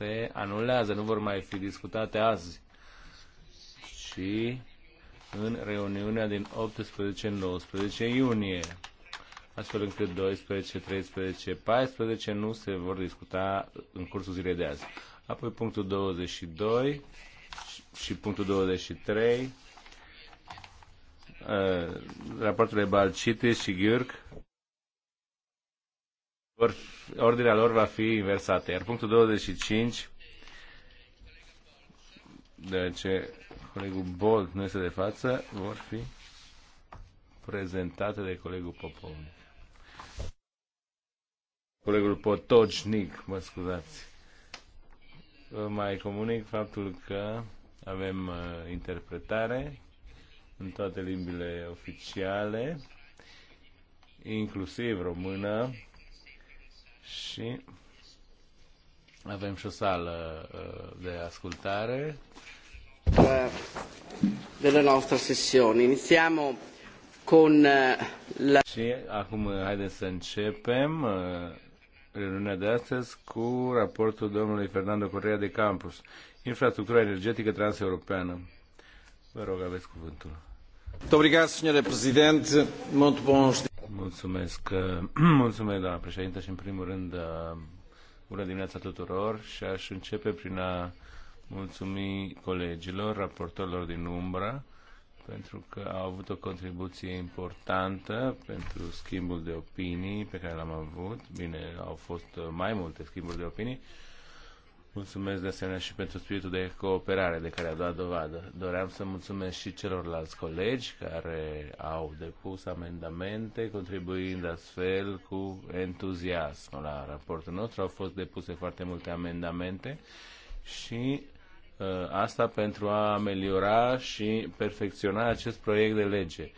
se anulează, nu vor mai fi discutate azi, și în reuniunea din 18-19 iunie, astfel încât 12, 13, 14 nu se vor discuta în cursul zilei de azi. Apoi punctul 22 și punctul 23, raporturile balcite și uh, Ghiurc, Or, ordinea lor va fi inversată. Iar punctul 25, ce colegul Bolt nu este de față, vor fi prezentate de colegul Popovnic. Colegul Potocnic, mă scuzați. Vă mai comunic faptul că avem uh, interpretare în toate limbile oficiale, inclusiv română, și avem și o sală uh, de ascultare. Uh, della nostra sessione. Iniziamo con uh, la... Și acum haideți să începem reuniunea de astăzi cu raportul domnului Fernando Correa de Campus. Infrastructura energetică transeuropeană. Vă rog, aveți cuvântul. Muito obrigado, Sr. Presidente. Muito bons Mulțumesc. Mulțumesc, doamna președintă, și în primul rând, uh, bună dimineața tuturor și aș începe prin a mulțumi colegilor, raportorilor din Umbra, pentru că au avut o contribuție importantă pentru schimbul de opinii pe care l-am avut. Bine, au fost mai multe schimburi de opinii Mulțumesc de asemenea și pentru spiritul de cooperare de care a dat dovadă. Doream să mulțumesc și celorlalți colegi care au depus amendamente, contribuind astfel cu entuziasm la raportul nostru. Au fost depuse foarte multe amendamente și uh, asta pentru a ameliora și perfecționa acest proiect de lege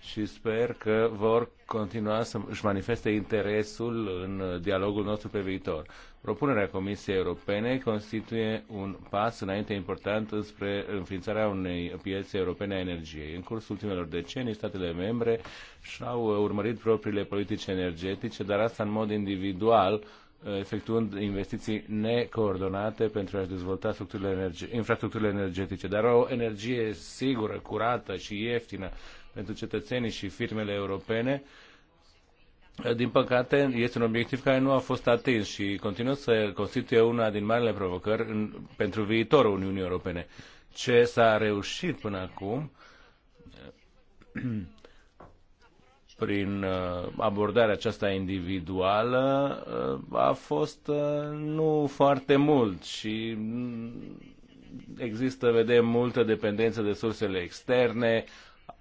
și sper că vor continua să își manifeste interesul în dialogul nostru pe viitor. Propunerea Comisiei Europene constituie un pas înainte important spre înființarea unei piețe europene a energiei. În cursul ultimelor decenii, statele membre și-au urmărit propriile politici energetice, dar asta în mod individual, efectuând investiții necoordonate pentru a-și dezvolta structurile energe- infrastructurile energetice. Dar o energie sigură, curată și ieftină pentru cetățenii și firmele europene din păcate, este un obiectiv care nu a fost atins și continuă să constituie una din marile provocări în, pentru viitorul Uniunii Europene. Ce s-a reușit până acum prin uh, abordarea aceasta individuală uh, a fost uh, nu foarte mult și mm, există, vedem, multă dependență de sursele externe,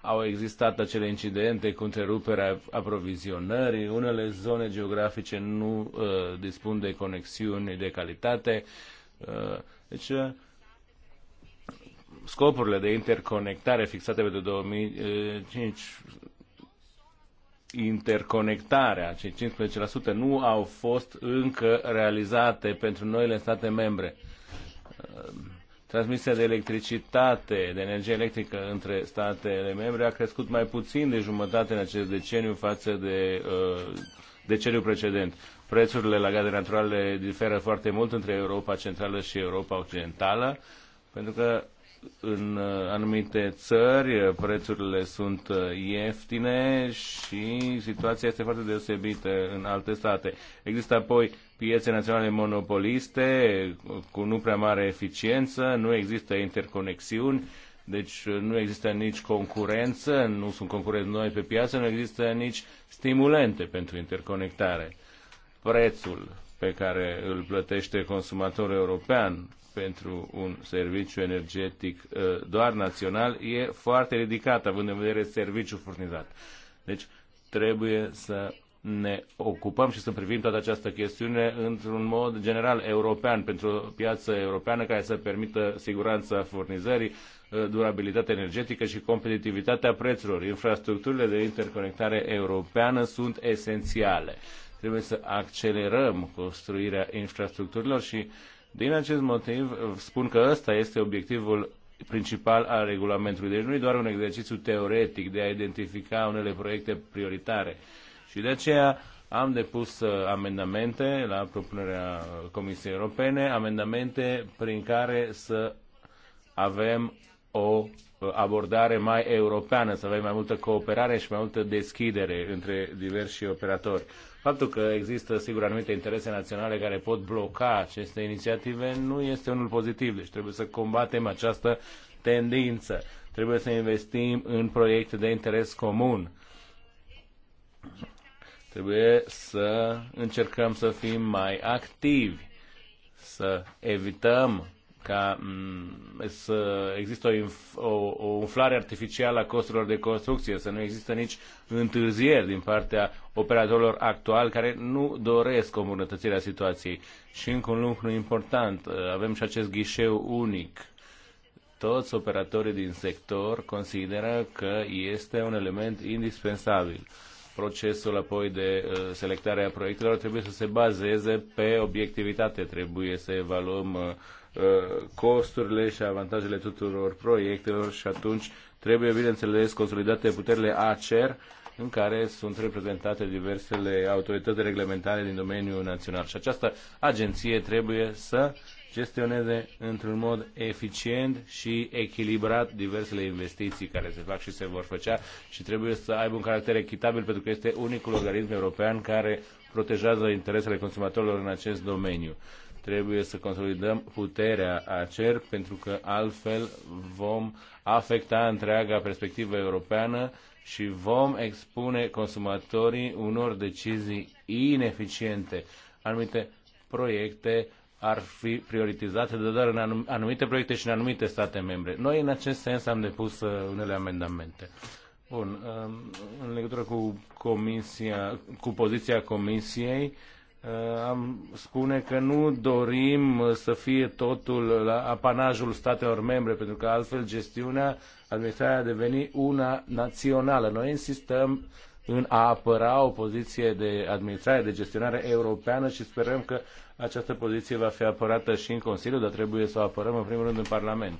au existat acele incidente cu întreruperea aprovizionării, unele zone geografice nu uh, dispun de conexiuni de calitate. Uh, deci, uh, scopurile de interconectare fixate pentru 2005, interconectarea, cei 15%, nu au fost încă realizate pentru noile state membre. Uh, Transmisia de electricitate, de energie electrică între statele membre a crescut mai puțin de jumătate în acest deceniu față de uh, deceniul precedent. Prețurile la gaze naturale diferă foarte mult între Europa Centrală și Europa Occidentală, pentru că în uh, anumite țări uh, prețurile sunt uh, ieftine și situația este foarte deosebită în alte state. Există apoi piețe naționale monopoliste cu nu prea mare eficiență, nu există interconexiuni, deci nu există nici concurență, nu sunt concurenți noi pe piață, nu există nici stimulente pentru interconectare. Prețul pe care îl plătește consumatorul european pentru un serviciu energetic uh, doar național e foarte ridicat, având în vedere serviciul furnizat. Deci trebuie să ne ocupăm și să privim toată această chestiune într-un mod general european, pentru o piață europeană care să permită siguranța furnizării, uh, durabilitatea energetică și competitivitatea prețurilor. Infrastructurile de interconectare europeană sunt esențiale. Trebuie să accelerăm construirea infrastructurilor și uh, din acest motiv, spun că ăsta este obiectivul principal al regulamentului. Deci nu e doar un exercițiu teoretic de a identifica unele proiecte prioritare. Și de aceea am depus uh, amendamente la propunerea Comisiei Europene, amendamente prin care să avem o uh, abordare mai europeană, să avem mai multă cooperare și mai multă deschidere între diversi operatori. Faptul că există, sigur, anumite interese naționale care pot bloca aceste inițiative nu este unul pozitiv, deci trebuie să combatem această tendință. Trebuie să investim în proiecte de interes comun. Trebuie să încercăm să fim mai activi, să evităm ca mm, să există o, o, o umflare artificială a costurilor de construcție, să nu există nici întârzieri din partea operatorilor actuali care nu doresc o îmbunătățire a situației. Și încă un lucru important, uh, avem și acest ghișeu unic. Toți operatorii din sector consideră că este un element indispensabil procesul apoi de uh, selectare a proiectelor trebuie să se bazeze pe obiectivitate, trebuie să evaluăm uh, costurile și avantajele tuturor proiectelor și atunci trebuie, bineînțeles, consolidate puterile ACER în care sunt reprezentate diversele autorități reglementare din domeniul național. Și această agenție trebuie să gestioneze într-un mod eficient și echilibrat diversele investiții care se fac și se vor făcea și trebuie să aibă un caracter echitabil pentru că este unicul organism european care protejează interesele consumatorilor în acest domeniu. Trebuie să consolidăm puterea ACER pentru că altfel vom afecta întreaga perspectivă europeană și vom expune consumatorii unor decizii ineficiente. Anumite proiecte ar fi prioritizate de doar în anumite proiecte și în anumite state membre. Noi, în acest sens, am depus uh, unele amendamente. Bun, um, în legătură cu, comisia, cu poziția Comisiei, Uh, am spune că nu dorim uh, să fie totul la apanajul statelor membre, pentru că altfel gestiunea, administrarea deveni una națională. Noi insistăm în a apăra o poziție de administrare, de gestionare europeană și sperăm că această poziție va fi apărată și în Consiliu, dar trebuie să o apărăm în primul rând în Parlament.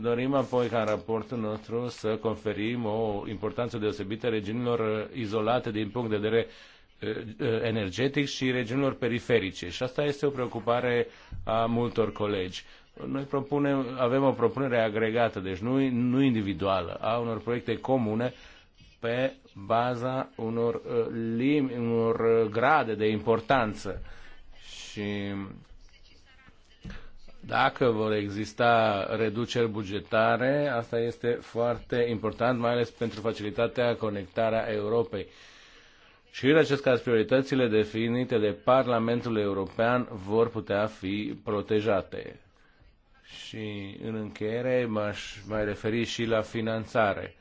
Dorim apoi ca în raportul nostru să conferim o importanță deosebită regiunilor uh, izolate din punct de vedere uh, Eh, eh, energetic și regiunilor periferice. Și asta este o preocupare a multor colegi. Noi propunem, avem o propunere agregată, deci nu, nu individuală, a unor proiecte comune pe baza unor, eh, lim, unor grade de importanță. Și dacă vor exista reduceri bugetare, asta este foarte important, mai ales pentru facilitatea conectarea Europei. Și în acest caz, prioritățile definite de Parlamentul European vor putea fi protejate. Și în încheiere m-aș mai referi și la finanțare.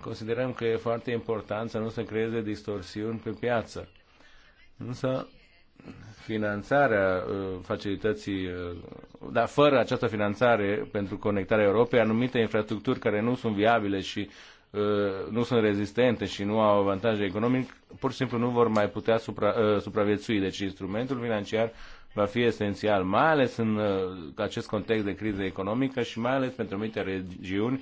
Considerăm că e foarte important să nu se creeze distorsiuni pe piață. Însă, finanțarea uh, facilității, uh, dar fără această finanțare pentru conectarea Europei, anumite infrastructuri care nu sunt viabile și Uh, nu sunt rezistente și nu au avantaje economic, pur și simplu nu vor mai putea supra, uh, supraviețui. Deci instrumentul financiar va fi esențial, mai ales în uh, acest context de criză economică și mai ales pentru anumite regiuni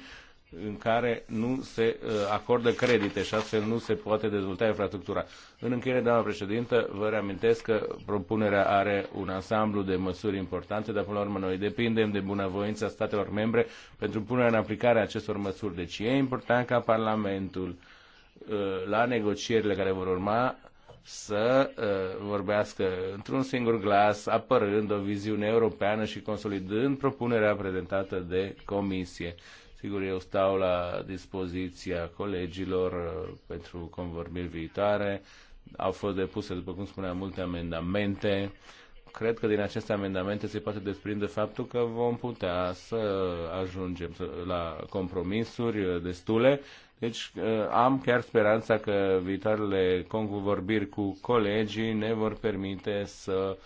în care nu se uh, acordă credite și astfel nu se poate dezvolta infrastructura. În încheiere, doamna președintă, vă reamintesc că propunerea are un ansamblu de măsuri importante, dar până la urmă noi depindem de bunăvoința statelor membre pentru punerea în aplicare a acestor măsuri. Deci e important ca Parlamentul uh, la negocierile care vor urma să uh, vorbească într-un singur glas, apărând o viziune europeană și consolidând propunerea prezentată de Comisie. Sigur, eu stau la dispoziția colegilor uh, pentru convorbiri viitoare. Au fost depuse, după cum spuneam, multe amendamente. Cred că din aceste amendamente se poate desprinde faptul că vom putea să ajungem la compromisuri uh, destule. Deci uh, am chiar speranța că viitoarele convorbiri cu colegii ne vor permite să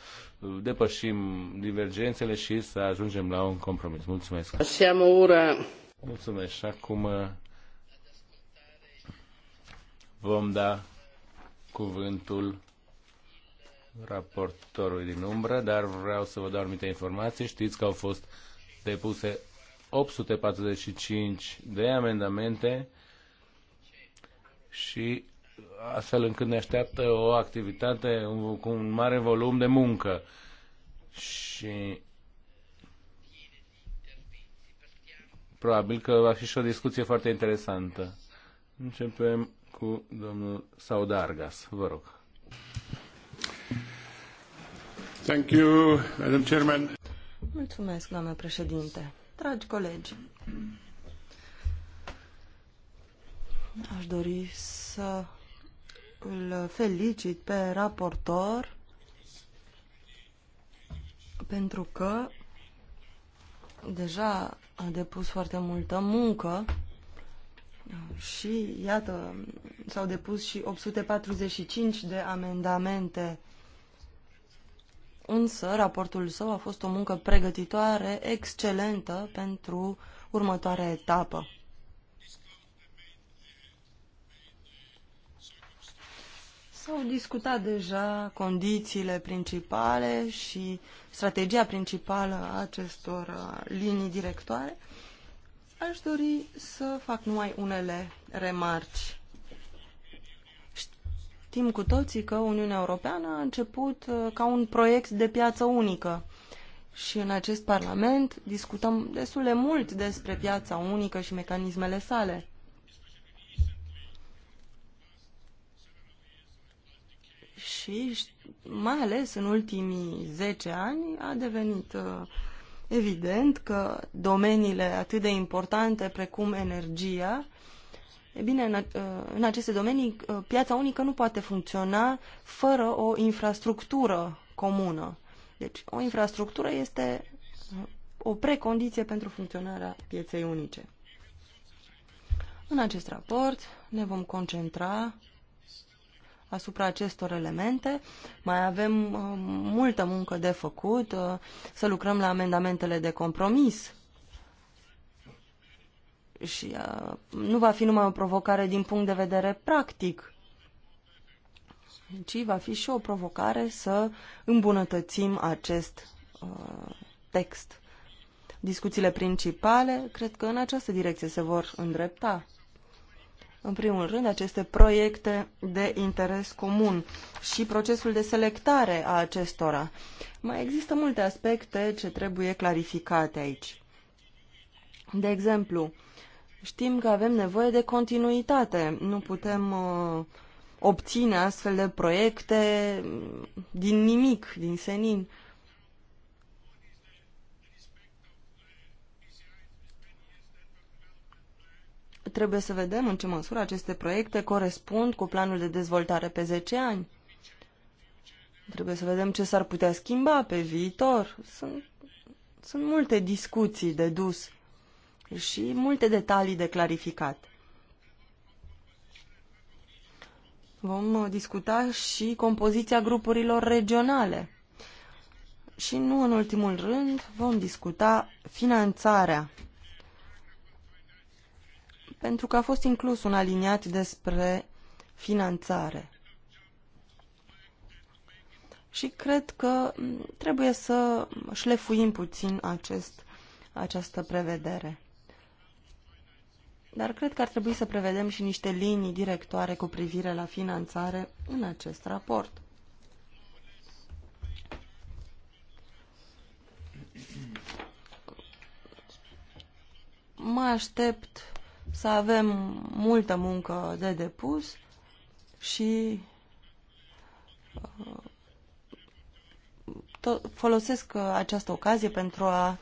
depășim divergențele și să ajungem la un compromis. Mulțumesc! Siamo ora Mulțumesc. Și acum uh, vom da cuvântul raportorului din umbră, dar vreau să vă dau anumite informații. Știți că au fost depuse 845 de amendamente și astfel încât ne așteaptă o activitate cu un mare volum de muncă. Și probabil că va fi și o discuție foarte interesantă. Începem cu domnul Saudargas. Vă rog. Thank you, Madam Chairman. Mulțumesc, doamnă președinte. Dragi colegi, aș dori să îl felicit pe raportor pentru că deja a depus foarte multă muncă și, iată, s-au depus și 845 de amendamente. Însă, raportul său a fost o muncă pregătitoare, excelentă pentru următoarea etapă. S-au discutat deja condițiile principale și strategia principală a acestor uh, linii directoare. Aș dori să fac numai unele remarci. Știm cu toții că Uniunea Europeană a început uh, ca un proiect de piață unică. Și în acest Parlament discutăm destul de mult despre piața unică și mecanismele sale. și mai ales în ultimii 10 ani a devenit uh, evident că domeniile atât de importante precum energia, e bine, în, uh, în aceste domenii uh, piața unică nu poate funcționa fără o infrastructură comună. Deci o infrastructură este o precondiție pentru funcționarea pieței unice. În acest raport ne vom concentra asupra acestor elemente. Mai avem uh, multă muncă de făcut, uh, să lucrăm la amendamentele de compromis. Și uh, nu va fi numai o provocare din punct de vedere practic, ci va fi și o provocare să îmbunătățim acest text. Discuțiile principale, cred că în această direcție se vor îndrepta în primul rând, aceste proiecte de interes comun și procesul de selectare a acestora. Mai există multe aspecte ce trebuie clarificate aici. De exemplu, știm că avem nevoie de continuitate. Nu putem uh, obține astfel de proiecte din nimic, din senin. Uh, Trebuie să vedem în ce măsură aceste proiecte corespund cu planul de dezvoltare pe 10 ani. Trebuie să vedem ce s-ar putea schimba pe viitor. Sunt, sunt multe discuții de dus și multe detalii de clarificat. Vom discuta și compoziția grupurilor regionale. Și nu în ultimul rând vom discuta finanțarea pentru că a fost inclus un aliniat despre finanțare. Și cred că trebuie să șlefuim puțin acest, această prevedere. Dar cred că ar trebui să prevedem și niște linii directoare cu privire la finanțare în acest raport. Mă aștept să avem multă muncă de depus și uh, folosesc uh, această ocazie pentru a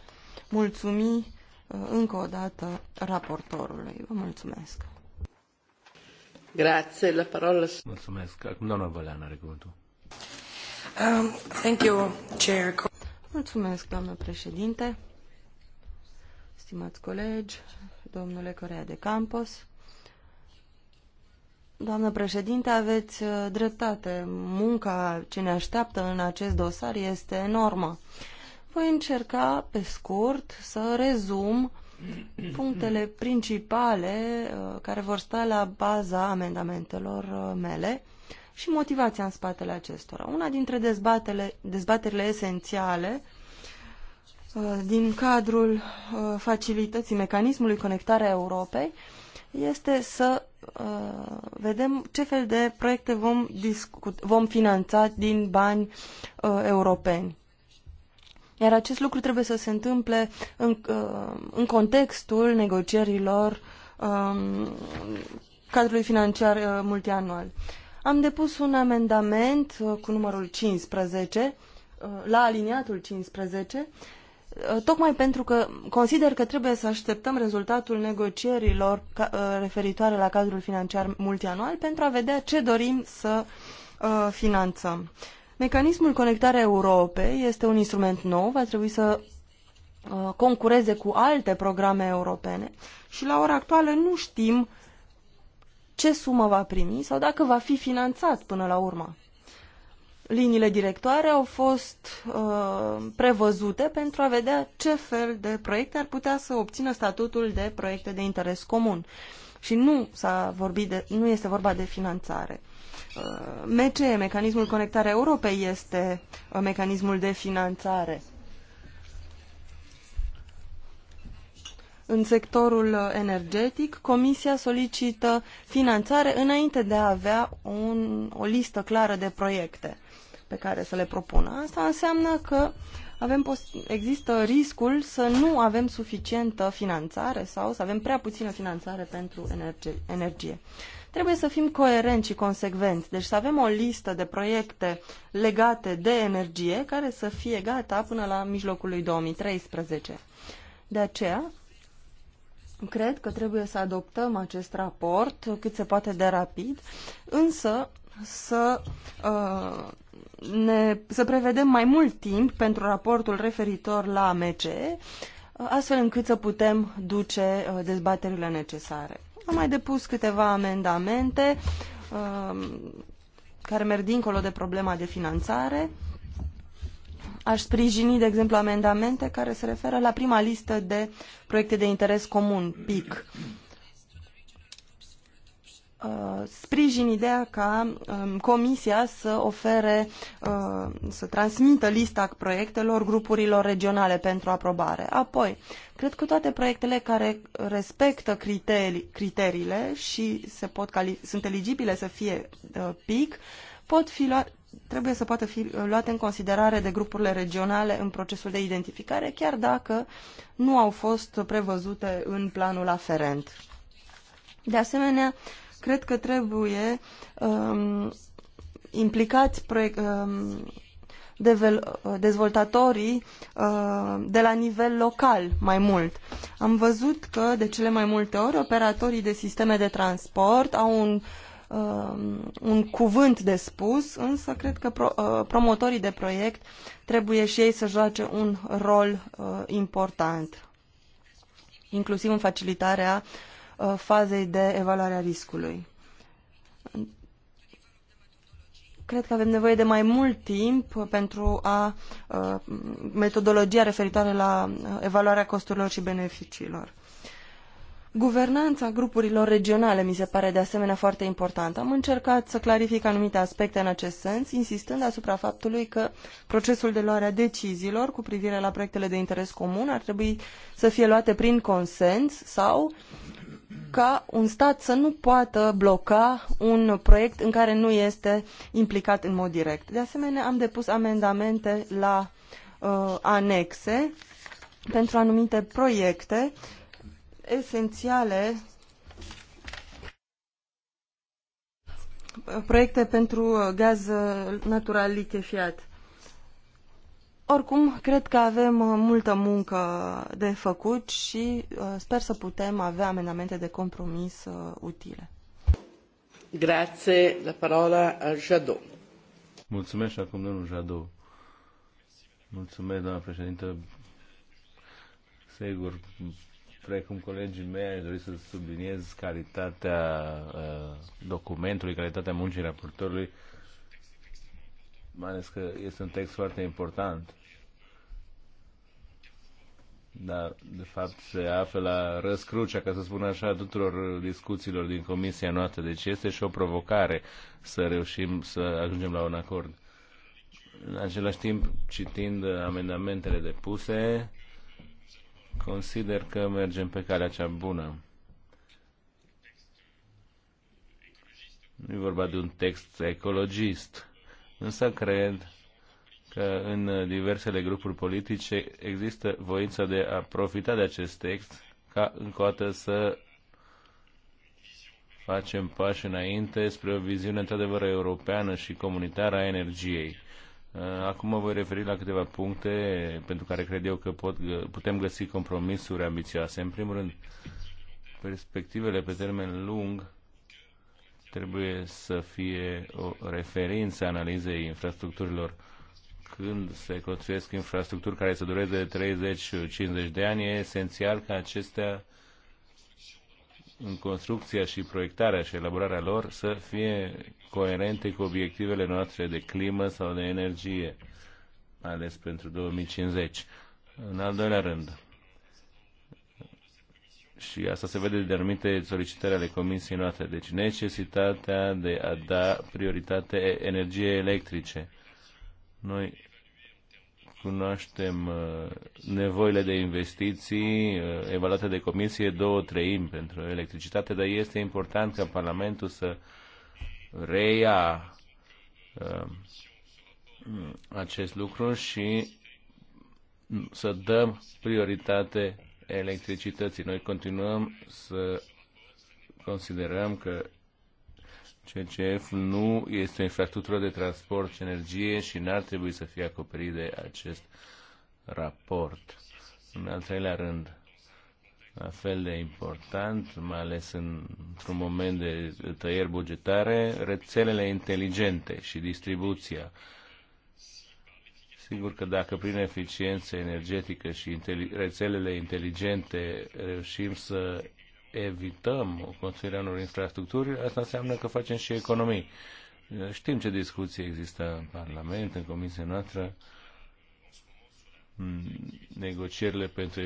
mulțumi uh, încă o dată raportorului. Vă mulțumesc. Grazie, la parola. Mulțumesc. Acum doamna Vălean are cuvântul. Um, thank you, Chair. Mulțumesc, doamnă președinte, stimați colegi, domnule Corea de Campos. Doamnă președinte, aveți uh, dreptate. Munca ce ne așteaptă în acest dosar este enormă. Voi încerca, pe scurt, să rezum punctele principale uh, care vor sta la baza amendamentelor uh, mele și motivația în spatele acestora. Una dintre dezbaterile esențiale uh, Uh, din cadrul uh, facilității mecanismului conectarea Europei este să uh, vedem ce fel de proiecte vom, discut, vom finanța din bani europeni. Iar acest lucru trebuie să se întâmple în, în contextul negocierilor um, cadrului financiar multianual. Am depus un amendament cu numărul 15 la aliniatul 15 Uh, tocmai pentru că consider că trebuie să așteptăm rezultatul negocierilor uh, referitoare la cadrul financiar multianual pentru a vedea ce dorim să uh, finanțăm. Mecanismul Conectarea Europei este un instrument nou, va trebui să concureze cu alte programe europene și la ora actuală nu știm ce sumă va primi sau dacă va fi finanțat până la urmă liniile directoare au fost uh, prevăzute pentru a vedea ce fel de proiecte ar putea să obțină statutul de proiecte de interes comun. Și nu, s-a vorbit de, nu este vorba de finanțare. Uh, MCE, Mecanismul Conectarea Europei, este uh, mecanismul de finanțare. În sectorul uh, energetic, Comisia solicită finanțare înainte de a avea un, o listă clară de proiecte pe care să le propună. Asta înseamnă că avem există riscul să nu avem suficientă finanțare sau să avem prea puțină finanțare pentru energie. energie. Trebuie să fim coerenți și consecvenți, deci să avem o listă de proiecte legate de energie care să fie gata până la mijlocul lui 2013. De aceea, cred că trebuie să adoptăm acest raport cât se poate de rapid, însă să uh, ne, să prevedem mai mult timp pentru raportul referitor la AMC, astfel încât să putem duce uh, dezbaterile necesare. Am mai depus câteva amendamente um, care merg dincolo de problema de finanțare. Aș sprijini, de exemplu, amendamente care se referă la prima listă de proiecte de interes comun, PIC. Uh, sprijin ideea ca um, Comisia să ofere, uh, să transmită lista proiectelor grupurilor regionale pentru aprobare. Apoi, cred că toate proiectele care respectă criterii, criteriile și se pot sunt eligibile să fie uh, PIC, pot fi trebuie să poată fi uh, luate în considerare de grupurile regionale în procesul de identificare, chiar dacă nu au fost prevăzute în planul aferent. De asemenea, uh, Cred că trebuie um, implicați proiect, um, uh, dezvoltatorii uh, de la nivel local mai mult. Am văzut că de cele mai multe ori operatorii de sisteme de transport au un, um, un cuvânt de spus, însă cred că pro, uh, promotorii de proiect trebuie și ei să joace un rol important, inclusiv în facilitarea Uh, fazei de evaluare a riscului. Cred că avem nevoie de mai mult timp pentru a uh, metodologia referitoare la uh, evaluarea costurilor și beneficiilor. Guvernanța grupurilor regionale mi se pare de asemenea foarte importantă. Am încercat să clarific anumite aspecte în acest sens, insistând asupra faptului că procesul de luare a deciziilor cu privire la proiectele de interes comun ar trebui să fie luate prin consens sau ca un stat să nu poată bloca un proiect în care nu este implicat în mod direct. De asemenea, am depus amendamente la uh, anexe pentru anumite proiecte esențiale uh, proiecte pentru uh, gaz uh, natural lichefiat. Oricum, cred că avem uh, multă muncă de făcut și uh, sper să putem avea amendamente de compromis uh, utile. Grazie, la parola a Jadot. Mulțumesc și acum domnul Jadot. Mulțumesc, doamna președintă. Sigur, precum colegii mei, aș dori să subliniez calitatea uh, documentului, calitatea muncii raportorului, mai ales că este un text foarte important da de fapt se află la răscrucea, ca să spun așa, tuturor discuțiilor din comisia noastră. Deci este și o provocare să reușim să ajungem la un acord. În același timp, citind amendamentele depuse, consider că mergem pe calea cea bună. Nu e vorba de un text ecologist, însă cred că în diversele grupuri politice există voința de a profita de acest text ca încă o dată să facem pași înainte spre o viziune într-adevăr europeană și comunitară a energiei. Uh, acum mă voi referi la câteva puncte pentru care cred eu că pot, putem găsi compromisuri ambițioase. În primul rând, perspectivele pe termen lung trebuie să fie o referință a analizei infrastructurilor când se construiesc infrastructuri care să dureze 30-50 de ani, e esențial ca acestea în construcția și proiectarea și elaborarea lor să fie coerente cu obiectivele noastre de climă sau de energie, mai ales pentru 2050. În al doilea rând, și asta se vede de anumite solicitări ale comisiei noastre, deci necesitatea de a da prioritate energiei electrice. Noi cunoaștem uh, nevoile de investiții uh, evaluate de comisie două treimi pentru electricitate, dar este important ca Parlamentul să reia uh, acest lucru și să dăm prioritate electricității. Noi continuăm să considerăm că CCF nu este o infrastructură de transport și energie și n-ar trebui să fie acoperit de acest raport. În al treilea rând, la fel de important, mai ales în, într-un moment de tăieri bugetare, rețelele inteligente și distribuția. Sigur că dacă prin eficiență energetică și rețelele inteligente reușim să evităm construirea unor infrastructuri, asta înseamnă că facem și economii. Știm ce discuții există în Parlament, în Comisia noastră, mm, negocierile pentru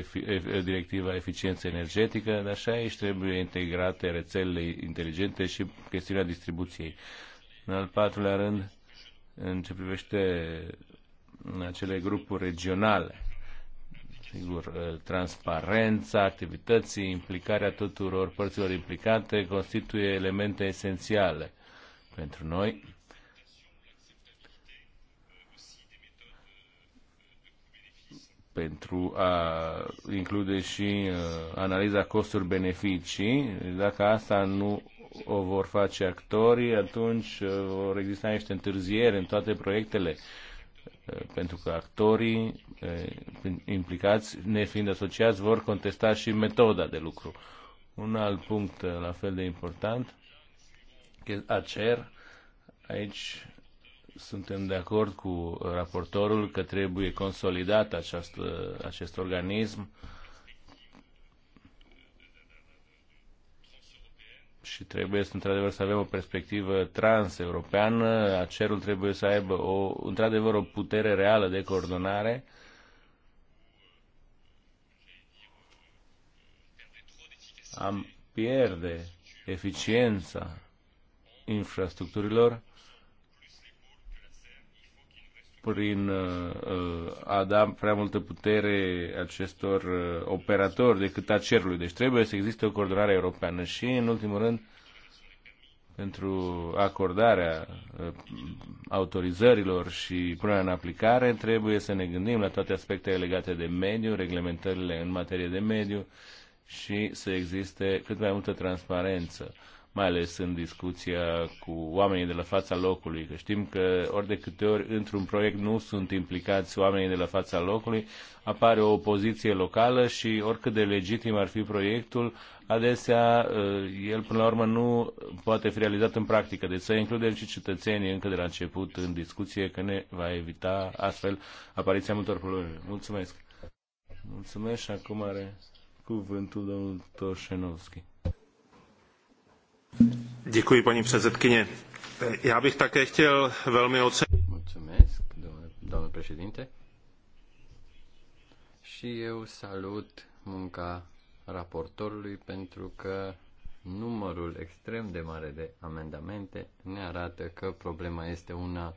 directiva eficiență energetică, dar așa aici trebuie integrate rețelele inteligente și chestiunea distribuției. În al patrulea rând, în ce privește acele grupuri regionale, Sigur, ă, transparența activității, implicarea tuturor părților implicate constituie elemente esențiale pentru noi. pentru a include și ă, analiza costuri-beneficii. Dacă asta nu o vor face actorii, atunci ă, vor exista niște întârzieri în toate proiectele pentru că actorii implicați, nefiind asociați, vor contesta și metoda de lucru. Un alt punct la fel de important, cer, aici suntem de acord cu raportorul că trebuie consolidat această, acest organism uh, și trebuie să, într-adevăr să avem o perspectivă transeuropeană, acerul trebuie să aibă o, într-adevăr o putere reală de coordonare am pierde eficiența infrastructurilor prin uh, uh, a da prea multă putere acestor uh, operatori decât a cerului. Deci trebuie să existe o coordonare europeană și, în ultimul rând, pentru acordarea autorizărilor și punerea în aplicare, trebuie să ne gândim la toate aspectele legate de mediu, reglementările în materie de mediu și să existe cât mai multă transparență mai ales în discuția cu oamenii de la fața locului, că știm că ori de câte ori într-un proiect nu sunt implicați oamenii de la fața locului, apare o opoziție locală și oricât de legitim ar fi proiectul, adesea uh, el până la urmă nu poate fi realizat în practică. Deci să includem și cetățenii încă de la început în discuție, că ne va evita astfel apariția multor probleme. Mulțumesc! Mulțumesc și acum are cuvântul domnul Toșenovski paní předsedkyně. Já bych také chtěl velmi ocenit. Mulțumesc, președinte. Și eu salut munca raportorului pentru că numărul extrem de mare de amendamente ne arată că problema este una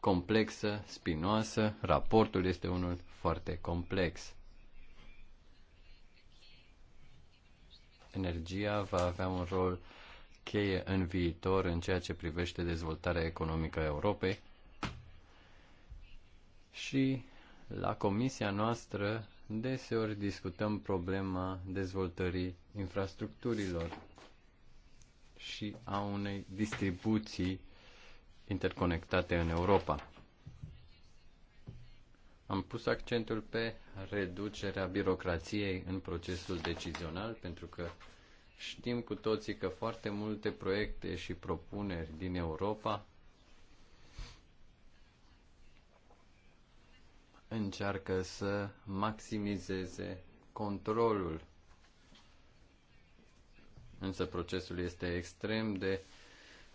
complexă, spinoasă, raportul este unul foarte complex. Energia va avea un rol uh, cheie în viitor în ceea ce privește dezvoltarea economică a Europei. Și la comisia noastră deseori discutăm problema dezvoltării infrastructurilor și a unei distribuții interconectate în Europa. Am pus accentul pe reducerea birocrației în procesul decizional, pentru că Știm cu toții că foarte multe proiecte și propuneri din Europa încearcă să maximizeze controlul. Însă procesul este extrem de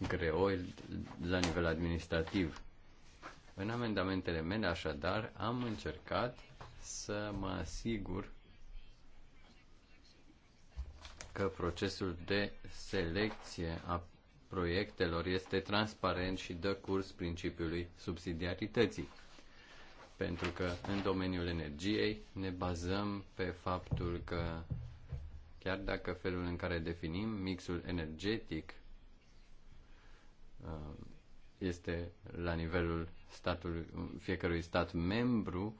greu la nivel administrativ. În amendamentele mele, așadar, am încercat să mă asigur că procesul de selecție a proiectelor este transparent și dă curs principiului subsidiarității. Pentru că în domeniul energiei ne bazăm pe faptul că chiar dacă felul în care definim mixul energetic uh, este la nivelul statului, fiecărui stat membru,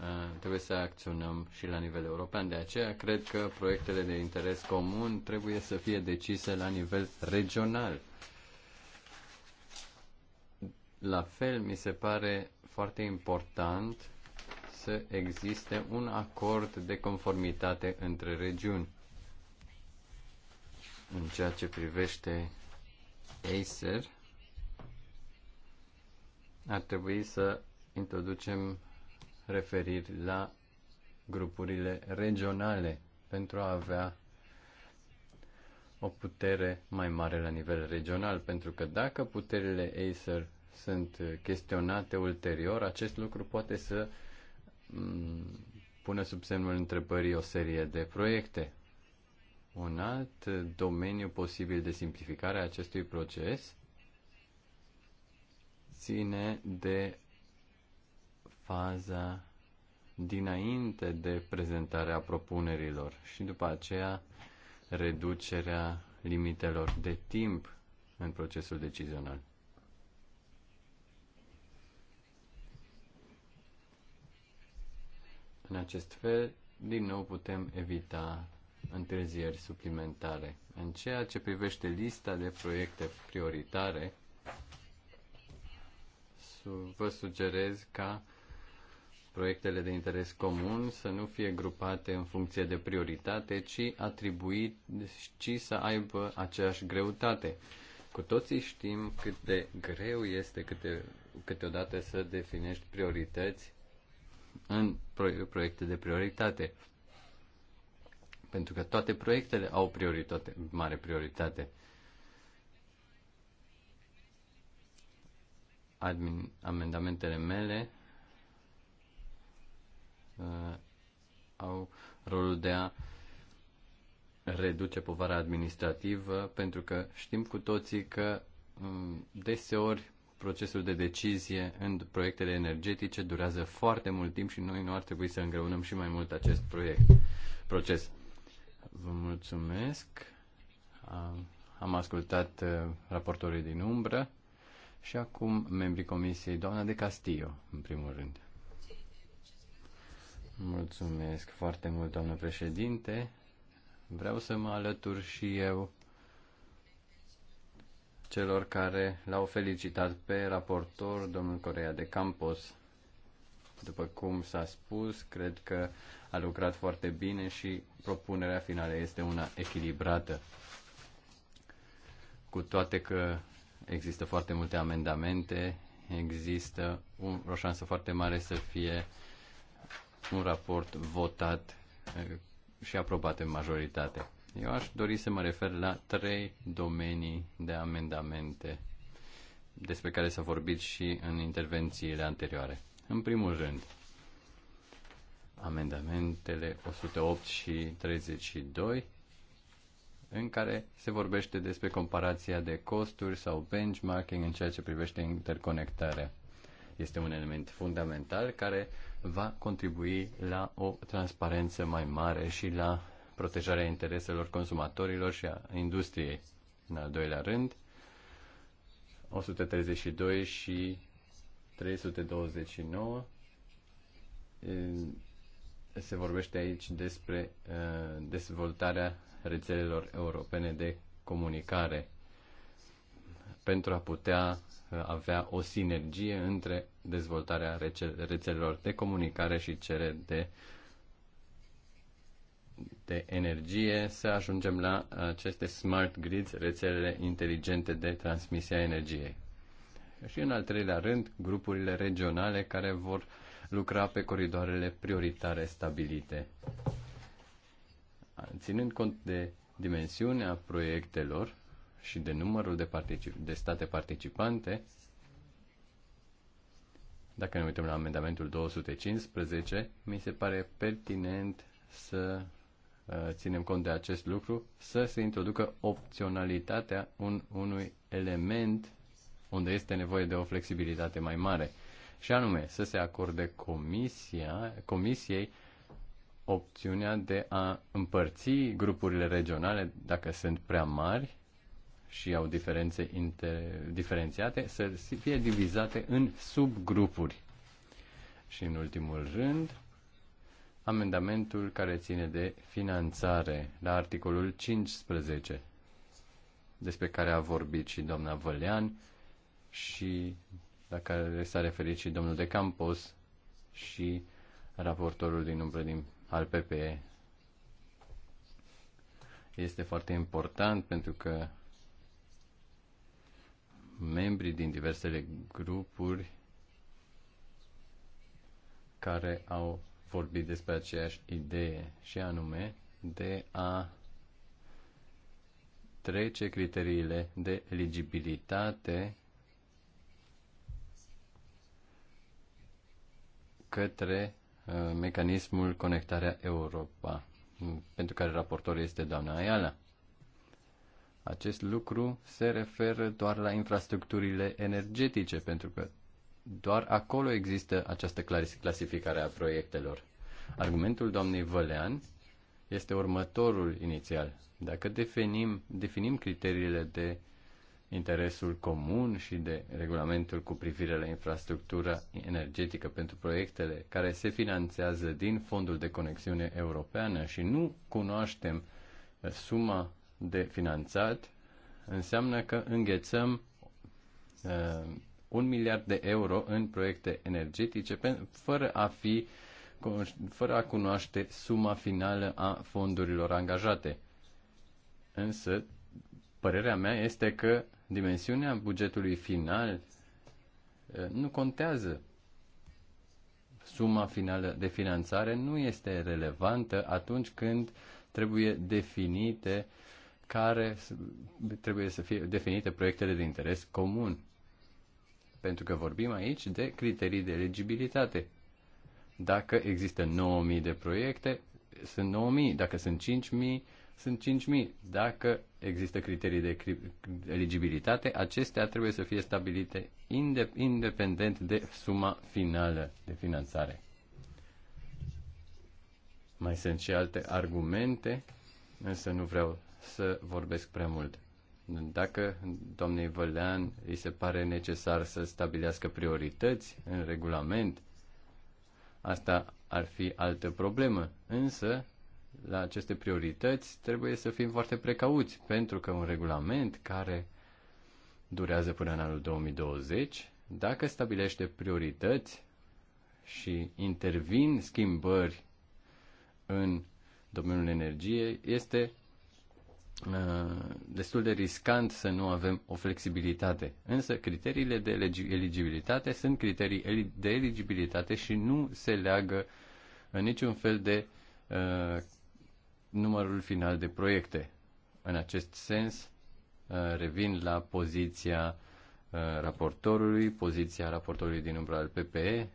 Eh, trebuie să acționăm și la nivel european. De aceea cred că proiectele de interes comun trebuie să fie decise la nivel regional. La fel, mi se pare foarte important să existe un acord de conformitate între regiuni. În ceea ce privește Acer, ar trebui să introducem referiri la grupurile regionale pentru a avea o putere mai mare la nivel regional, pentru că dacă puterile Acer sunt chestionate ulterior, acest lucru poate să mm, pună sub semnul întrebării o serie de proiecte. Un alt domeniu posibil de simplificare a acestui proces ține de faza dinainte de prezentarea propunerilor și după aceea reducerea limitelor de timp în procesul decizional. În acest fel, din nou putem evita întârzieri suplimentare. În ceea ce privește lista de proiecte prioritare, vă sugerez ca proiectele de interes comun să nu fie grupate în funcție de prioritate, ci atribuit, ci să aibă aceeași greutate. Cu toții știm cât de greu este câte, câteodată să definești priorități în proiecte de prioritate. Pentru că toate proiectele au prioritate, mare prioritate. Admin, amendamentele mele Uh, au rolul de a reduce povara administrativă, pentru că știm cu toții că um, deseori procesul de decizie în proiectele energetice durează foarte mult timp și noi nu ar trebui să îngreunăm și mai mult acest proiect, proces. Vă mulțumesc. Am ascultat uh, raportorii din umbră și acum membrii comisiei, doamna de Castillo, în primul rând. Mulțumesc foarte mult, doamnă președinte. Vreau să mă alătur și eu celor care l-au felicitat pe raportor, domnul Corea de Campos. După cum s-a spus, cred că a lucrat foarte bine și propunerea finală este una echilibrată. Cu toate că există foarte multe amendamente, există un, o șansă foarte mare să fie uh, un raport votat eh, și aprobat în majoritate. Eu aș dori să mă refer la trei domenii de amendamente despre care s-a vorbit și în intervențiile anterioare. În primul rând, amendamentele 108 și 32, în care se vorbește despre comparația de costuri sau benchmarking în ceea ce privește interconectarea. Este un element fundamental care va contribui la o transparență mai mare și la protejarea intereselor consumatorilor și a industriei. În al doilea rând, 132 și 329 se vorbește aici despre dezvoltarea rețelelor europene de comunicare pentru a putea avea o sinergie între dezvoltarea rețelelor de comunicare și cele de, de energie, să ajungem la aceste smart grids, rețelele inteligente de transmisie a energiei. Și în al treilea rând, grupurile regionale care vor lucra pe coridoarele prioritare stabilite. Ținând cont de dimensiunea proiectelor și de numărul de, particip- de state participante, dacă ne uităm la amendamentul 215, mi se pare pertinent să uh, ținem cont de acest lucru, să se introducă opționalitatea un, unui element unde este nevoie de o flexibilitate mai mare. Și anume, să se acorde comisia, comisiei opțiunea de a împărți grupurile regionale, dacă sunt prea mari, și au diferențe inter, diferențiate să fie divizate în subgrupuri. Și în ultimul rând, amendamentul care ține de finanțare la articolul 15, despre care a vorbit și doamna Vălean și la care s-a referit și domnul de Campos și raportorul din umbră din, al PPE. Este foarte important pentru că membrii din diversele grupuri care au vorbit despre aceeași idee și anume de a trece criteriile de eligibilitate către uh, mecanismul Conectarea Europa, pentru care raportor este doamna Ayala. Acest lucru se referă doar la infrastructurile energetice, pentru că doar acolo există această clasificare a proiectelor. Argumentul doamnei Vălean este următorul inițial. Dacă definim, definim criteriile de interesul comun și de regulamentul cu privire la infrastructura energetică pentru proiectele care se finanțează din Fondul de Conexiune Europeană și nu cunoaștem uh, suma de finanțat, înseamnă că înghețăm uh, un miliard de euro în proiecte energetice pe, fără a fi fără a cunoaște suma finală a fondurilor angajate. Însă, părerea mea este că dimensiunea bugetului final uh, nu contează. Suma finală de finanțare nu este relevantă atunci când trebuie definite uh, care trebuie să fie definite proiectele de interes comun. Pentru că vorbim aici de criterii de eligibilitate. Dacă există 9.000 de proiecte, sunt 9.000. Dacă sunt 5.000, sunt 5.000. Dacă există criterii de eligibilitate, acestea trebuie să fie stabilite independent de suma finală de finanțare. Mai sunt și alte argumente, însă nu vreau să vorbesc prea mult. Dacă domnei Vălean îi se pare necesar să stabilească priorități în regulament, asta ar fi altă problemă. Însă, la aceste priorități trebuie să fim foarte precauți, pentru că un regulament care durează până în anul 2020, dacă stabilește priorități și intervin schimbări în domeniul energiei, este Uh, destul de riscant să nu avem o flexibilitate. Însă criteriile de eligibilitate sunt criterii de eligibilitate și nu se leagă în uh, niciun fel de uh, numărul final de proiecte. În acest sens, uh, revin la poziția uh, raportorului, poziția raportorului din umbra al PPE,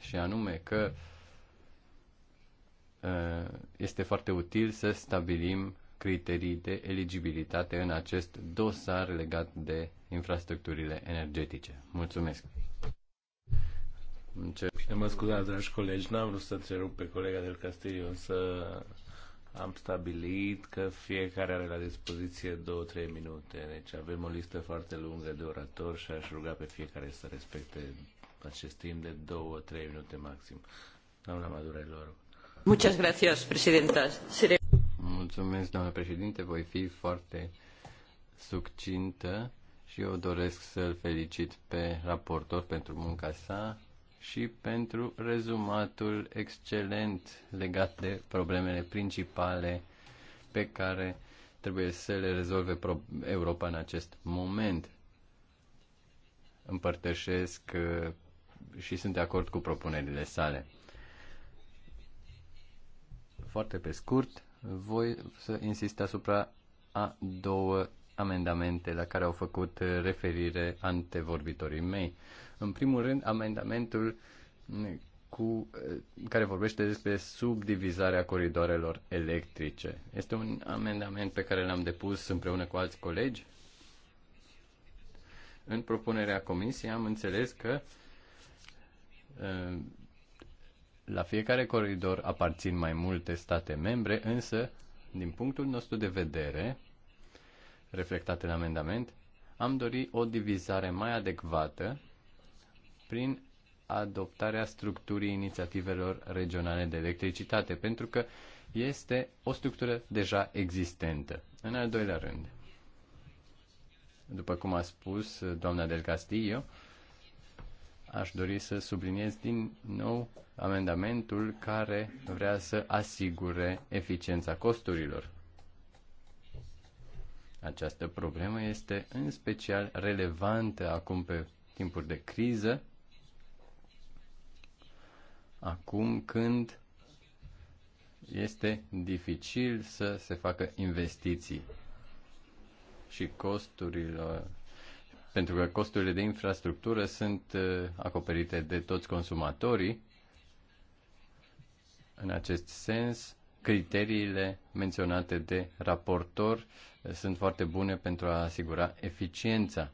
și anume că uh, este foarte util să stabilim criterii de eligibilitate în acest dosar legat de infrastructurile energetice. Mulțumesc! Încerc. Mă scuzați, dragi colegi, n-am vrut să întrerup pe colega del Castillo, însă am stabilit că fiecare are la dispoziție 2-3 minute. Deci avem o listă foarte lungă de oratori și aș ruga pe fiecare să respecte acest timp de 2-3 minute maxim. Doamna Madurelor. Muchas gracias, presidenta. Mulțumesc, doamnă președinte, voi fi foarte succintă și eu doresc să-l felicit pe raportor pentru munca sa și pentru rezumatul excelent legat de problemele principale pe care trebuie să le rezolve Europa în acest moment. Împărtășesc uh, și sunt de acord cu propunerile sale. Foarte pe scurt, voi să insist asupra a două amendamente la care au făcut referire antevorbitorii mei. În primul rând, amendamentul cu, care vorbește despre subdivizarea coridoarelor electrice. Este un amendament pe care l-am depus împreună cu alți colegi. În propunerea comisiei am înțeles că la fiecare coridor aparțin mai multe state membre, însă, din punctul nostru de vedere, reflectat în amendament, am dorit o divizare mai adecvată prin adoptarea structurii inițiativelor regionale de electricitate, pentru că este o structură deja existentă. În al doilea rând, după cum a spus doamna Del Castillo, aș dori să subliniez din nou amendamentul care vrea să asigure eficiența costurilor. Această problemă este în special relevantă acum pe timpuri de criză, acum când este dificil să se facă investiții și costurile, pentru că costurile de infrastructură sunt uh, acoperite de toți consumatorii, în acest sens, criteriile menționate de raportor eh, sunt foarte bune pentru a asigura eficiența.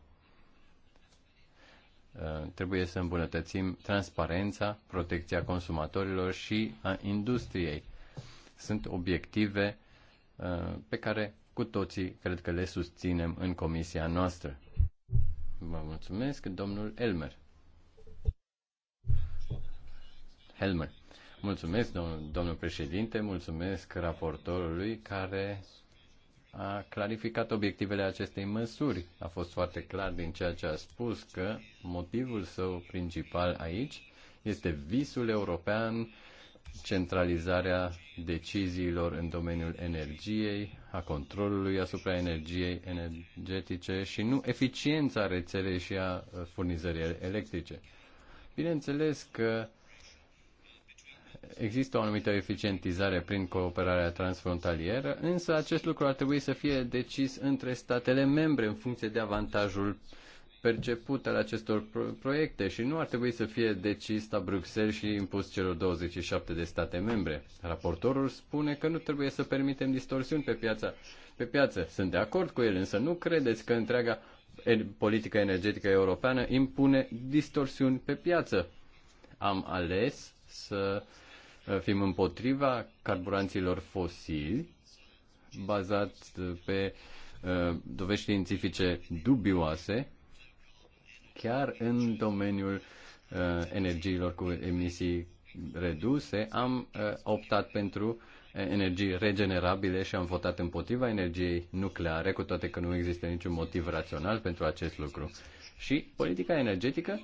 Eh, trebuie să îmbunătățim transparența, protecția consumatorilor și a industriei. Sunt obiective eh, pe care cu toții cred că le susținem în comisia noastră. Vă mulțumesc, domnul Elmer. Helmer. Mulțumesc, domn- domnul președinte, mulțumesc raportorului care a clarificat obiectivele acestei măsuri. A fost foarte clar din ceea ce a spus că motivul său principal aici este visul european, centralizarea deciziilor în domeniul energiei, a controlului asupra energiei energetice și nu eficiența rețelei și a furnizării electrice. Bineînțeles că Există o anumită eficientizare prin cooperarea transfrontalieră, însă acest lucru ar trebui să fie decis între statele membre în funcție de avantajul perceput al acestor proiecte și nu ar trebui să fie decis la Bruxelles și impus celor 27 de state membre. Raportorul spune că nu trebuie să permitem distorsiuni pe piața pe piață. Sunt de acord cu el, însă nu credeți că întreaga politică energetică europeană impune distorsiuni pe piață. Am ales să fim împotriva carburanților fosili bazat pe uh, dovești științifice dubioase, chiar în domeniul uh, energiilor cu emisii reduse, am uh, optat pentru energii regenerabile și am votat împotriva energiei nucleare, cu toate că nu există niciun motiv rațional pentru acest lucru. Și politica energetică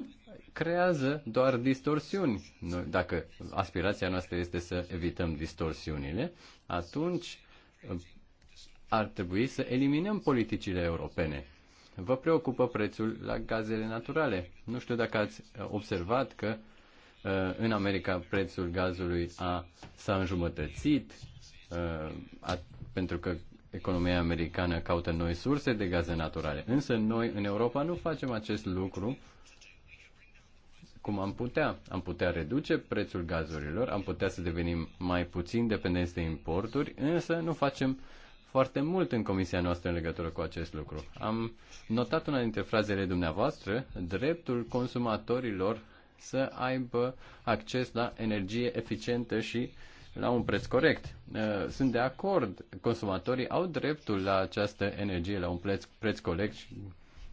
creează doar distorsiuni. Noi, dacă aspirația noastră este să evităm distorsiunile, atunci uh, ar trebui să eliminăm politicile europene. Vă preocupă prețul la gazele naturale. Nu știu dacă ați uh, observat că uh, în America prețul gazului a, s-a înjumătățit a, pentru că economia americană caută noi surse de gaze naturale. Însă noi în Europa nu facem acest lucru cum am putea. Am putea reduce prețul gazurilor, am putea să devenim mai puțin dependenți de importuri, însă nu facem foarte mult în comisia noastră în legătură cu acest lucru. Am notat una dintre frazele dumneavoastră, dreptul consumatorilor să aibă acces la energie eficientă și la un preț corect. Uh, sunt de acord, consumatorii au dreptul la această energie la un preț, preț corect,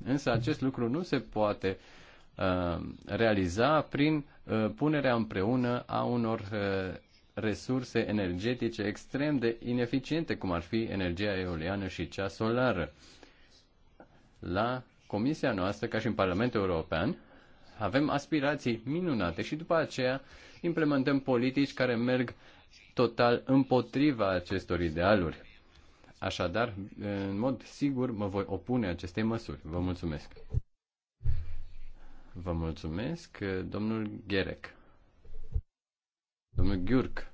însă acest lucru nu se poate uh, Uh, realiza prin uh, punerea împreună a unor uh, resurse energetice extrem de ineficiente, cum ar fi energia eoliană și cea solară. La Comisia noastră, ca și în Parlamentul European, avem aspirații minunate și după aceea implementăm politici care merg total împotriva acestor idealuri. Așadar, în mod sigur, mă voi opune acestei măsuri. Vă mulțumesc! Vă mulțumesc, domnul Gherec. Domnul Gyurk.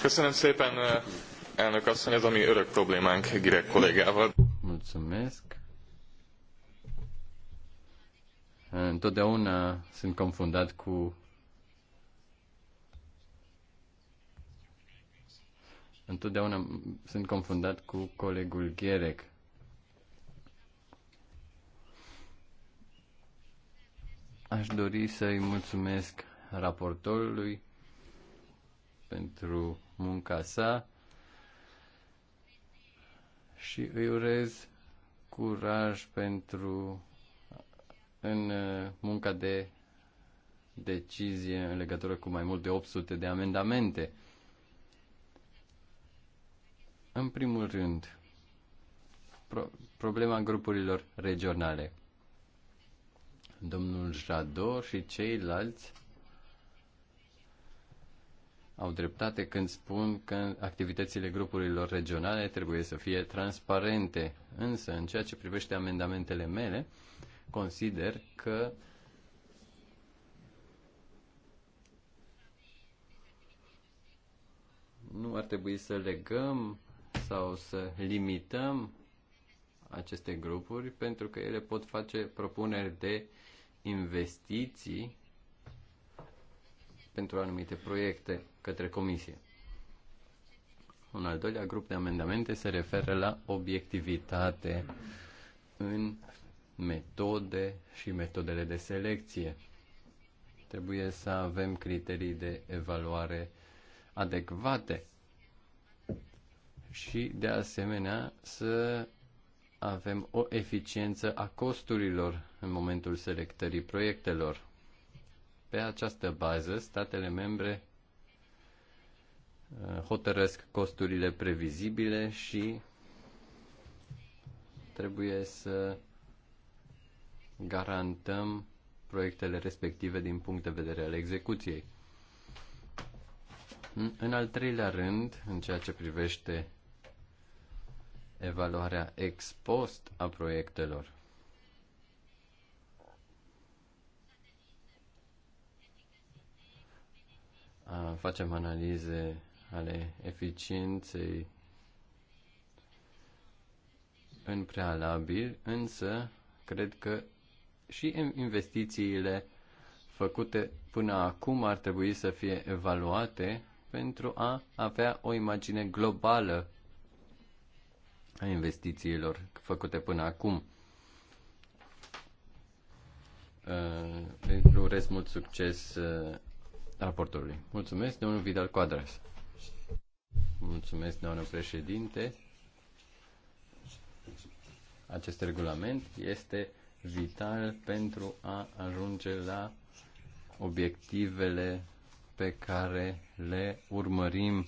Köszönöm szépen, elnök asszony, ez a mi örök problémánk Girek kollégával. Mulțumesc. Întotdeauna sunt confundat cu Întotdeauna sunt confundat cu colegul Gherec. Aș dori să-i mulțumesc raportorului pentru munca sa și îi urez curaj pentru în uh, munca de decizie în legătură cu mai mult de 800 de amendamente. În primul rând, pro- problema grupurilor regionale. Domnul Jado și ceilalți au dreptate când spun că activitățile grupurilor regionale trebuie să fie transparente. Însă, în ceea ce privește amendamentele mele, consider că nu ar trebui să legăm sau să limităm aceste grupuri pentru că ele pot face propuneri de uh, investiții pentru anumite proiecte către comisie. Un al doilea grup de amendamente se referă la obiectivitate în metode și metodele de selecție. Trebuie să avem criterii de evaluare adecvate și, de asemenea, să avem o eficiență a costurilor în momentul selectării proiectelor. Pe această bază, statele membre uh, hotărăsc costurile previzibile și trebuie să garantăm proiectele respective din punct de vedere al execuției. În al treilea rând, în ceea ce privește evaluarea ex post a proiectelor. Facem analize ale eficienței în prealabil, însă cred că și investițiile făcute până acum ar trebui să fie evaluate pentru a avea o imagine globală a investițiilor făcute până acum. Uh, urez mult succes uh, raportului. Mulțumesc, domnul Vidal Coadras. Mulțumesc, doamnă președinte. Acest regulament este vital pentru a ajunge la obiectivele pe care le urmărim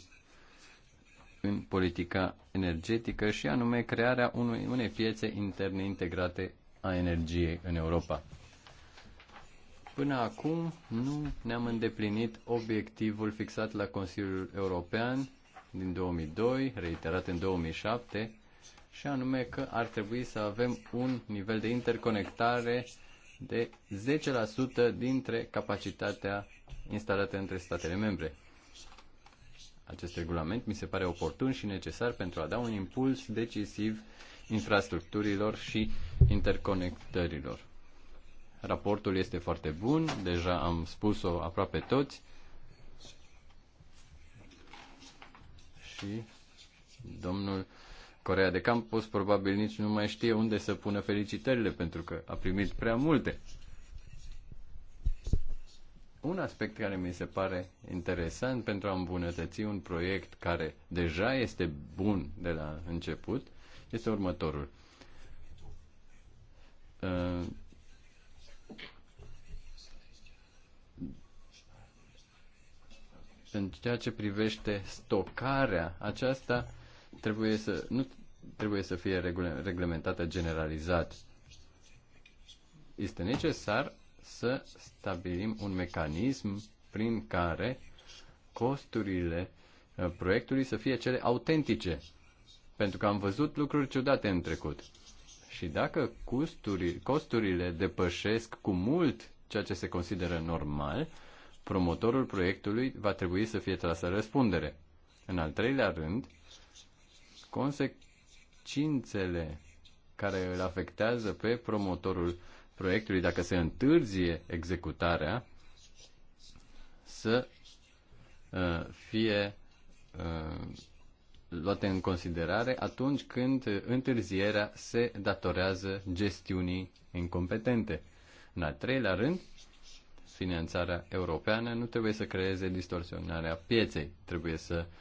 în politica energetică și anume crearea unui, unei piețe interne integrate a energiei în Europa. Până acum nu ne-am îndeplinit obiectivul fixat la Consiliul European din 2002, reiterat în 2007, și anume că ar trebui să avem un nivel de interconectare de 10% dintre capacitatea instalată între statele membre. Acest regulament mi se pare oportun și necesar pentru a da un impuls decisiv infrastructurilor și interconectărilor. Raportul este foarte bun, deja am spus-o aproape toți și domnul Corea de campus probabil nici nu mai știe unde să pună felicitările pentru că a primit prea multe. Un aspect care mi se pare interesant pentru a îmbunătăți un proiect care deja este bun de la început este următorul. În ceea ce privește stocarea, aceasta trebuie să, nu trebuie să fie reglementată generalizat. Este necesar să stabilim un mecanism prin care costurile uh, proiectului să fie cele autentice. Pentru că am văzut lucruri ciudate în trecut. Și dacă costuri, costurile depășesc cu mult ceea ce se consideră normal, promotorul proiectului va trebui să fie tras la răspundere. În al treilea rând, consecințele care îl afectează pe promotorul proiectului, dacă se întârzie executarea, să uh, fie uh, luate în considerare atunci când întârzierea se datorează gestiunii incompetente. În al treilea rând, finanțarea europeană nu trebuie să creeze distorsionarea pieței, trebuie să uh,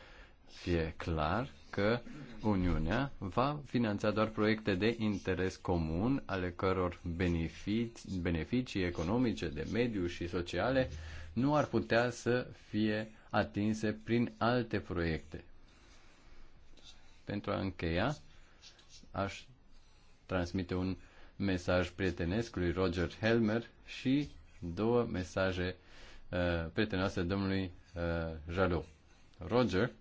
fie clar că Uniunea va finanța doar proiecte de interes comun, ale căror beneficii, beneficii economice, de mediu și sociale nu ar putea să fie atinse prin alte proiecte. Pentru a încheia, aș transmite un mesaj prietenesc lui Roger Helmer și două mesaje uh, prietenoase domnului uh, Jalou. Roger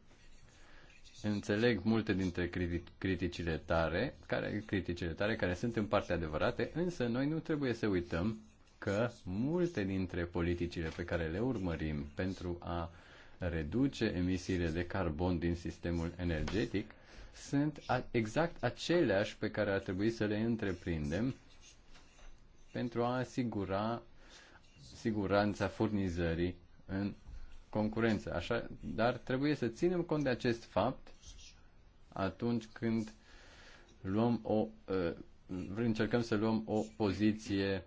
înțeleg multe dintre criticile tare, care, criticile tare care sunt în parte adevărate, însă noi nu trebuie să uităm că multe dintre politicile pe care le urmărim pentru a reduce emisiile de carbon din sistemul energetic sunt exact aceleași pe care ar trebui să le întreprindem pentru a asigura siguranța furnizării în concurență. Așa, dar trebuie să ținem cont de acest fapt atunci când luăm o, uh, încercăm să luăm o poziție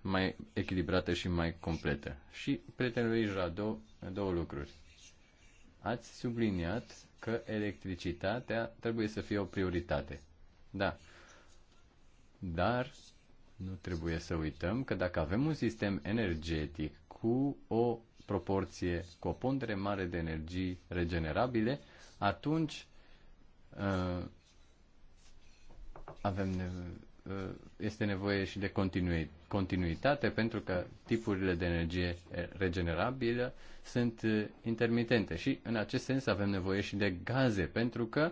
mai echilibrată și mai completă. Și prietenului Jado două lucruri. Ați subliniat că electricitatea trebuie să fie o prioritate. Da. Dar nu trebuie să uităm că dacă avem un sistem energetic cu o proporție, cu o pondere mare de energii regenerabile, atunci uh, avem uh, este nevoie și de continuitate pentru că tipurile de energie regenerabilă sunt uh, intermitente și în acest sens avem nevoie și de gaze pentru că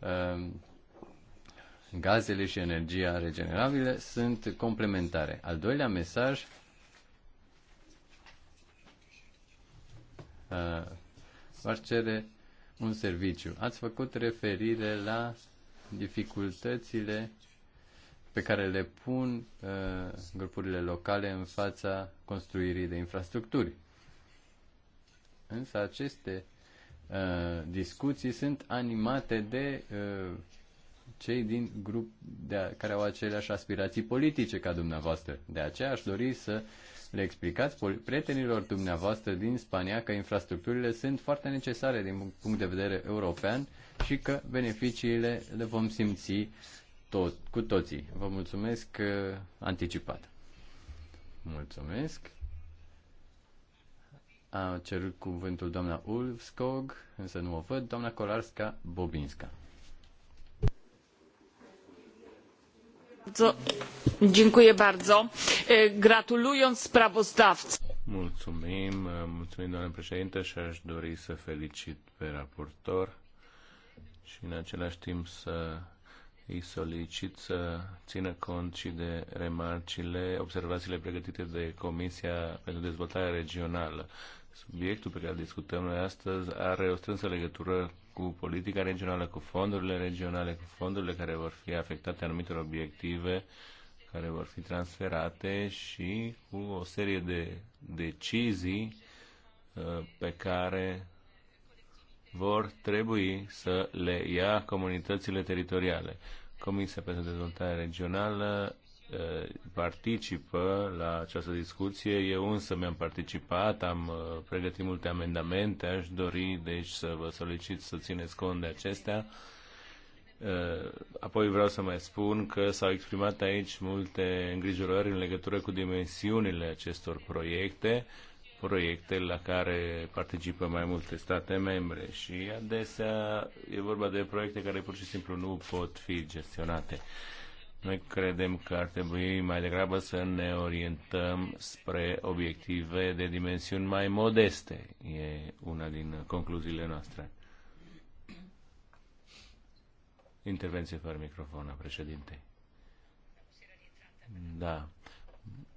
uh, gazele și energia regenerabilă sunt complementare. Al doilea mesaj v-aș cere un serviciu. Ați făcut referire la dificultățile pe care le pun uh, grupurile locale în fața construirii de infrastructuri. Însă aceste uh, discuții sunt animate de uh, cei din grup de a, care au aceleași aspirații politice ca dumneavoastră. De aceea aș dori să uh, le explicați prietenilor dumneavoastră din Spania că infrastructurile sunt foarte necesare din punct de vedere european și că beneficiile le vom simți tot, cu toții. Vă mulțumesc uh, anticipat. Mulțumesc. A cerut cuvântul doamna Ulfskog, însă nu o văd, doamna Kolarska Bobinska. Gratulując sprawozdawcy. Mulțumim, doamnă președinte și aș dori să felicit pe raportor și în același timp să îi solicit să țină cont și de remarcile, observațiile pregătite de Comisia pentru Dezvoltare Regională. Subiectul pe care îl discutăm noi astăzi are o strânsă legătură cu politica regională, cu fondurile regionale, cu fondurile care vor fi afectate anumitor obiective care vor fi transferate și cu o serie de decizii uh, pe care vor trebui să le ia comunitățile teritoriale. Comisia pentru Dezvoltare Regională participă la această discuție. Eu însă mi-am participat, am uh, pregătit multe amendamente, aș dori deci să vă solicit să țineți cont de acestea. Uh, apoi vreau să mai spun că s-au exprimat aici multe îngrijorări în legătură cu dimensiunile acestor proiecte, proiecte la care participă mai multe state membre și adesea e vorba de proiecte care pur și simplu nu pot fi gestionate. Uh, noi credem că ar trebui mai degrabă să ne orientăm spre obiective de dimensiuni mai modeste. E una din concluziile noastre. Intervenție fără microfon președinte. Da.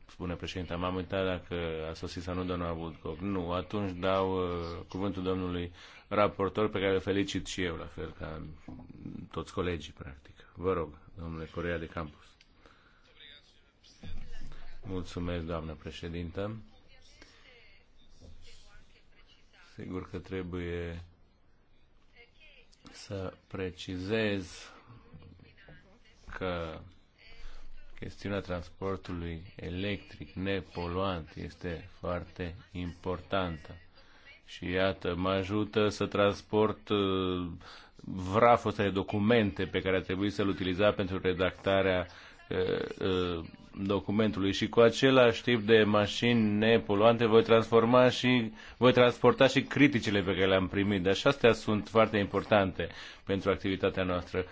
Spune președinte, m-am uitat dacă a sosit sau nu doamna Budcov. Nu, atunci dau uh, cuvântul domnului raportor pe care îl felicit și eu, la fel ca toți colegii, practic. Vă rog, domnule Corea de Campus. Mulțumesc, doamnă președintă. Sigur că trebuie să precizez că chestiunea transportului electric nepoluant este foarte importantă. Și iată, mă ajută să transport uh, vraful ăsta de documente pe care a trebuit să-l utiliza pentru redactarea documentului și cu același tip de mașini nepoluante voi transforma și voi transporta și criticile pe care le-am primit. Deci astea sunt foarte importante pentru activitatea noastră.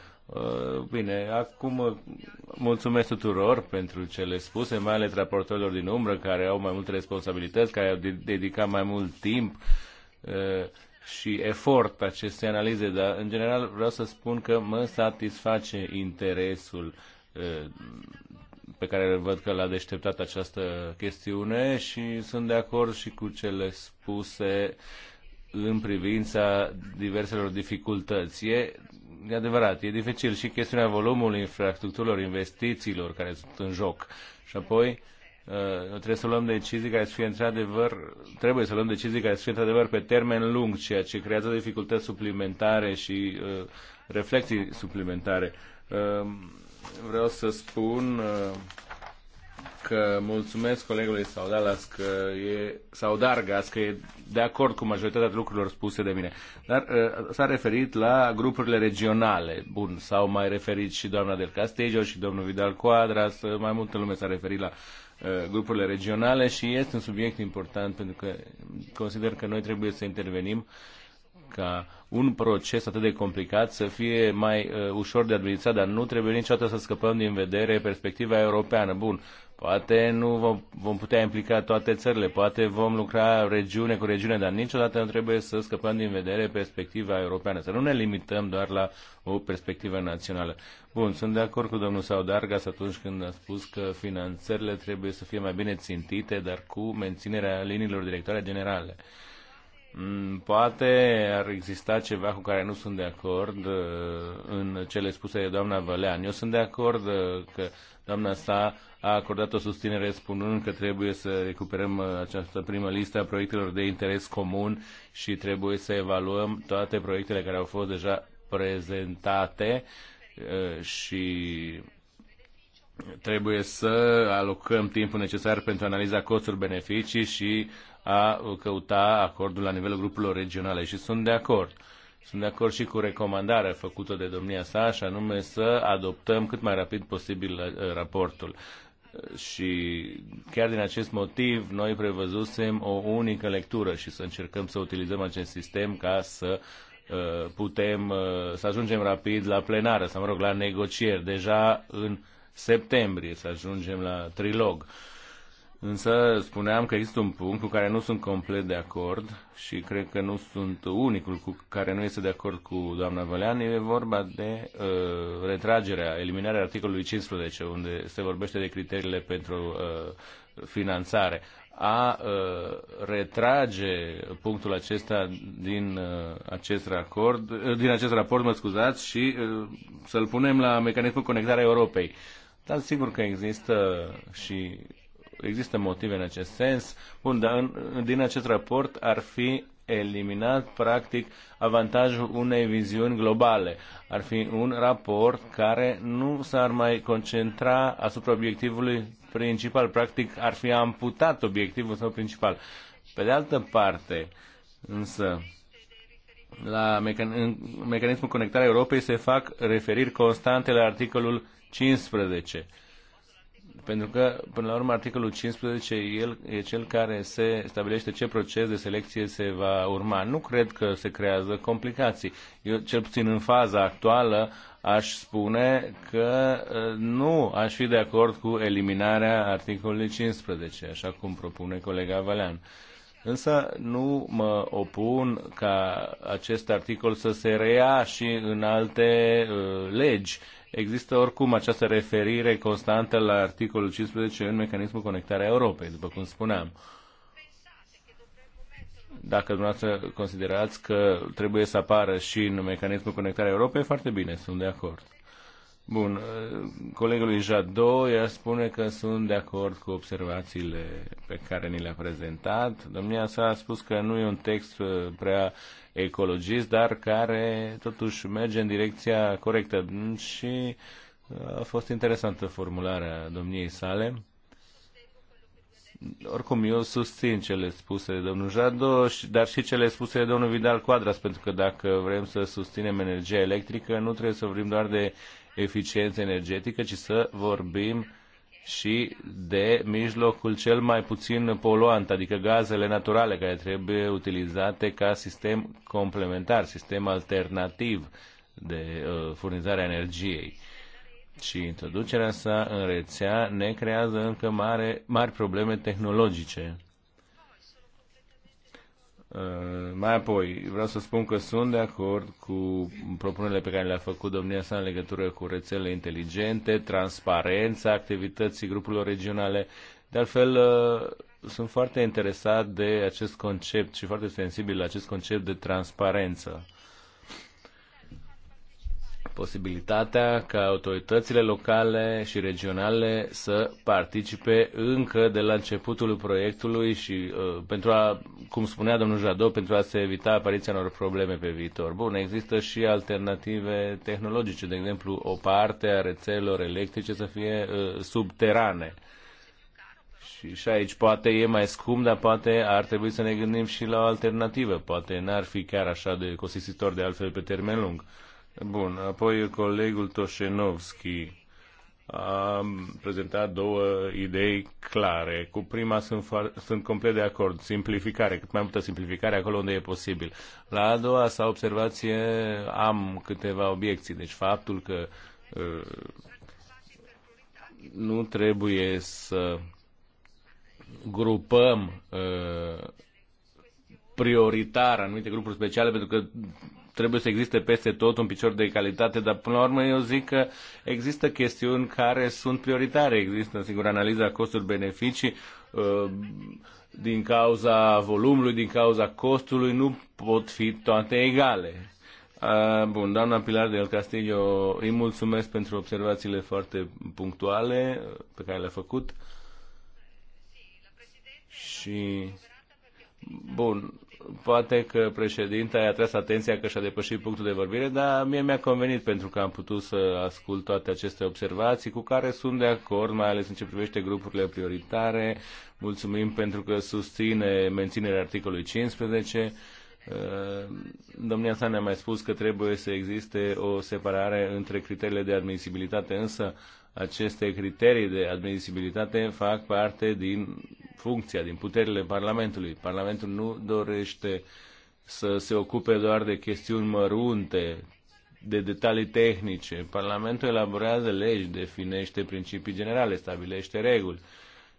Bine, acum mulțumesc tuturor pentru cele spuse, mai ales raportorilor din umbră care au mai multe responsabilități, care au dedicat mai mult timp și efort aceste analize, dar în general vreau să spun că mă satisface interesul pe care văd că l-a deșteptat această chestiune și sunt de acord și cu cele spuse în privința diverselor dificultăți. E, e adevărat, e dificil și chestiunea volumului infrastructurilor, investițiilor care sunt în joc. Și apoi Uh, trebuie să luăm decizii care să fie într-adevăr, trebuie să luăm decizii care să fie într-adevăr pe termen lung, ceea ce creează dificultăți suplimentare și uh, reflexii suplimentare. Uh, vreau să spun uh, că mulțumesc colegului Saudalas că e, Dargas că e de acord cu majoritatea lucrurilor spuse de mine. Dar uh, s-a referit la grupurile regionale. Bun, s-au mai referit și doamna Del Castillo și domnul Vidal Quadras, uh, mai multă lume s-a referit la uh, Uh, grupurile regionale și este un subiect important pentru că consider că noi trebuie să intervenim ca un proces atât de complicat să fie mai uh, ușor de administrat, dar nu trebuie niciodată să scăpăm din vedere perspectiva europeană. Bun, Poate nu vom, vom putea implica toate țările, poate vom lucra regiune cu regiune, dar niciodată nu trebuie să scăpăm din vedere perspectiva europeană, să nu ne limităm doar la o perspectivă națională. Bun, sunt de acord cu domnul Saudargas atunci când a spus că finanțările trebuie să fie mai bine țintite, dar cu menținerea liniilor directoare generale. Uh, Mm, poate ar exista ceva cu care nu sunt de acord uh, în cele spuse de doamna Vălean. Eu sunt de acord uh, că doamna sa a acordat o susținere spunând că trebuie să recuperăm uh, această primă listă a proiectelor de interes comun și trebuie să evaluăm toate proiectele care au fost deja prezentate și trebuie să alocăm timpul necesar pentru analiza costuri-beneficii și a căuta acordul la nivelul grupurilor regionale și sunt de acord. Sunt de acord și cu recomandarea făcută de domnia sa, și anume să adoptăm cât mai rapid posibil uh, raportul. Și chiar din acest motiv noi prevăzusem o unică lectură și să încercăm să utilizăm acest sistem ca să uh, putem uh, să ajungem rapid la plenară, să mă rog, la negocieri, deja în septembrie să ajungem la trilog. Uh, Însă spuneam că există un punct cu care nu sunt complet de acord și cred că nu sunt unicul cu care nu este de acord cu doamna Vălean. E vorba de uh, retragerea, eliminarea articolului 15, unde se vorbește de criteriile pentru uh, finanțare. A uh, retrage punctul acesta din uh, acest acord, uh, din acest raport, mă scuzați, și uh, să-l punem la mecanismul conectarea Europei. Dar sigur că există și există motive în acest sens. Bun, dar în, din acest raport ar fi eliminat practic avantajul unei viziuni globale. Ar fi un raport care nu s-ar mai concentra asupra obiectivului principal, practic ar fi amputat obiectivul său principal. Pe de altă parte, însă, la mecan- mecanismul conectarea Europei se fac referiri constante la articolul 15 pentru că, până la urmă, articolul 15 el, e cel care se stabilește ce proces de selecție se va urma. Nu cred că se creează complicații. Eu, cel puțin în faza actuală, aș spune că ă, nu aș fi de acord cu eliminarea articolului 15, așa cum propune colega Valean. Însă nu mă opun ca acest articol să se reia și în alte uh, legi. Uh, există oricum această referire constantă la articolul 15 în mecanismul conectarea Europei, după cum spuneam. Dacă dumneavoastră considerați că trebuie să apară și în mecanismul conectarea Europei, foarte bine, sunt de acord. Bun, colegului Jadot ea spune că sunt de acord cu observațiile pe care ni le-a prezentat. Domnia sa a spus că nu e un text prea ecologist, dar care totuși merge în direcția corectă. Și uh, a fost interesantă formularea domniei sale. Oricum, eu susțin cele spuse de domnul Jado, dar și cele spuse de domnul Vidal Quadras, pentru că dacă vrem să susținem energia electrică, nu trebuie să vorbim doar de eficiență energetică, ci să vorbim și de mijlocul cel mai puțin poluant, adică gazele naturale care trebuie utilizate ca sistem complementar, sistem alternativ de uh, furnizare a energiei. Și introducerea sa în rețea ne creează încă mare, mari probleme tehnologice. Uh, mai apoi, vreau să spun că sunt de acord cu propunerile pe care le-a făcut domnia sa în legătură cu rețelele inteligente, transparența activității grupurilor regionale. De altfel, uh, sunt foarte interesat de acest concept și foarte sensibil la acest concept de transparență posibilitatea ca autoritățile locale și regionale să participe încă de la începutul proiectului și uh, pentru a, cum spunea domnul Jadot, pentru a se evita apariția unor probleme pe viitor. Bun, există și alternative tehnologice, de exemplu, o parte a rețelelor electrice să fie uh, subterane. Și, și aici poate e mai scump, dar poate ar trebui să ne gândim și la o alternativă. Poate n-ar fi chiar așa de costisitor de altfel pe termen lung. Bun, apoi colegul Toșenovski a prezentat două idei clare. Cu prima sunt, sunt complet de acord. Simplificare, cât mai multă simplificare acolo unde e posibil. La a doua sa observație am câteva obiecții. Deci faptul că uh, nu trebuie să grupăm uh, prioritar anumite grupuri speciale pentru că trebuie să existe peste tot un picior de calitate, dar până la urmă eu zic că există chestiuni care sunt prioritare. Există, sigur, analiza costuri-beneficii uh, din cauza volumului, din cauza costului, nu pot fi toate egale. Uh, bun, doamna Pilar del Castillo, îi mulțumesc pentru observațiile foarte punctuale uh, pe care le-a făcut. Și, bun, poate că președinta a atras atenția că și-a depășit punctul de vorbire, dar mie mi-a convenit pentru că am putut să ascult toate aceste observații cu care sunt de acord, mai ales în ce privește grupurile prioritare. Mulțumim pentru că susține menținerea articolului 15. Uh, domnia sa ne-a mai spus că trebuie să existe o separare între criteriile de admisibilitate, însă aceste criterii de admisibilitate fac parte din funcția, din puterile Parlamentului. Parlamentul nu dorește să se ocupe doar de chestiuni mărunte, de detalii tehnice. Parlamentul elaborează legi, definește principii generale, stabilește reguli.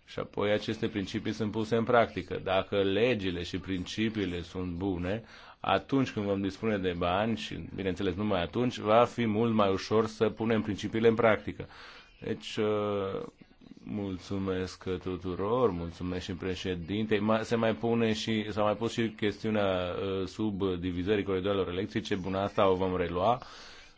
Și apoi aceste principii sunt puse în practică. Dacă legile și principiile sunt bune, atunci când vom dispune de bani, și bineînțeles numai atunci, va fi mult mai ușor să punem principiile în practică. Deci, uh, mulțumesc tuturor, mulțumesc și președintei. Se mai pune și, s-a mai pus și chestiunea uh, sub divizării coridoarelor electrice. Bună, asta o vom relua.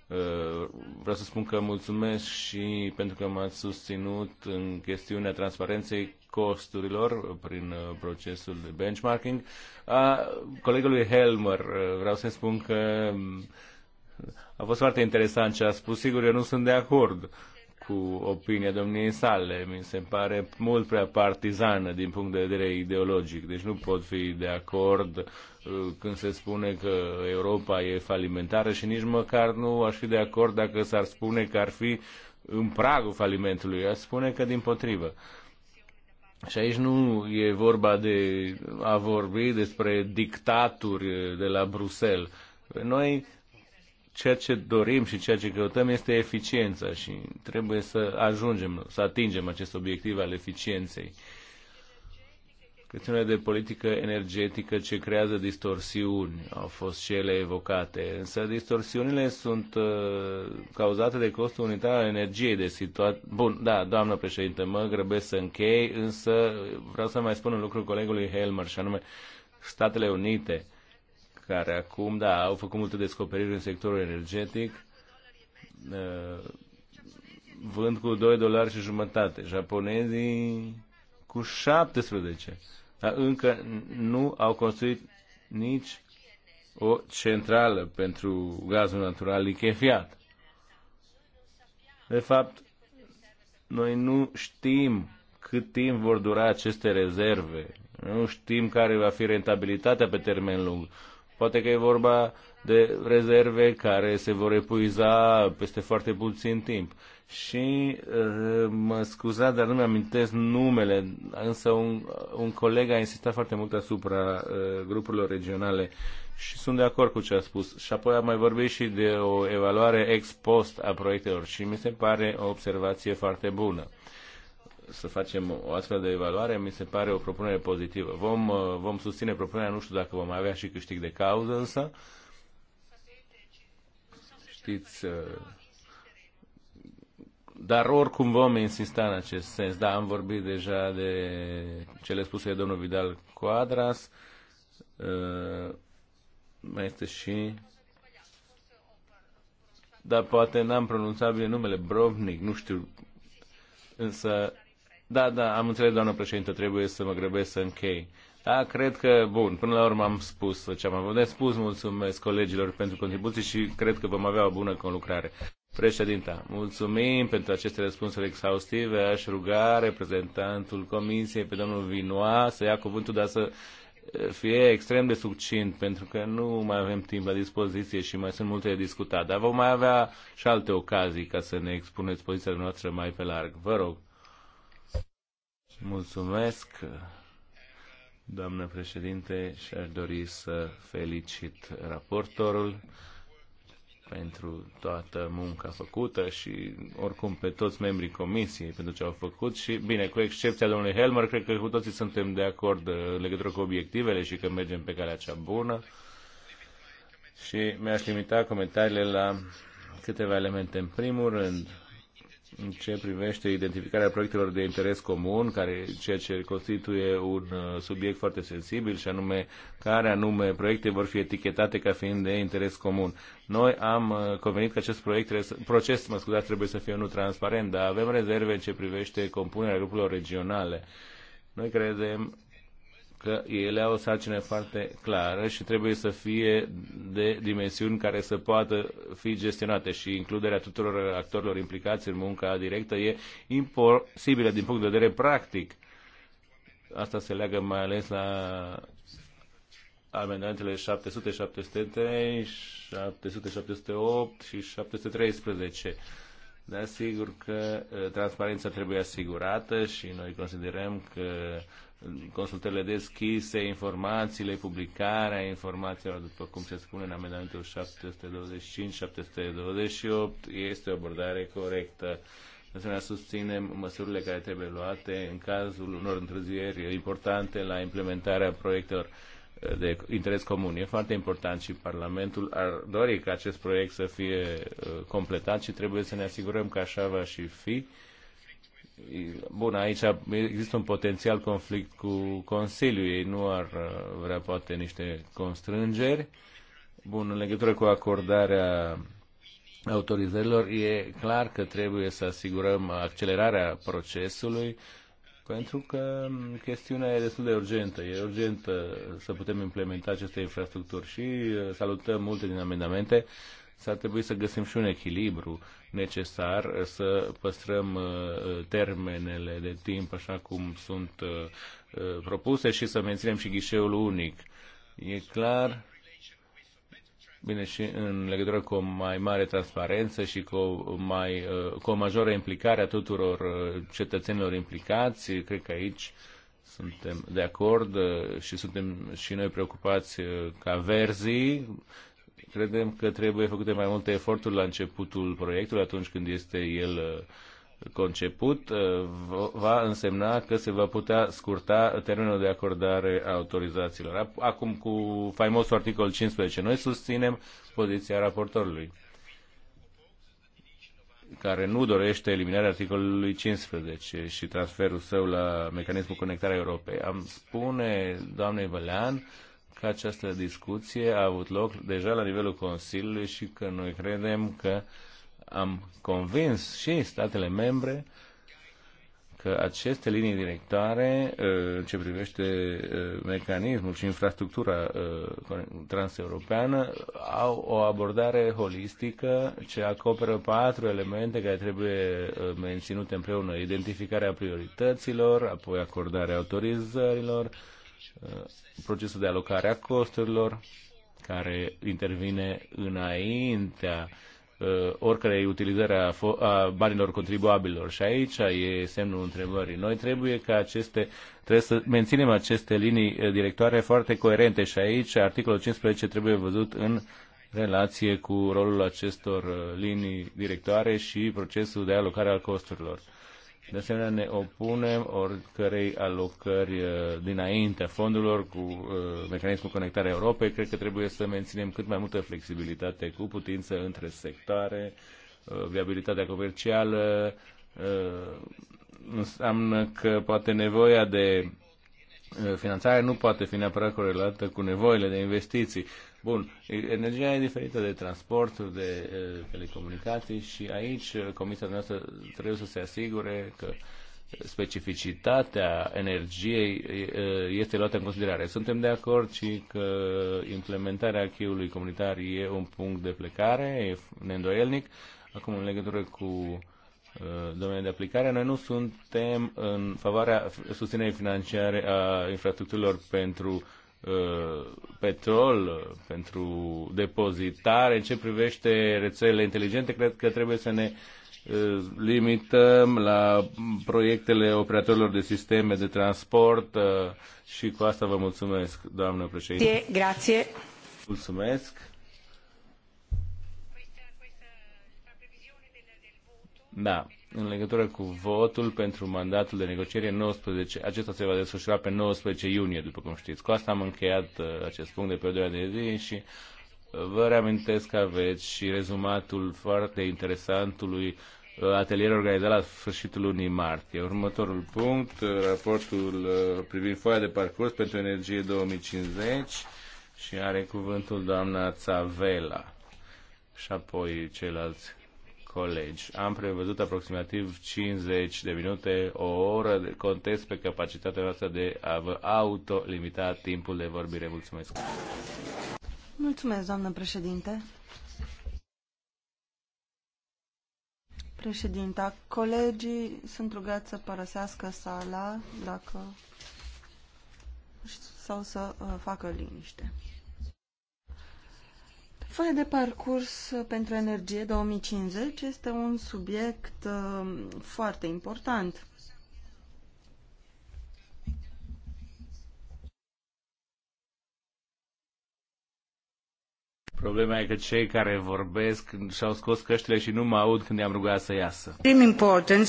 Uh, vreau să spun că mulțumesc și pentru că m-ați susținut în chestiunea transparenței costurilor prin procesul de benchmarking. A colegului Helmer vreau să spun că mm, a fost foarte interesant ce a spus. Sigur, eu nu sunt de acord cu opinia domniei sale. Mi se pare mult prea partizană din punct de vedere ideologic. Deci nu pot fi de acord uh, când se spune că Europa e falimentară și nici măcar nu aș fi de acord dacă s-ar spune că ar fi în pragul falimentului. Aș spune că din potrivă. Și aici nu e vorba de a vorbi despre dictaturi de la Bruxelles. Noi ceea ce dorim și ceea ce căutăm este eficiența și trebuie să ajungem, să atingem acest obiectiv al eficienței. Chestiunea de politică energetică ce creează distorsiuni au fost cele evocate, însă distorsiunile sunt uh, cauzate de costul unitar al energiei de situație. Bun, da, doamnă președinte, mă grăbesc să închei, însă vreau să mai spun un lucru colegului Helmer și anume Statele Unite care acum, da, au făcut multe descoperiri în sectorul energetic, uh, vând cu 2 dolari și jumătate, japonezii cu 17, dar încă nu au construit nici o centrală pentru gazul natural lichefiat. De fapt, noi nu știm cât timp vor dura aceste rezerve. Nu știm care va fi rentabilitatea pe termen lung. Poate că e vorba de rezerve care se vor epuiza peste foarte puțin timp. Și uh, mă scuzați, dar nu mi-amintesc numele, însă un, un coleg a insistat foarte mult asupra uh, grupurilor regionale și sunt de acord cu ce a spus. Și apoi am mai vorbit și de o evaluare ex post a proiectelor și mi se pare o observație foarte bună să facem o astfel de evaluare, mi se pare o propunere pozitivă. Vom, uh, vom susține propunerea, nu știu dacă vom avea și câștig de cauză, însă știți, uh, dar oricum vom insista în acest sens. Da, am vorbit deja de cele spuse de domnul Vidal Coadras, uh, mai este și dar poate n-am pronunțat bine numele Brovnik, nu știu, însă da, da, am înțeles, doamnă președinte. trebuie să mă grăbesc să închei. Da, cred că, bun, până la urmă am spus ce am avut de spus. Mulțumesc colegilor pentru contribuții și cred că vom avea o bună conlucrare. Președinta, mulțumim pentru aceste răspunsuri exhaustive. Aș ruga reprezentantul Comisiei pe domnul Vinoa să ia cuvântul, dar să fie extrem de succint, pentru că nu mai avem timp la dispoziție și mai sunt multe de discutat. Dar vom mai avea și alte ocazii ca să ne expuneți poziția noastră mai pe larg. Vă rog. Mulțumesc, doamnă președinte, și aș dori să felicit raportorul pentru toată munca făcută și oricum pe toți membrii comisiei pentru ce au făcut și bine, cu excepția domnului Helmer, cred că cu toții suntem de acord în legătură cu obiectivele și că mergem pe calea cea bună și mi-aș limita comentariile la câteva elemente. În primul rând, în ce privește identificarea proiectelor de interes comun, care, ceea ce constituie un uh, subiect foarte sensibil, și anume care anume proiecte vor fi etichetate ca fiind de interes comun. Noi am uh, convenit că acest proiect, proces mă scuzați, trebuie să fie unul transparent, dar avem rezerve în ce privește compunerea grupurilor regionale. Noi credem că ele au o sarcină foarte clară și trebuie să fie de dimensiuni care să poată fi gestionate și includerea tuturor actorilor implicați în munca directă e imposibilă din punct de vedere practic. Asta se leagă mai ales la amendamentele 700, 703, 700, 708 și 713. Dar sigur că uh, transparența trebuie asigurată și noi considerăm că consultările deschise, informațiile, publicarea informațiilor, după cum se spune în amendamentul 725-728, este o abordare corectă. De asemenea, susținem măsurile care trebuie luate în cazul unor întârzieri importante la implementarea proiectelor de interes comun. E foarte important și Parlamentul ar dori ca acest proiect să fie uh, completat și trebuie să ne asigurăm că așa va și fi Bun, aici există un potențial conflict cu Consiliul. Ei nu ar uh, vrea poate niște constrângeri. Bun, în legătură cu acordarea autorizărilor, e clar că trebuie să asigurăm accelerarea procesului, pentru că chestiunea e destul de urgentă. E urgentă să putem implementa aceste infrastructuri și uh, salutăm multe din amendamente s-ar trebui să găsim și un echilibru necesar, uh, să păstrăm uh, termenele de timp așa cum sunt uh, propuse și să menținem și ghișeul unic. E clar Bine, și în legătură cu o mai mare transparență și cu o, mai, cu o majoră implicare a tuturor cetățenilor implicați, cred că aici suntem de acord și suntem și noi preocupați ca verzii credem că trebuie făcute mai multe eforturi la începutul proiectului, atunci când este el uh, conceput, uh, va însemna că se va putea scurta termenul de acordare a autorizațiilor. Acum, cu faimosul articol 15, noi susținem poziția raportorului care nu dorește eliminarea articolului 15 și transferul său la mecanismul conectarea Europei. Am spune doamnei Vălean că această discuție a avut loc deja la nivelul Consiliului și că noi credem că am convins și statele membre că aceste linii directoare uh, ce privește uh, mecanismul și infrastructura uh, transeuropeană au o abordare holistică ce acoperă patru elemente care trebuie menținute împreună. Identificarea priorităților, apoi acordarea autorizărilor, Uh, procesul de alocare a costurilor care intervine înaintea uh, oricărei utilizări a, a banilor contribuabililor. Și aici e semnul întrebării. Noi trebuie ca aceste, trebuie să menținem aceste linii uh, directoare foarte coerente și aici articolul 15 trebuie văzut în relație cu rolul acestor uh, linii directoare și procesul de alocare al costurilor. De asemenea, ne opunem oricărei alocări uh, dinainte fondurilor cu uh, mecanismul conectarea Europei. Cred că trebuie să menținem cât mai multă flexibilitate cu putință între sectoare, uh, viabilitatea comercială, înseamnă că poate nevoia de finanțare nu poate fi neapărat corelată cu nevoile de investiții. Bun, energia e diferită de transport, de eh, telecomunicații și aici eh, comisia noastră trebuie să se asigure că specificitatea energiei eh, este luată în considerare. Suntem de acord și că implementarea acquis comunitar e un punct de plecare, e neîndoielnic. Acum, în legătură cu domeniul de aplicare, noi nu suntem în favoarea susținerii financiare a infrastructurilor pentru Uh, petrol, uh, pentru depozitare, în ce privește rețelele inteligente, cred că trebuie să ne uh, limităm la proiectele operatorilor de sisteme de transport și cu asta vă mulțumesc, doamnă președinte. Grație. Mulțumesc. Da, în legătură cu votul pentru mandatul de negociere 19. Acesta se va desfășura pe 19 iunie, după cum știți. Cu asta am încheiat uh, acest punct de pe de zi și uh, vă reamintesc că aveți și rezumatul foarte interesantului uh, atelier organizat la sfârșitul lunii martie. Următorul punct, raportul privind foaia de parcurs pentru energie 2050 și are cuvântul doamna Țavela și apoi ceilalți colegi. Am prevăzut aproximativ 50 de minute, o oră de contest pe capacitatea noastră de a vă autolimita timpul de vorbire. Mulțumesc! Mulțumesc, doamnă președinte! Președinta, colegii sunt rugați să părăsească sala dacă sau să uh, facă liniște. Foaia de parcurs pentru energie 2050 este un subiect uh, foarte important. Problema e că cei care vorbesc și-au scos căștile și nu mă aud când i-am rugat să iasă.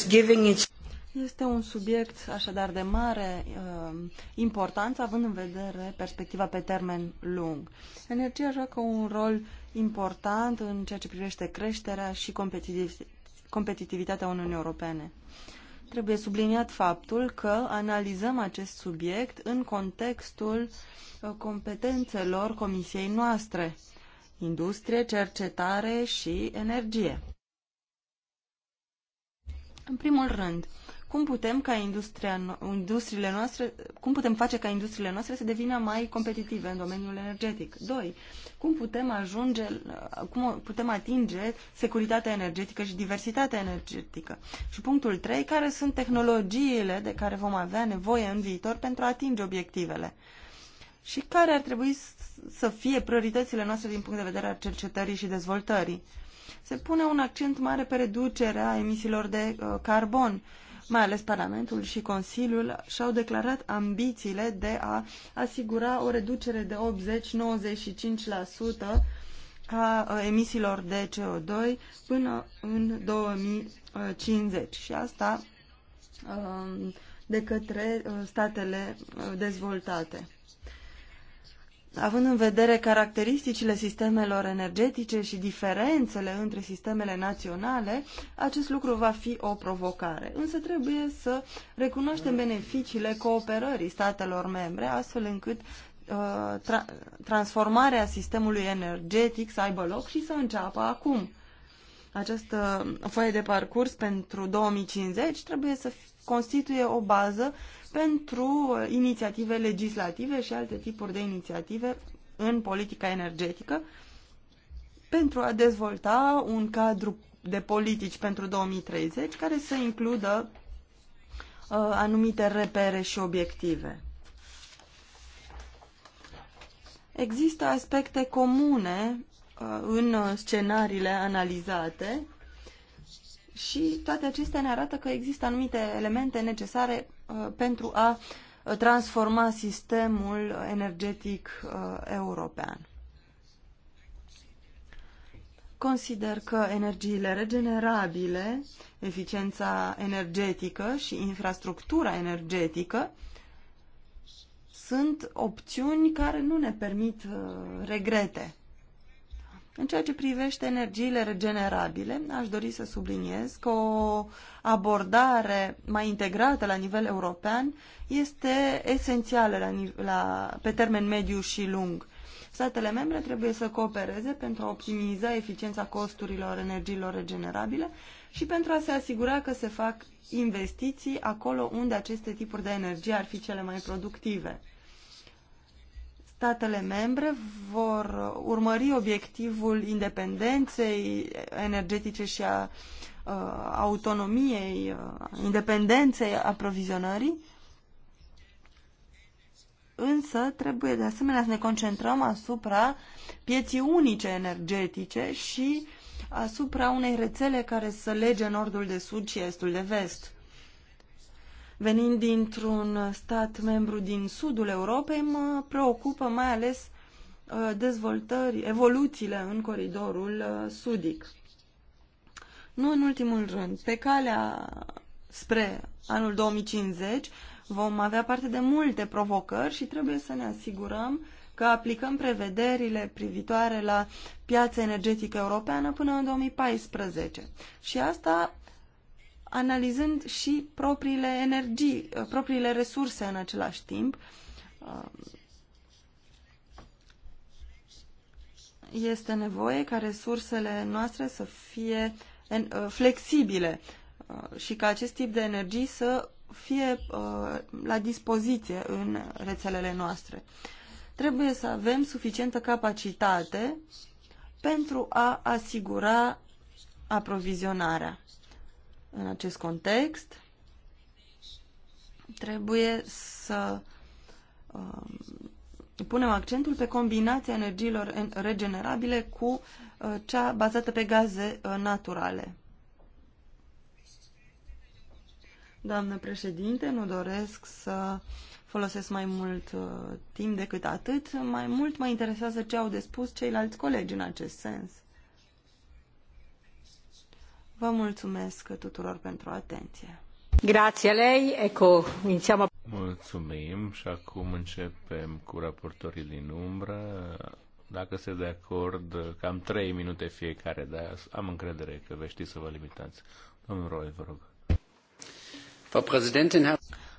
giving it... Este un subiect așadar de mare uh, importanță, având în vedere perspectiva pe termen lung. Energia joacă un rol important în ceea ce privește creșterea și competitiv- competitivitatea Uniunii Europene. Trebuie subliniat faptul că analizăm acest subiect în contextul uh, competențelor comisiei noastre, industrie, cercetare și energie. În primul rând, cum putem ca industria, industriile noastre, cum putem face ca industriile noastre să devină mai competitive în domeniul energetic. 2. Cum putem ajunge, cum putem atinge securitatea energetică și diversitatea energetică. Și punctul 3. Care sunt tehnologiile de care vom avea nevoie în viitor pentru a atinge obiectivele? Și care ar trebui să fie prioritățile noastre din punct de vedere al cercetării și dezvoltării? Se pune un accent mare pe reducerea emisiilor de uh, carbon mai ales Parlamentul și Consiliul, și-au declarat ambițiile de a asigura o reducere de 80-95% a emisiilor de CO2 până în 2050 și asta de către statele dezvoltate având în vedere caracteristicile sistemelor energetice și diferențele între sistemele naționale, acest lucru va fi o provocare. Însă trebuie să recunoaștem beneficiile cooperării statelor membre, astfel încât uh, tra transformarea sistemului energetic să aibă loc și să înceapă acum. Această foaie de parcurs pentru 2050 trebuie să constituie o bază pentru inițiative legislative și alte tipuri de inițiative în politica energetică pentru a dezvolta un cadru de politici pentru 2030 care să includă uh, anumite repere și obiective. Există aspecte comune uh, în scenariile analizate și toate acestea ne arată că există anumite elemente necesare uh, pentru a uh, transforma sistemul energetic uh, european. Consider că energiile regenerabile, eficiența energetică și infrastructura energetică sunt opțiuni care nu ne permit uh, regrete. În ceea ce privește energiile regenerabile, aș dori să subliniez că o abordare mai integrată la nivel european este esențială la, la, pe termen mediu și lung. Statele membre trebuie să coopereze pentru a optimiza eficiența costurilor energiilor regenerabile și pentru a se asigura că se fac investiții acolo unde aceste tipuri de energie ar fi cele mai productive statele membre vor urmări obiectivul independenței energetice și a uh, autonomiei, uh, independenței aprovizionării, însă trebuie de asemenea să ne concentrăm asupra pieții unice energetice și asupra unei rețele care să lege nordul de sud și estul de vest. Venind dintr-un stat membru din sudul Europei, mă preocupă mai ales uh, dezvoltări, evoluțiile în coridorul uh, sudic. Nu în ultimul rând, pe calea spre anul 2050 vom avea parte de multe provocări și trebuie să ne asigurăm că aplicăm prevederile privitoare la piața energetică europeană până în 2014. Și asta analizând și propriile energii, uh, propriile resurse în același timp. Uh, este nevoie ca resursele noastre să fie uh, flexibile și ca acest tip de energii să fie la dispoziție în rețelele noastre. Trebuie să avem suficientă capacitate pentru a asigura aprovizionarea. În acest context, trebuie să um, punem accentul pe combinația energiilor regenerabile cu uh, cea bazată pe gaze uh, naturale. Doamnă președinte, nu doresc să folosesc mai mult uh, timp decât atât. Mai mult mă interesează ce au de spus ceilalți colegi în acest sens. Vă mulțumesc tuturor pentru atenție. Grazie lei, ecco, iniziamo. Mulțumim și acum începem cu raportorii din umbră. Dacă se de acord, cam trei minute fiecare, dar am încredere că veți ști să vă limitați. Domnul Roy, vă rog.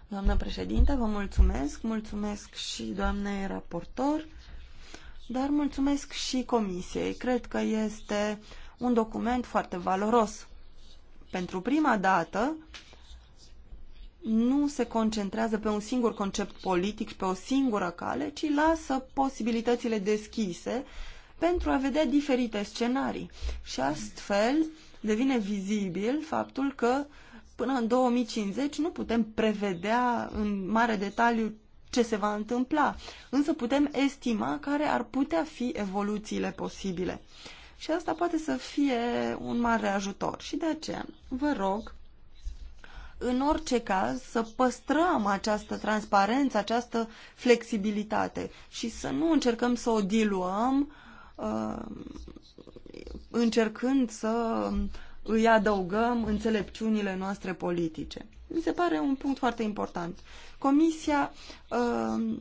Doamna președinte, vă mulțumesc, mulțumesc și doamnei raportor, dar mulțumesc și comisiei. Cred că este un document foarte valoros pentru prima dată, nu se concentrează pe un singur concept politic, pe o singură cale, ci lasă posibilitățile deschise pentru a vedea diferite scenarii. Și astfel devine vizibil faptul că până în 2050 nu putem prevedea în mare detaliu ce se va întâmpla, însă putem estima care ar putea fi evoluțiile posibile. Și asta poate să fie un mare ajutor. Și de aceea vă rog, în orice caz, să păstrăm această transparență, această flexibilitate și să nu încercăm să o diluăm uh, încercând să îi adăugăm înțelepciunile noastre politice. Mi se pare un punct foarte important. Comisia uh,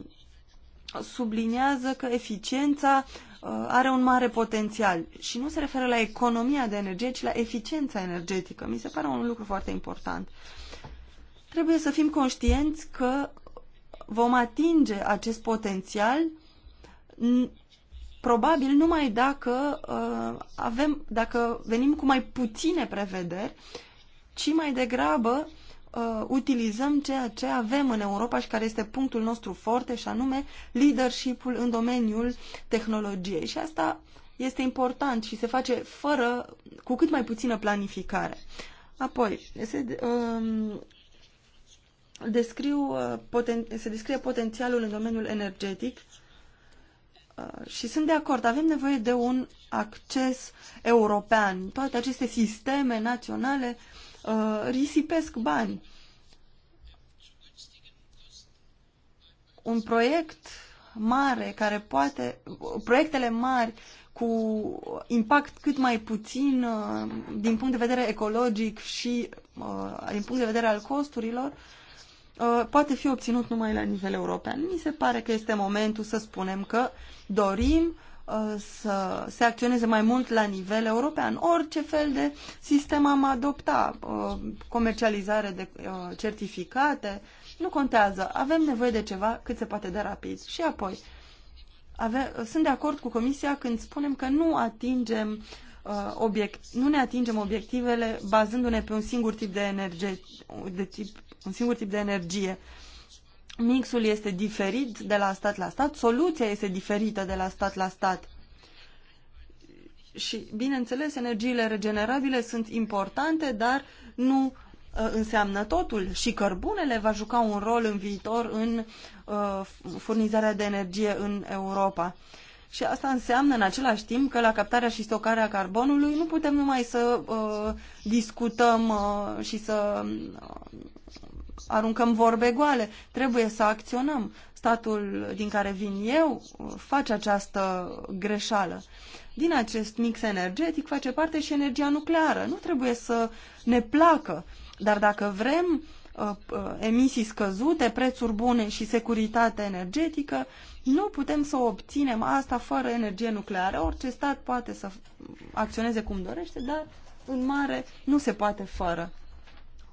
subliniază că eficiența Uh, are un mare potențial și nu se referă la economia de energie, ci la eficiența energetică. Mi se pare un lucru foarte important. Trebuie să fim conștienți că vom atinge acest potențial probabil numai dacă uh, avem, dacă venim cu mai puține prevederi, ci mai degrabă uh, utilizăm ceea ce avem în Europa și care este punctul nostru forte și anume leadership-ul în domeniul tehnologiei. Și asta este important și se face fără, cu cât mai puțină planificare. Apoi, se, um, uh, descriu, uh, poten, se descrie potențialul în domeniul energetic uh, și sunt de acord, avem nevoie de un acces european. Toate aceste sisteme naționale uh, uh, risipesc bani. Un proiect mare care poate, proiectele mari cu impact cât mai puțin uh, din punct de vedere ecologic și uh, din punct de vedere al costurilor, uh, poate fi obținut numai la nivel european. Mi se pare că este momentul să spunem că dorim uh, Uh, să se acționeze mai mult la nivel european. Orice fel de sistem am adopta, uh, comercializare de uh, certificate, nu contează. Avem nevoie de ceva cât se poate de rapid. Și apoi, ave, sunt de acord cu Comisia când spunem că nu atingem obiect, nu ne atingem obiectivele bazându-ne pe un singur tip de energie, de tip, un singur tip de energie. Uh, mixul este diferit de la stat la stat, soluția este diferită de la stat la stat. Și, bineînțeles, energiile regenerabile sunt importante, dar nu uh, înseamnă totul. Și cărbunele va juca un rol în viitor în uh, furnizarea de energie în Europa. Și asta înseamnă în același timp că la captarea și stocarea carbonului nu putem numai să uh, discutăm uh, și să uh, aruncăm vorbe goale, trebuie să acționăm. Statul din care vin eu uh, face această greșeală. Din acest mix energetic face parte și energia nucleară. Nu trebuie să ne placă, dar dacă vrem uh, uh, emisii scăzute, prețuri bune și securitate energetică, nu putem să obținem asta fără energie nucleară. Orice stat poate să acționeze cum dorește, dar în mare nu se poate fără.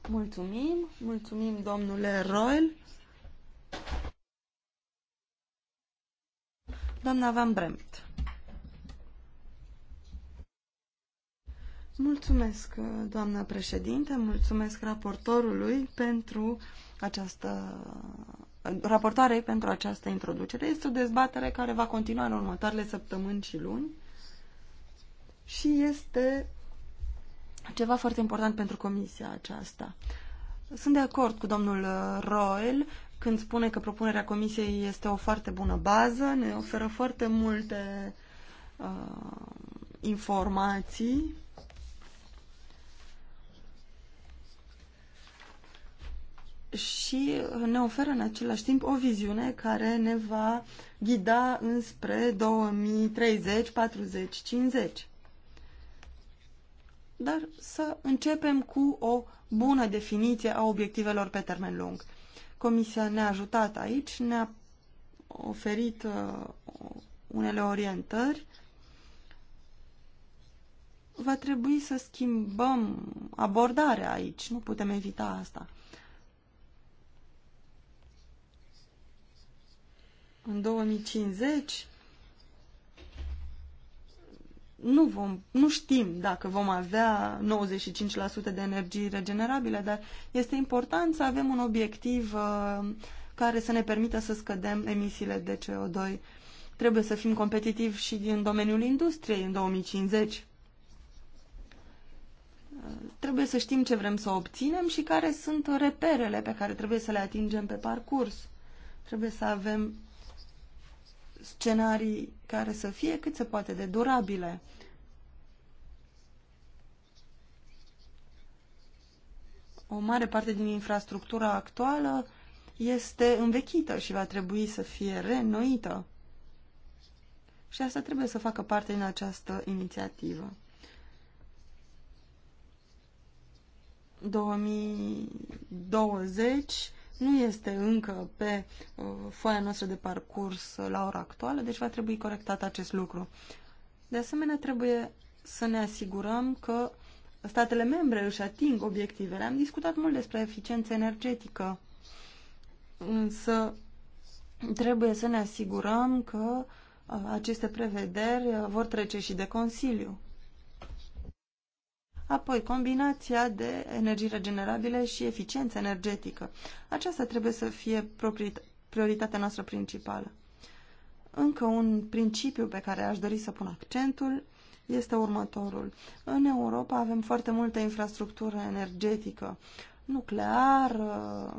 Mulțumim, mulțumim domnule Roel. Doamna Van Bremt. Mulțumesc, doamna președinte, mulțumesc raportorului pentru această raportare pentru această introducere. Este o dezbatere care va continua în următoarele săptămâni și luni și este ceva foarte important pentru comisia aceasta. Sunt de acord cu domnul uh, Roel când spune că propunerea comisiei este o foarte bună bază, ne oferă foarte multe uh, informații. Și ne oferă în același timp o viziune care ne va ghida înspre 2030, 40, 50 dar să începem cu o bună definiție a obiectivelor pe termen lung. Comisia ne-a ajutat aici, ne-a oferit uh, unele orientări. Va trebui să schimbăm abordarea aici, nu putem evita asta. În 2050 nu, vom, nu știm dacă vom avea 95% de energii regenerabile, dar este important să avem un obiectiv uh, care să ne permită să scădem emisiile de CO2. Trebuie să fim competitivi și în domeniul industriei în 2050. Uh, trebuie să știm ce vrem să obținem și care sunt reperele pe care trebuie să le atingem pe parcurs. Trebuie să avem scenarii care să fie cât se poate de durabile. O mare parte din infrastructura actuală este învechită și va trebui să fie reînnoită. Și asta trebuie să facă parte din această inițiativă. 2020 nu este încă pe uh, foaia noastră de parcurs uh, la ora actuală, deci va trebui corectat acest lucru. De asemenea, trebuie să ne asigurăm că statele membre își ating obiectivele. Am discutat mult despre eficiență energetică, însă trebuie să ne asigurăm că uh, aceste prevederi uh, vor trece și de Consiliu. Apoi, combinația de energii regenerabile și eficiență energetică. Aceasta trebuie să fie prioritatea noastră principală. Încă un principiu pe care aș dori să pun accentul este următorul. În Europa avem foarte multă infrastructură energetică, nuclear, uh,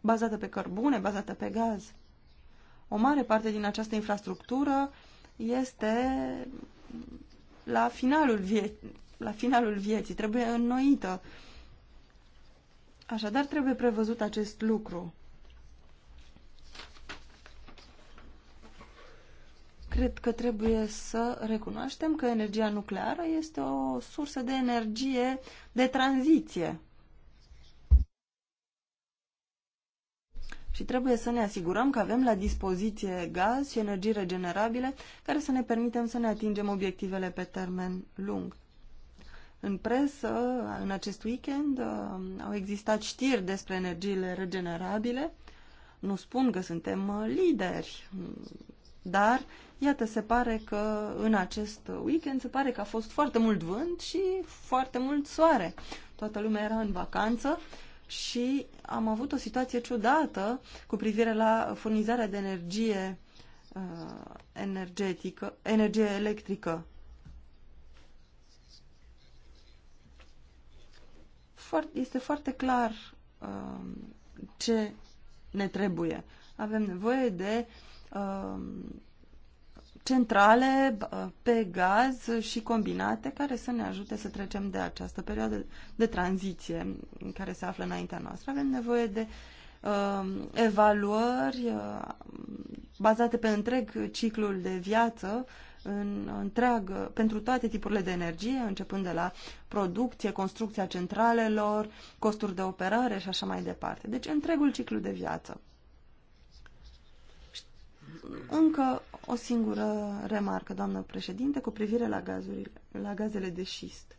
bazată pe cărbune, bazată pe gaz. O mare parte din această infrastructură este la finalul vie la finalul vieții, trebuie înnoită. Așadar, trebuie prevăzut acest lucru. Cred că trebuie să recunoaștem că energia nucleară este o sursă de energie de tranziție. și trebuie să ne asigurăm că avem la dispoziție gaz și energii regenerabile care să ne permitem să ne atingem obiectivele pe termen lung. În presă, în acest weekend, uh, au existat știri despre energiile regenerabile. Nu spun că suntem uh, lideri, dar iată, se pare că în acest weekend se pare că a fost foarte mult vânt și foarte mult soare. Toată lumea era în vacanță și am avut o situație ciudată cu privire la furnizarea de energie uh, energetică, energie electrică foarte, este foarte clar uh, ce ne trebuie. Avem nevoie de uh, centrale pe gaz și combinate care să ne ajute să trecem de această perioadă de tranziție în care se află înaintea noastră. Avem nevoie de uh, evaluări uh, bazate pe întreg ciclul de viață în întreagă, pentru toate tipurile de energie, începând de la producție, construcția centralelor, costuri de operare și așa mai departe. Deci întregul ciclu de viață. Încă o singură remarcă, doamnă președinte, cu privire la, gazurile, la gazele de șist.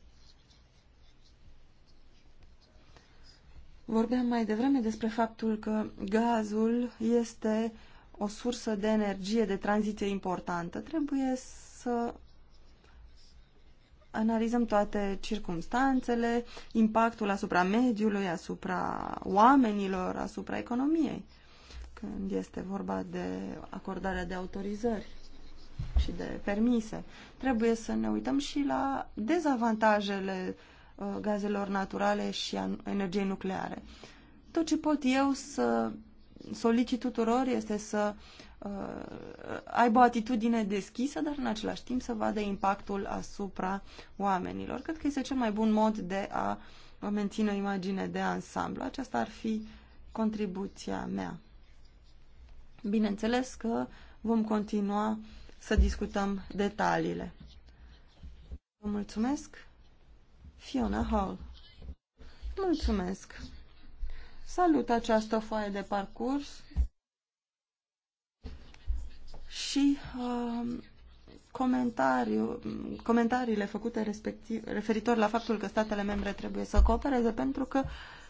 Vorbeam mai devreme despre faptul că gazul este o sursă de energie de tranziție importantă, trebuie să analizăm toate circumstanțele, impactul asupra mediului, asupra oamenilor, asupra economiei, când este vorba de acordarea de autorizări și de permise. Trebuie să ne uităm și la dezavantajele uh, gazelor naturale și a energiei nucleare. Tot ce pot eu să solicit tuturor este să uh, aibă o atitudine deschisă, dar în același timp să vadă impactul asupra oamenilor. Cred că este cel mai bun mod de a menține o imagine de ansamblu. Aceasta ar fi contribuția mea. Bineînțeles că vom continua să discutăm detaliile. Vă mulțumesc, Fiona Hall. Mulțumesc salut această foaie de parcurs și uh, comentariu, comentariile făcute respectiv, referitor la faptul că statele membre trebuie să coopereze pentru că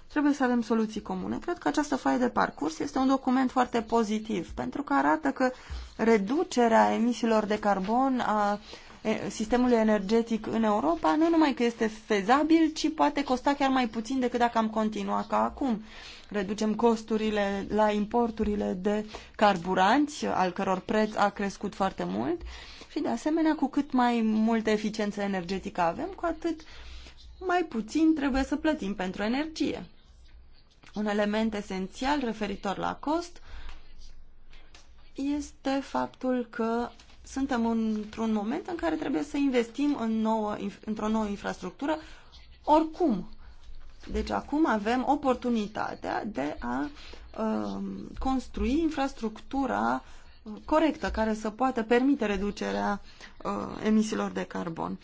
trebuie să avem soluții comune. Cred că această foaie de parcurs este un document foarte pozitiv pentru că arată că reducerea emisiilor de carbon a uh, sistemului energetic în Europa nu numai că este fezabil, ci poate costa chiar mai puțin decât dacă am continua ca acum. Reducem costurile la importurile de carburanți, al căror preț a crescut foarte mult și, de asemenea, cu cât mai multă eficiență energetică avem, cu atât mai puțin trebuie să plătim pentru energie. Un element esențial referitor la cost este faptul că suntem într-un moment în care trebuie să investim în nouă, într-o nouă infrastructură oricum. Deci acum avem oportunitatea de a uh, construi infrastructura uh, corectă care să poată permite reducerea uh, emisiilor de carbon.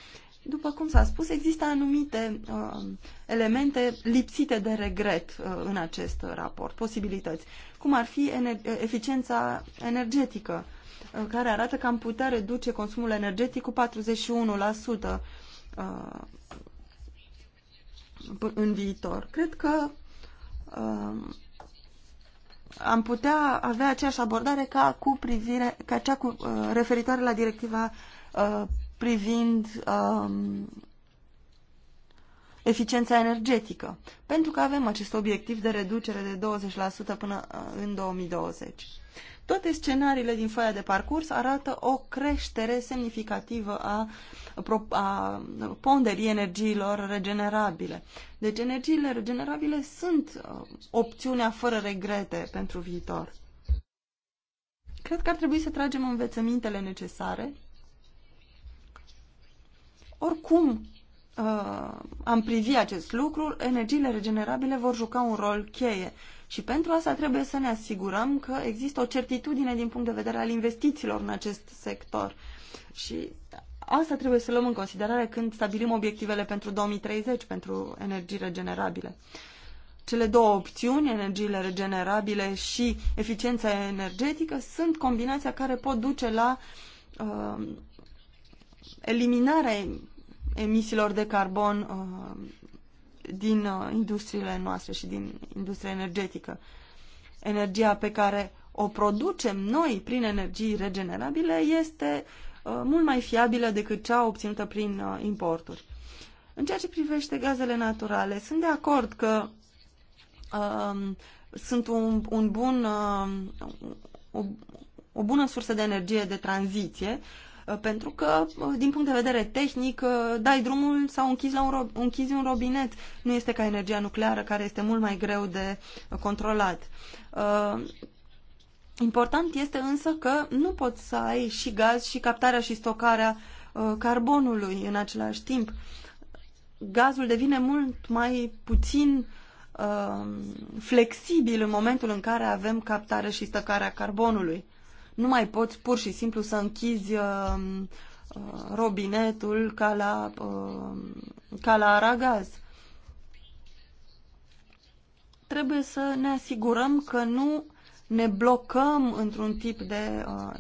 După cum s-a spus, există anumite uh, elemente lipsite de regret uh, în acest raport, posibilități, cum ar fi ener eficiența energetică, care arată că am putea reduce consumul energetic cu 41% uh, în viitor. Cred că uh, am putea avea aceeași abordare ca, cu privire, ca cea cu, uh, referitoare la directiva privind um, eficiența energetică, pentru că avem acest obiectiv de reducere de 20% până în 2020. Toate scenariile din foaia de parcurs arată o creștere semnificativă a, a ponderii energiilor regenerabile. Deci energiile regenerabile sunt uh, opțiunea fără regrete pentru viitor. Cred că ar trebui să tragem învețămintele necesare. Oricum, uh, am privit acest lucru, energiile regenerabile vor juca un rol cheie și pentru asta trebuie să ne asigurăm că există o certitudine din punct de vedere al investițiilor în acest sector. Și asta trebuie să luăm în considerare când stabilim obiectivele pentru 2030 pentru energii regenerabile. Cele două opțiuni, energiile regenerabile și eficiența energetică, sunt combinația care pot duce la uh, eliminarea emisiilor de carbon uh, din uh, industriile noastre și din industria energetică. Energia pe care o producem noi prin energii regenerabile este uh, mult mai fiabilă decât cea obținută prin uh, importuri. În ceea ce privește gazele naturale, sunt de acord că um, sunt un, un bun, um, o, o bună sursă de energie de tranziție Uh, pentru că, uh, din punct de vedere tehnic, uh, dai drumul sau închizi, la un, ro- închizi un robinet. Nu este ca energia nucleară, care este mult mai greu de controlat. Important este însă că nu poți să ai și gaz și captarea și stocarea carbonului în același timp. Gazul devine mult mai puțin flexibil în momentul în care avem captare și stocarea carbonului. Nu mai poți pur și simplu să închizi um, uh, robinetul ca la, uh, ca la aragaz. Trebuie să ne asigurăm că nu ne blocăm într-un tip de uh,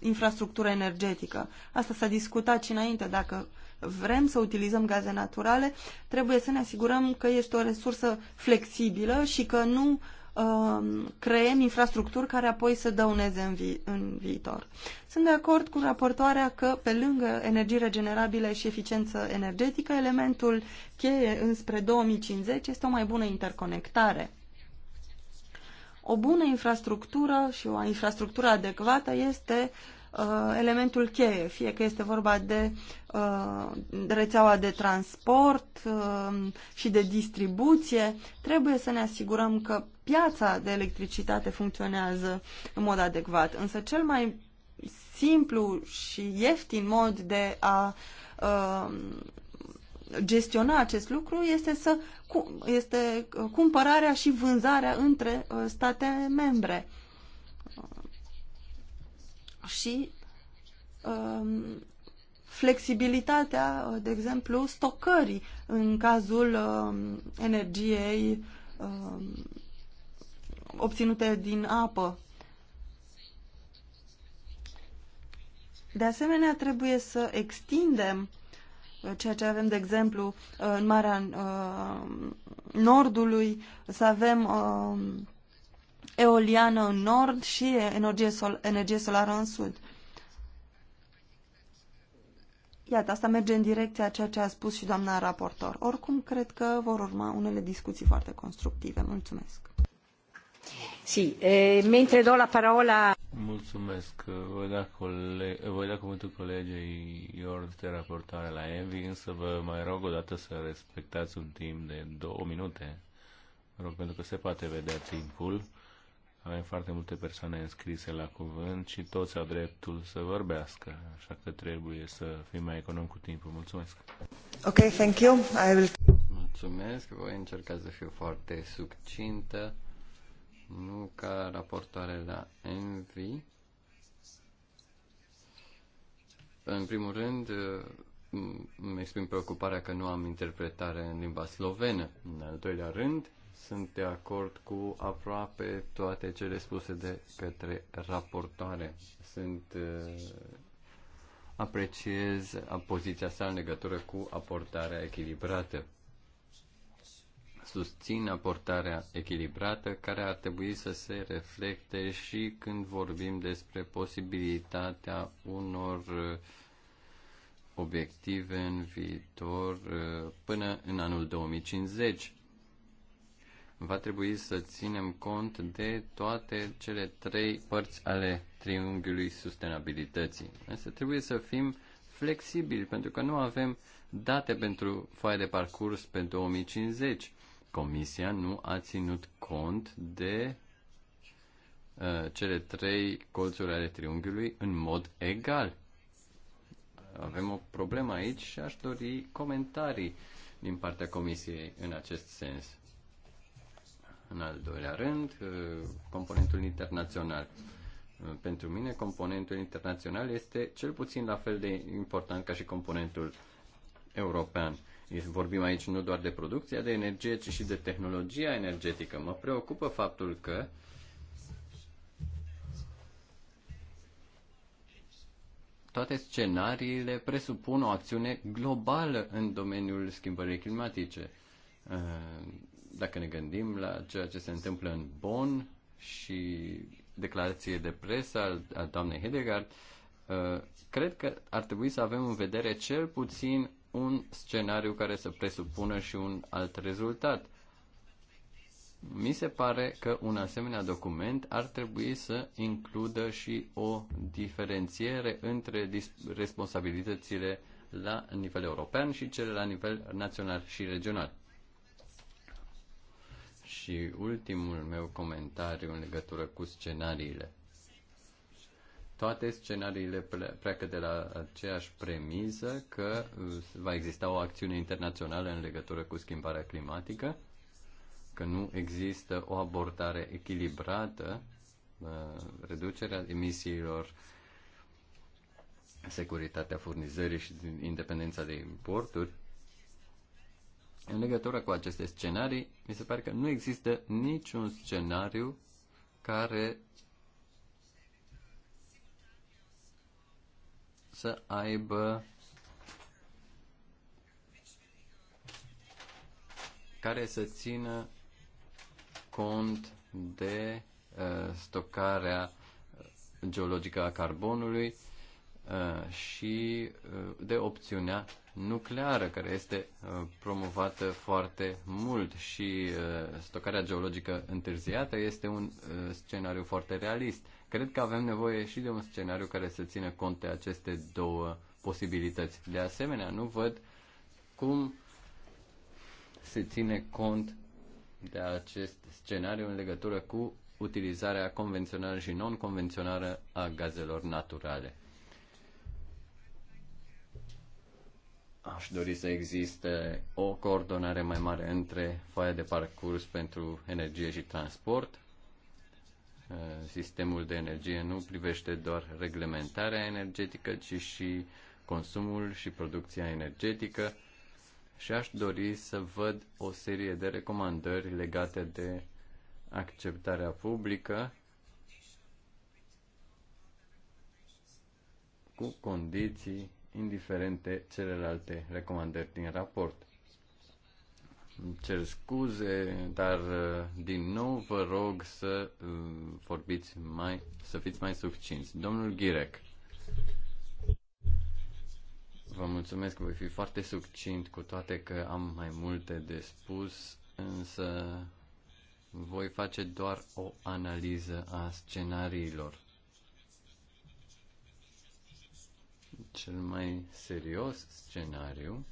infrastructură energetică. Asta s-a discutat și înainte. Dacă vrem să utilizăm gaze naturale, trebuie să ne asigurăm că este o resursă flexibilă și că nu uh, Um, creăm infrastructuri care apoi să dăuneze în, vi- în viitor. Sunt de acord cu raportoarea că, pe lângă energii regenerabile și eficiență energetică, elementul cheie înspre 2050 este o mai bună interconectare. O bună infrastructură și o infrastructură adecvată este uh, Uh, elementul cheie, fie că este vorba de uh, rețeaua de transport uh, și de distribuție, trebuie să ne asigurăm că piața de electricitate funcționează în mod adecvat. Însă cel mai simplu și ieftin mod de a uh, gestiona acest lucru este, să, este uh, cumpărarea și vânzarea între uh, state membre și um, flexibilitatea, uh, de exemplu, stocării în cazul um, energiei um, obținute din apă. De asemenea, trebuie să extindem uh, ceea ce avem, de exemplu, uh, în Marea Nordului, să avem um, eoliană în nord și energie, sol energie solară în sud. Iată, asta merge în direcția a ceea ce a spus și doamna raportor. Oricum, cred că vor urma unele discuții foarte constructive. Mulțumesc. Si, e, eh, mentre do la parola... Mulțumesc. Voi da, da cuvântul colegei Iord de raportare la Envi, însă vă mai rog o dată să respectați un timp de două minute. Mă rog, pentru că se poate vedea timpul avem foarte multe persoane înscrise la cuvânt și toți au dreptul să vorbească, așa că trebuie să fim mai econom cu timpul. Mulțumesc! Ok, thank you. I will... Mulțumesc, voi încerca să fiu foarte succintă, nu ca raportoare la Envy. În primul rând, îmi exprim preocuparea că nu am interpretare în limba slovenă. În al doilea rând, sunt de acord cu aproape toate cele spuse de către raportoare. Sunt uh, apreciez poziția sa în legătură cu aportarea echilibrată. Susțin aportarea echilibrată care ar trebui să se reflecte și când vorbim despre posibilitatea unor uh, obiective în viitor uh, până în anul 2050 va trebui să ținem cont de toate cele trei părți ale triunghiului sustenabilității. Însă trebuie să fim flexibili, pentru că nu avem date pentru foaia de parcurs pe 2050. Comisia nu a ținut cont de uh, cele trei colțuri ale triunghiului în mod egal. Avem o problemă aici și aș dori comentarii din partea Comisiei în acest sens. În al doilea rând, uh, componentul internațional. Uh, pentru mine, componentul internațional este cel puțin la fel de important ca și componentul european. Vorbim aici nu doar de producția de energie, ci și de tehnologia energetică. Mă preocupă faptul că toate scenariile presupun o acțiune globală în domeniul schimbării climatice. Uh, dacă ne gândim la ceea ce se întâmplă în Bonn și declarație de presă al, al doamnei Hedegaard, uh, cred că ar trebui să avem în vedere cel puțin un scenariu care să presupună și un alt rezultat. Mi se pare că un asemenea document ar trebui să includă și o diferențiere între responsabilitățile la nivel european și cele la nivel național și regional. Și ultimul meu comentariu în legătură cu scenariile. Toate scenariile pleacă de la aceeași premisă că uh, va exista o acțiune internațională în legătură cu schimbarea climatică, că nu există o abordare echilibrată, uh, reducerea emisiilor, securitatea furnizării și independența de importuri, în legătură cu aceste scenarii, mi se pare că nu există niciun scenariu care să aibă care să țină cont de uh, stocarea geologică a carbonului uh, și uh, de opțiunea nucleară, care este uh, promovată foarte mult și uh, stocarea geologică întârziată este un uh, scenariu foarte realist. Cred că avem nevoie și de un scenariu care să țină cont de aceste două posibilități. De asemenea, nu văd cum se ține cont de acest scenariu în legătură cu utilizarea convențională și non-convențională a gazelor naturale. aș dori să existe o coordonare mai mare între foaia de parcurs pentru energie și transport. Uh, sistemul de energie nu privește doar reglementarea energetică, ci și consumul și producția energetică și aș dori să văd o serie de recomandări legate de acceptarea publică cu condiții indiferent de celelalte recomandări din raport. Îmi cer scuze, dar uh, din nou vă rog să uh, vorbiți mai, să fiți mai succinți. Domnul Ghirec. Vă mulțumesc, voi fi foarte succint, cu toate că am mai multe de spus, însă voi face doar o analiză a scenariilor. cel mai serios scenariu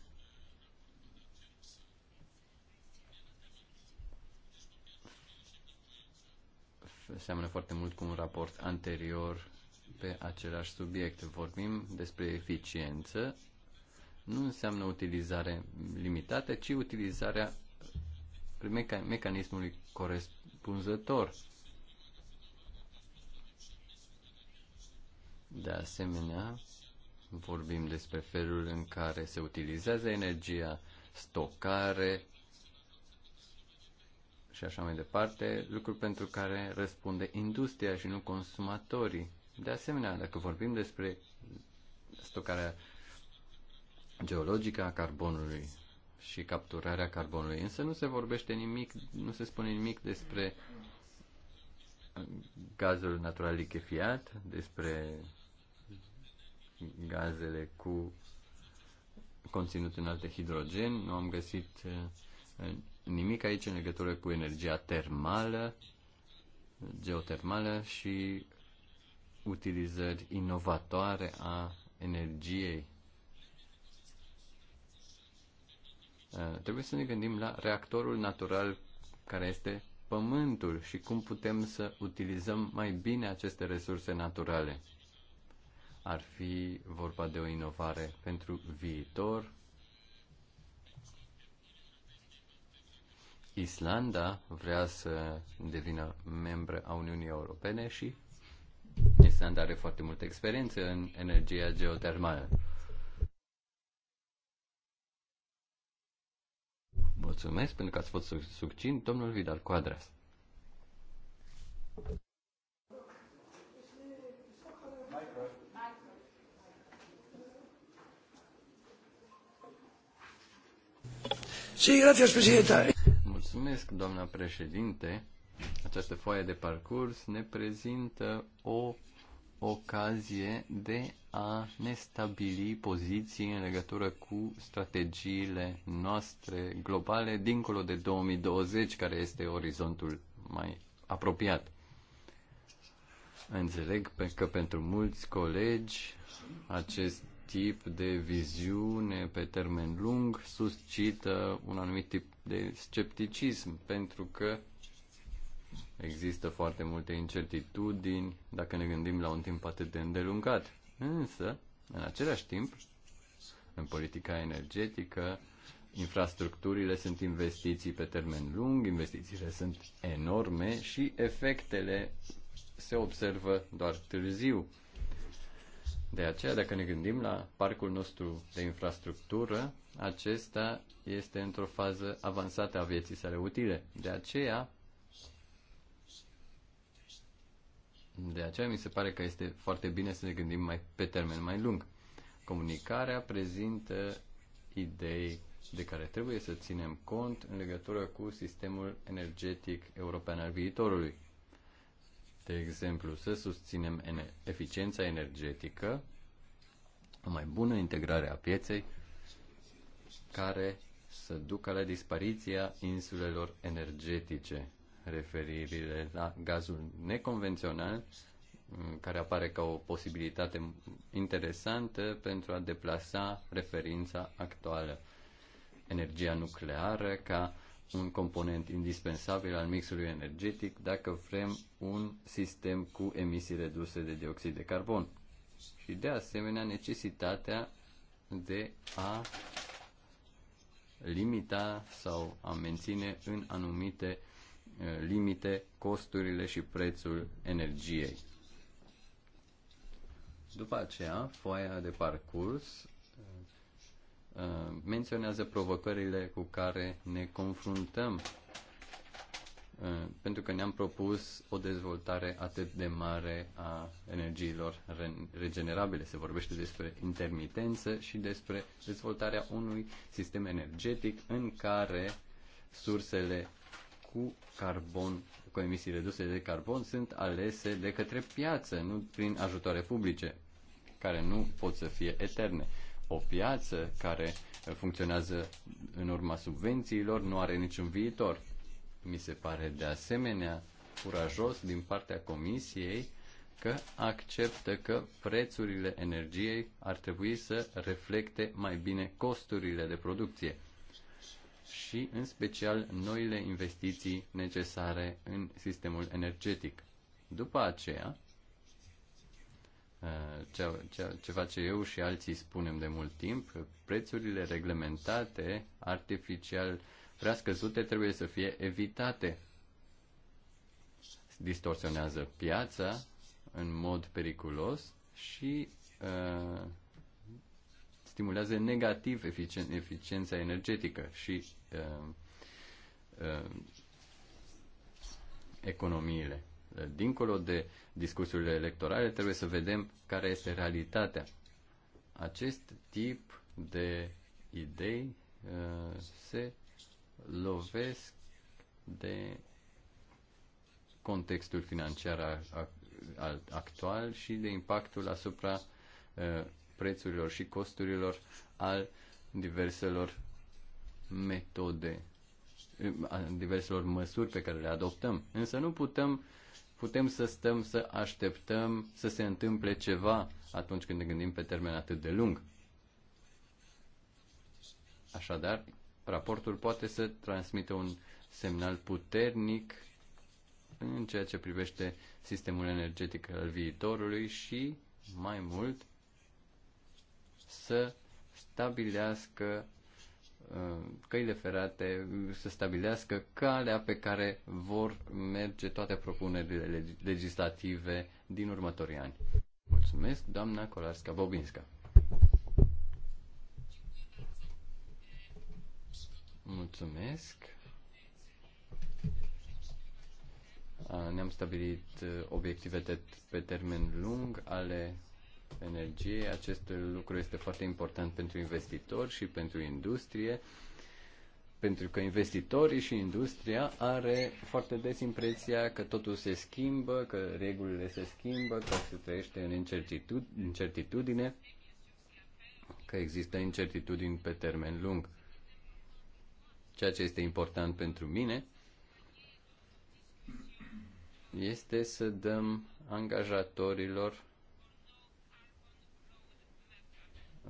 seamănă foarte mult cu un raport anterior pe același subiect. Vorbim despre eficiență, nu înseamnă utilizare limitată, ci utilizarea meca- mecanismului corespunzător. De asemenea, vorbim despre felul în care se utilizează energia, stocare și așa mai departe, lucruri pentru care răspunde industria și nu consumatorii. De asemenea, dacă vorbim despre stocarea geologică a carbonului și capturarea carbonului, însă nu se vorbește nimic, nu se spune nimic despre gazul natural lichefiat, despre gazele cu conținut în alte hidrogen. Nu am găsit eh, nimic aici în legătură cu energia termală, geotermală și utilizări inovatoare a energiei. Eh, trebuie să ne gândim la reactorul natural care este pământul și cum putem să utilizăm mai bine aceste resurse naturale ar fi vorba de o inovare pentru viitor. Islanda vrea să devină membră a Uniunii Europene și Islanda are foarte multă experiență în energia geotermală. Mulțumesc pentru că ați fost succint, domnul Vidal Quadras. Mulțumesc, doamna președinte. Această foaie de parcurs ne prezintă o ocazie de a ne stabili poziții în legătură cu strategiile noastre globale dincolo de 2020, care este orizontul mai apropiat. Înțeleg că pentru mulți colegi acest tip de viziune pe termen lung suscită un anumit tip de scepticism, pentru că există foarte multe incertitudini dacă ne gândim la un timp atât de îndelungat. Însă, în același timp, în politica energetică, infrastructurile sunt investiții pe termen lung, investițiile sunt enorme și efectele se observă doar târziu de aceea, dacă ne gândim la parcul nostru de infrastructură, acesta este într-o fază avansată a vieții sale utile. De aceea, de aceea mi se pare că este foarte bine să ne gândim mai pe termen mai lung. Comunicarea prezintă idei de care trebuie să ținem cont în legătură cu sistemul energetic european al viitorului. De exemplu, să susținem eficiența energetică, o mai bună integrare a pieței, care să ducă la dispariția insulelor energetice, referirile la gazul neconvențional, care apare ca o posibilitate interesantă pentru a deplasa referința actuală. Energia nucleară ca un component indispensabil al mixului energetic dacă vrem un sistem cu emisii reduse de dioxid de carbon. Și de asemenea necesitatea de a limita sau a menține în anumite uh, limite costurile și prețul energiei. După aceea, foaia de parcurs Uh, menționează provocările cu care ne confruntăm uh, pentru că ne-am propus o dezvoltare atât de mare a energiilor regenerabile. Se vorbește despre intermitență și despre dezvoltarea unui sistem energetic în care sursele cu carbon, cu emisii reduse de carbon, sunt alese de către piață, nu prin ajutoare publice, care nu pot să fie eterne o piață care funcționează în urma subvențiilor nu are niciun viitor. Mi se pare de asemenea curajos din partea Comisiei că acceptă că prețurile energiei ar trebui să reflecte mai bine costurile de producție și, în special, noile investiții necesare în sistemul energetic. După aceea, ceva eh, ce eu și alții spunem de mult timp, prețurile reglementate, artificial prea scăzute, trebuie să fie evitate. Distorsionează piața în mod periculos și uh, stimulează negativ eficien- eficiența energetică și uh, uh, economiile. Dincolo de uh, discursurile electorale, trebuie să vedem care este realitatea. Acest tip de idei uh, se lovesc de contextul financiar actual și de impactul asupra uh, prețurilor și costurilor al diverselor metode, uh, diverselor măsuri pe care le adoptăm. Însă nu putem putem să stăm să așteptăm să se întâmple ceva atunci când ne gândim pe termen atât de lung. Așadar, raportul poate să transmită un semnal puternic în ceea ce privește sistemul energetic al viitorului și, mai mult, să stabilească Uh, căile ferate să stabilească calea pe care vor merge toate propunerile legislative din următorii ani. Mulțumesc, doamna Kolarska-Bobinska. Mulțumesc. Uh, ne-am stabilit uh, obiective pe termen lung ale energie Acest lucru este foarte important pentru investitori și pentru industrie, pentru că investitorii și industria are foarte des impresia că totul se schimbă, că regulile se schimbă, că se trăiește în incertitudine, că există incertitudini pe termen lung. Ceea ce este important pentru mine este să dăm angajatorilor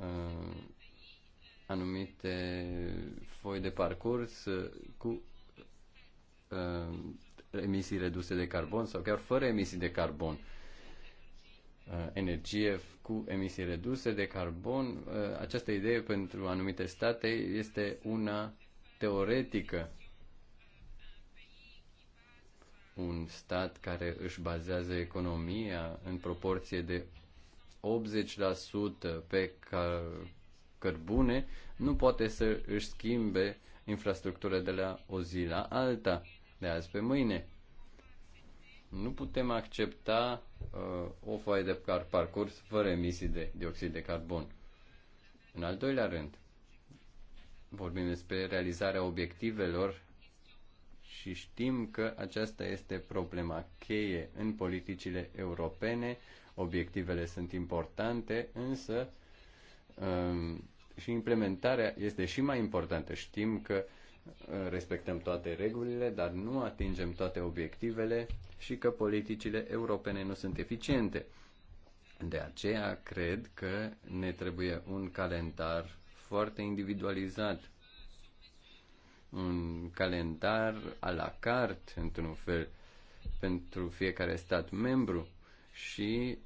uh, anumite foi de parcurs uh, cu uh, emisii reduse de carbon sau chiar fără emisii de carbon. Uh, energie cu emisii reduse de carbon, uh, această idee pentru anumite state este una teoretică. Un stat care își bazează economia în proporție de 80% pe cărbune, nu poate să își schimbe infrastructura de la o zi la alta, de azi pe mâine. Nu putem accepta uh, o foaie de parcurs fără emisii de dioxid de carbon. În al doilea rând, vorbim despre realizarea obiectivelor și știm că aceasta este problema cheie în politicile europene. Obiectivele sunt importante, însă um, și implementarea este și mai importantă. Știm că uh, respectăm toate regulile, dar nu atingem toate obiectivele și că politicile europene nu sunt eficiente. De aceea cred că ne trebuie un calendar foarte individualizat un calendar a la carte, într-un fel, pentru fiecare stat membru și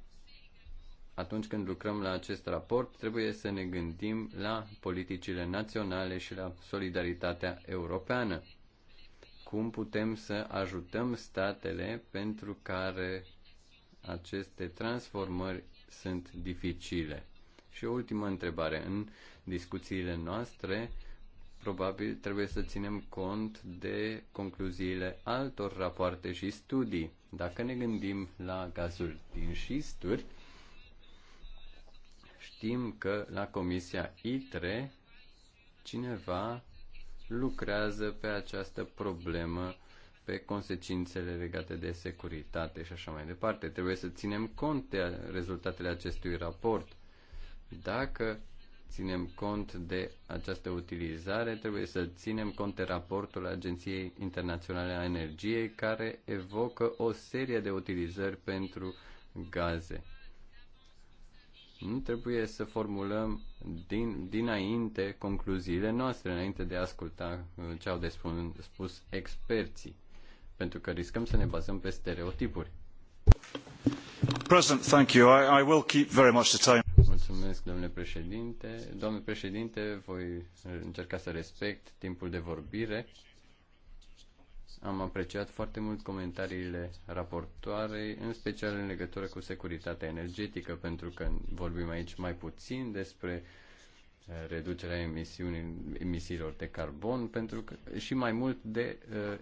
atunci când lucrăm la acest raport, trebuie să ne gândim la politicile naționale și la solidaritatea europeană. Cum putem să ajutăm statele pentru care aceste transformări sunt dificile? Și o ultimă întrebare. În discuțiile noastre, probabil trebuie să ținem cont de concluziile altor rapoarte și studii. Dacă ne gândim la gazul din șisturi, știm că la Comisia ITRE cineva lucrează pe această problemă, pe consecințele legate de securitate și așa mai departe. Trebuie să ținem cont de rezultatele acestui raport. Dacă ținem cont de această utilizare, trebuie să ținem cont de raportul Agenției Internaționale a Energiei, care evocă o serie de utilizări pentru gaze. Nu trebuie să formulăm din, dinainte concluziile noastre, înainte de a asculta uh, ce au de spun, spus experții, pentru că riscăm să ne bazăm pe stereotipuri. President, thank you. I, I will keep very much the time. Mulțumesc, domnule președinte. Domnule președinte, voi încerca să respect timpul de vorbire. Am apreciat foarte mult comentariile raportoarei, în special în legătură cu securitatea energetică, pentru că vorbim aici mai puțin despre eh, reducerea emisiilor de carbon pentru că, și mai mult de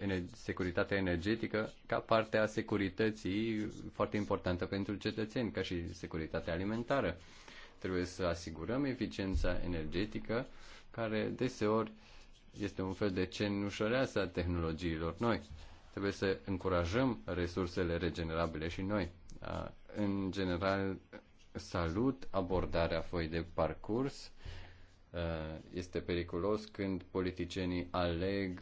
uh, securitatea energetică ca parte a securității foarte importantă pentru cetățeni, ca și securitatea alimentară. Uh, Trebuie să asigurăm eficiența energetică, care deseori este un fel de cenușăreasă a tehnologiilor noi. Trebuie să încurajăm resursele regenerabile și noi. În general, salut abordarea foi de parcurs. Este periculos când politicienii aleg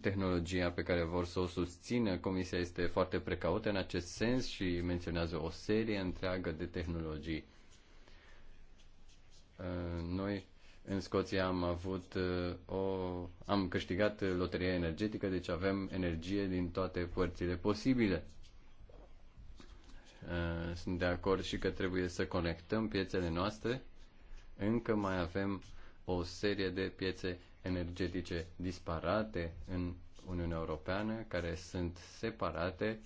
tehnologia pe care vor să o susțină. Comisia este foarte precaută în acest sens și menționează o serie întreagă de tehnologii. Uh, noi în Scoția am avut uh, o am câștigat loteria energetică, deci avem energie din toate părțile posibile. Uh, sunt de acord și că trebuie să conectăm piețele noastre. Încă mai avem o serie de piețe energetice disparate în Uniunea Europeană, care sunt separate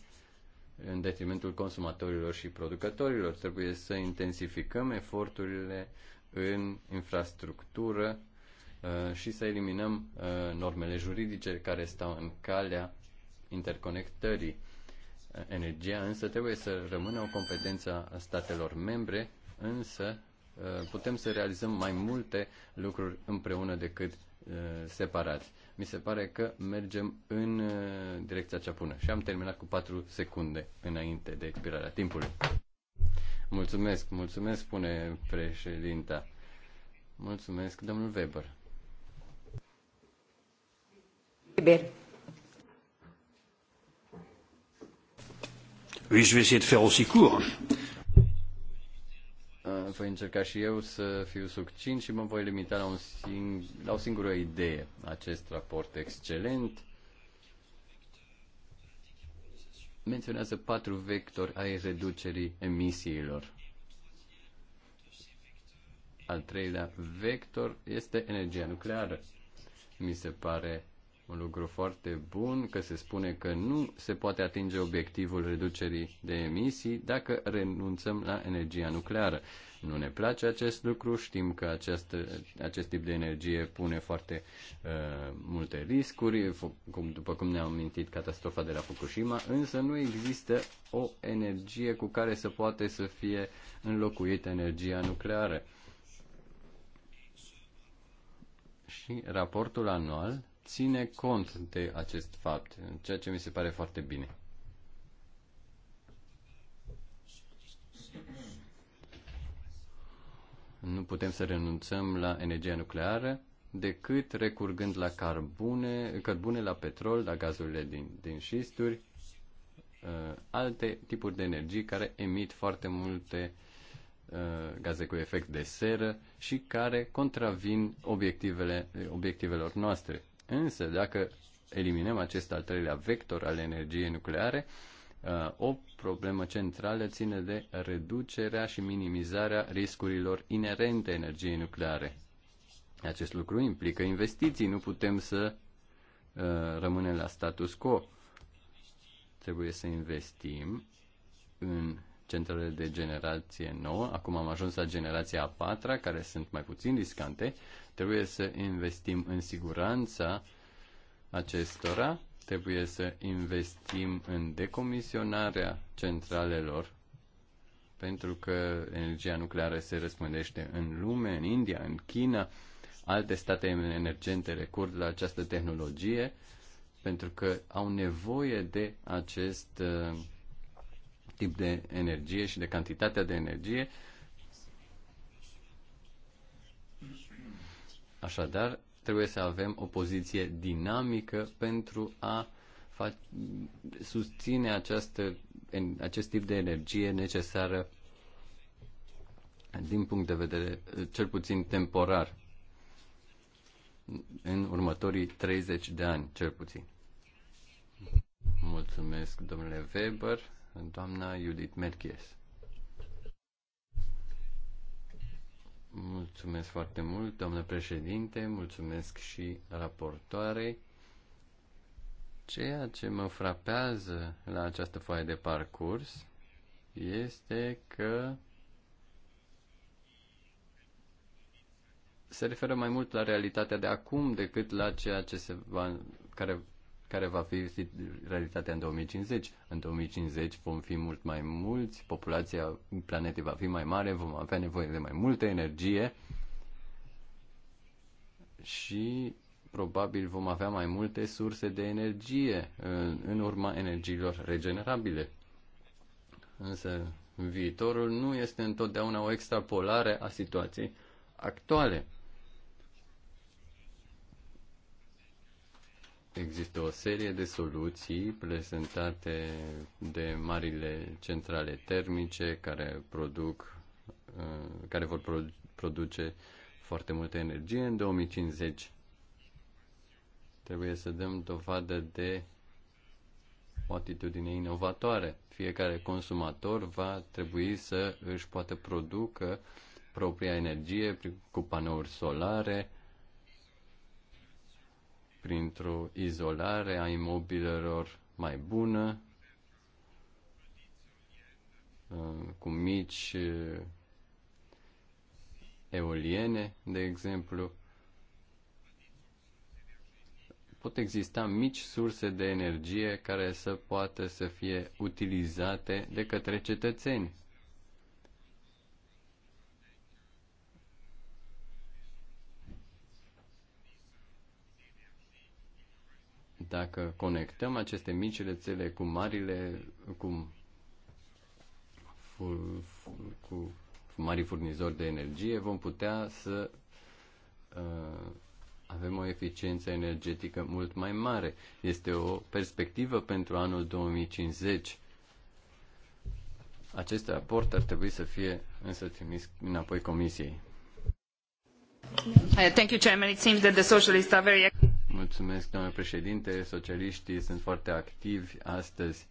în detrimentul consumatorilor și producătorilor. Trebuie să intensificăm eforturile în infrastructură uh, și să eliminăm uh, normele juridice care stau în calea interconectării. Uh, energia însă trebuie să rămână o competență a statelor membre, însă putem să realizăm mai multe lucruri împreună decât Uh, separați. Mi se pare că mergem în uh, direcția cea bună. Și am terminat cu 4 secunde înainte de expirarea timpului. Mulțumesc, mulțumesc, spune președinta. Mulțumesc, domnul Weber. Weber. Oui, je vais essayer de faire aussi court voi încerca și eu să fiu succint și mă voi limita la, un sing- la o singură idee. Acest raport excelent menționează patru vectori ai reducerii emisiilor. Al treilea vector este energia nucleară. Mi se pare un lucru foarte bun că se spune că nu se poate atinge obiectivul reducerii de emisii dacă renunțăm la energia nucleară. Nu ne place acest lucru, știm că acest, acest tip de energie pune foarte uh, multe riscuri, cum, după cum ne-am amintit catastrofa de la Fukushima, însă nu există o energie cu care să poate să fie înlocuită energia nucleară. Și raportul anual ține cont de acest fapt, ceea ce mi se pare foarte bine. Nu putem să renunțăm la energia nucleară decât recurgând la carbune, cărbune, la petrol, la gazurile din, din șisturi, uh, alte tipuri de energii care emit foarte multe uh, gaze cu efect de seră și care contravin obiectivele, obiectivelor noastre. Însă, dacă eliminăm acest al treilea vector al energiei nucleare, uh, o problemă centrală ține de reducerea și minimizarea riscurilor inerente energiei nucleare. Acest lucru implică investiții, nu putem să uh, rămânem la status quo. Trebuie să investim în centrele de generație nouă, acum am ajuns la generația a patra, care sunt mai puțin riscante, trebuie să investim în siguranța acestora, trebuie să investim în decomisionarea centralelor, pentru că energia nucleară se răspândește în lume, în India, în China, alte state emergente recurg la această tehnologie, pentru că au nevoie de acest uh, tip de energie și de cantitatea de energie. Așadar, trebuie să avem o poziție dinamică pentru a susține această, acest tip de energie necesară din punct de vedere cel puțin temporar în următorii 30 de ani, cel puțin. Mulțumesc, domnule Weber doamna Judith Merkies. Mulțumesc foarte mult, doamnă președinte, mulțumesc și raportoarei. Ceea ce mă frapează la această foaie de parcurs este că se referă mai mult la realitatea de acum decât la ceea ce se va, care care va fi realitatea în 2050. În 2050 vom fi mult mai mulți, populația planetei va fi mai mare, vom avea nevoie de mai multă energie și probabil vom avea mai multe surse de energie în urma energiilor regenerabile. Însă viitorul nu este întotdeauna o extrapolare a situației actuale. Există o serie de soluții prezentate de marile centrale termice care produc uh, care vor produce foarte multă energie în 2050. Trebuie să dăm dovadă de o atitudine inovatoare. Fiecare consumator va trebui să își poată producă propria energie cu panouri solare, printr-o izolare a imobilelor mai bună, uh, cu mici uh, eoliene, de exemplu, pot exista mici surse de energie care să poată să fie utilizate de către cetățeni Dacă conectăm aceste mici rețele cu marile, cu, cu, cu mari furnizori de energie, vom putea să uh, avem o eficiență energetică mult mai mare. Este o perspectivă pentru anul 2050. Acest raport ar trebui să fie însă trimis înapoi Comisiei. Thank you, Chairman. It seems that the socialists are very Mulțumesc, domnule președinte. Socialiștii sunt foarte activi astăzi.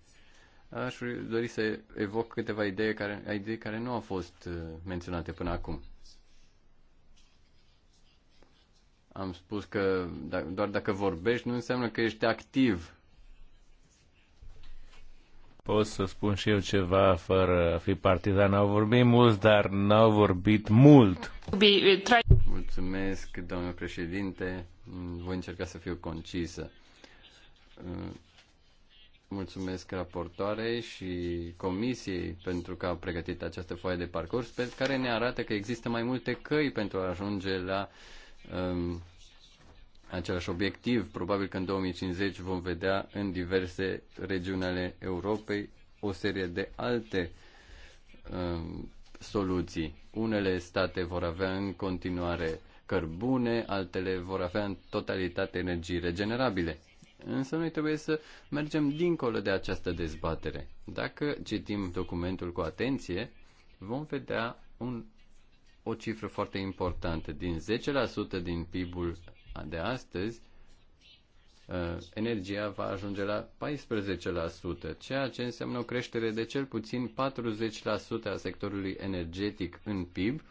Aș dori să evoc câteva idei care, idei care nu au fost uh, menționate până acum. Am spus că da, doar dacă vorbești nu înseamnă că ești activ. Pot să spun și eu ceva fără a fi partizan. au vorbit mult, dar n-au vorbit mult. Uh, Mulțumesc, domnul președinte. Voi încerca să fiu concisă. Mulțumesc raportoarei și comisiei pentru că au pregătit această foaie de parcurs pe care ne arată că există mai multe căi pentru a ajunge la um, același obiectiv. Probabil că în 2050 vom vedea în diverse regiuni ale Europei o serie de alte um, soluții. Unele state vor avea în continuare cărbune, altele vor avea în totalitate energii regenerabile. Însă noi trebuie să mergem dincolo de această dezbatere. Dacă citim documentul cu atenție, vom vedea un, o cifră foarte importantă. Din 10% din PIB-ul de astăzi, uh, energia va ajunge la 14%, ceea ce înseamnă o creștere de cel puțin 40% a sectorului energetic în PIB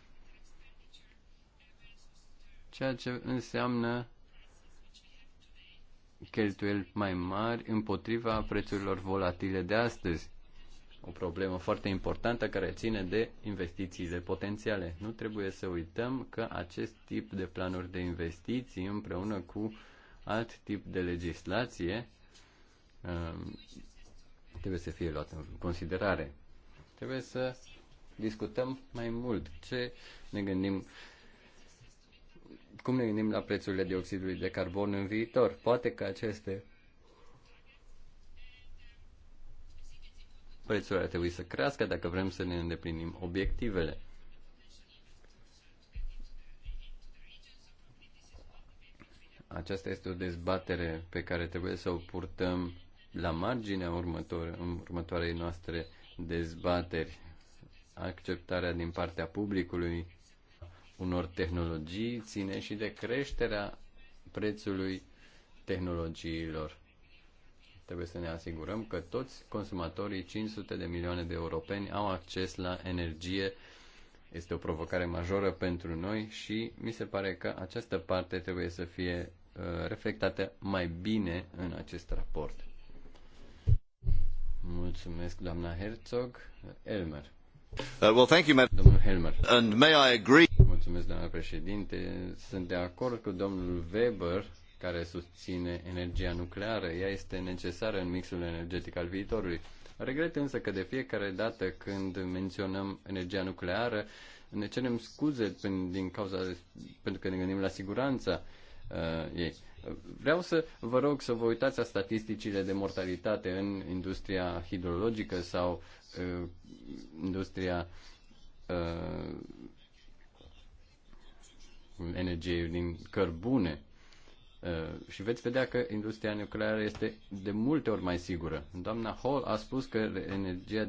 ceea ce înseamnă cheltuieli mai mari împotriva prețurilor volatile de astăzi. O problemă foarte importantă care ține de investițiile potențiale. Nu trebuie să uităm că acest tip de planuri de investiții împreună cu alt tip de legislație um, trebuie să fie luat în considerare. Trebuie să discutăm mai mult ce ne gândim cum ne gândim la prețurile dioxidului de carbon în viitor. Poate că aceste prețuri ar trebui să crească dacă vrem să ne îndeplinim obiectivele. Aceasta este o dezbatere pe care trebuie să o purtăm la marginea următor, următoarei noastre dezbateri. Acceptarea din partea publicului unor tehnologii ține și de creșterea prețului tehnologiilor. Trebuie să ne asigurăm că toți consumatorii, 500 de milioane de europeni, au acces la energie. Este o provocare majoră pentru noi și mi se pare că această parte trebuie să fie uh, reflectată mai bine în acest raport. Mulțumesc, doamna Herzog. Elmer. Uh, well, thank you, Madam. Helmer. And may I agree... Mulțumesc, doamna președinte. Sunt de acord cu domnul Weber, care susține energia nucleară. Ea este necesară în mixul energetic al viitorului. Regret însă că de fiecare dată când menționăm energia nucleară, ne cerem scuze din cauza, pentru că ne gândim la siguranța uh, ei. Vreau să vă rog să vă uitați la statisticile de mortalitate în industria hidrologică sau uh, industria uh, energiei din cărbune. Uh, și veți vedea că industria nucleară este de multe ori mai sigură. Doamna Hall a spus că energia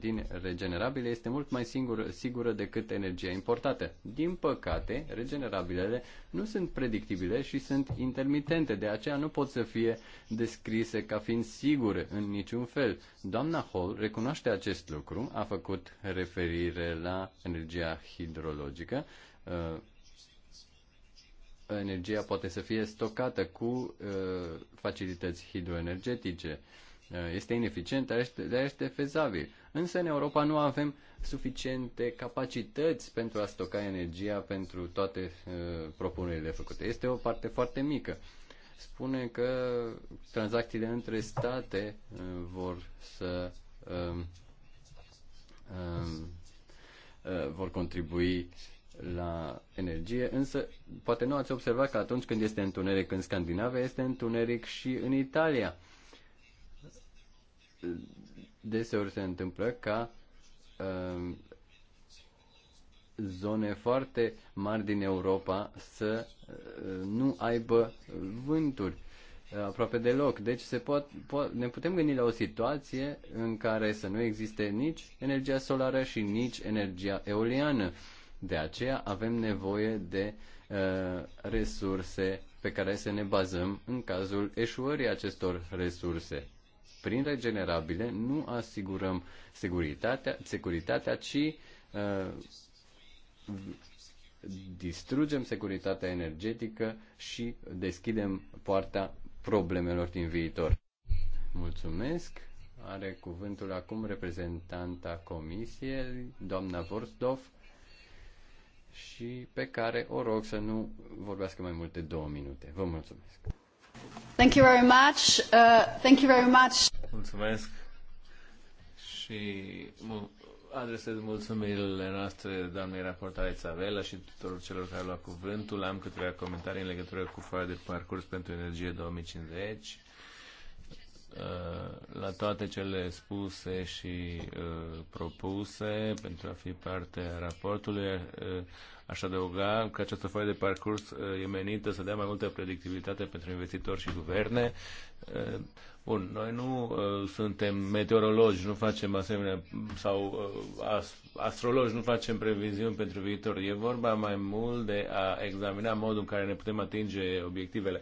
din regenerabile este mult mai singură, sigură decât energia importată. Din păcate, regenerabilele nu sunt predictibile și sunt intermitente, de aceea nu pot să fie descrise ca fiind sigure în niciun fel. Doamna Hall recunoaște acest lucru, a făcut referire la energia hidrologică, uh, energia poate să fie stocată cu uh, facilități hidroenergetice. Uh, este ineficient, dar este fezabil. Însă în Europa nu avem suficiente capacități pentru a stoca energia pentru toate uh, propunerile făcute. Este o parte foarte mică spune că tranzacțiile între state vor să uh, uh, vor contribui la energie, însă poate nu ați observat că atunci când este întuneric în Scandinavia, este întuneric și în Italia. Deseori se întâmplă ca uh, zone foarte mari din Europa să uh, nu aibă vânturi uh, aproape deloc. Deci se pot, pot, ne putem gândi la o situație în care să nu existe nici energia solară și nici energia eoliană. Uh, de aceea avem nevoie de uh, resurse pe care să ne bazăm în cazul eșuării acestor resurse. Prin regenerabile nu asigurăm securitatea, securitatea ci uh, distrugem securitatea energetică și deschidem poarta problemelor din viitor. Mulțumesc. Are cuvântul acum reprezentanta comisiei, doamna Vorstov și pe care o rog să nu vorbească mai mult de două minute. Vă mulțumesc. Thank you very much. Uh, thank you very much. Mulțumesc și adresez mulțumirile noastre doamnei raportare Țavela și tuturor celor care au luat cuvântul. Am câteva comentarii în legătură cu foaia de parcurs pentru energie 2050 Uh, la toate cele spuse și uh, propuse pentru a fi parte a raportului. Uh, aș adăuga că această foaie de parcurs uh, e menită să dea mai multă predictibilitate pentru investitori și guverne. Uh, bun, noi nu uh, suntem meteorologi, nu facem asemenea, sau uh, astrologi, nu facem previziuni pentru viitor. E vorba mai mult de a examina modul în care ne putem atinge obiectivele.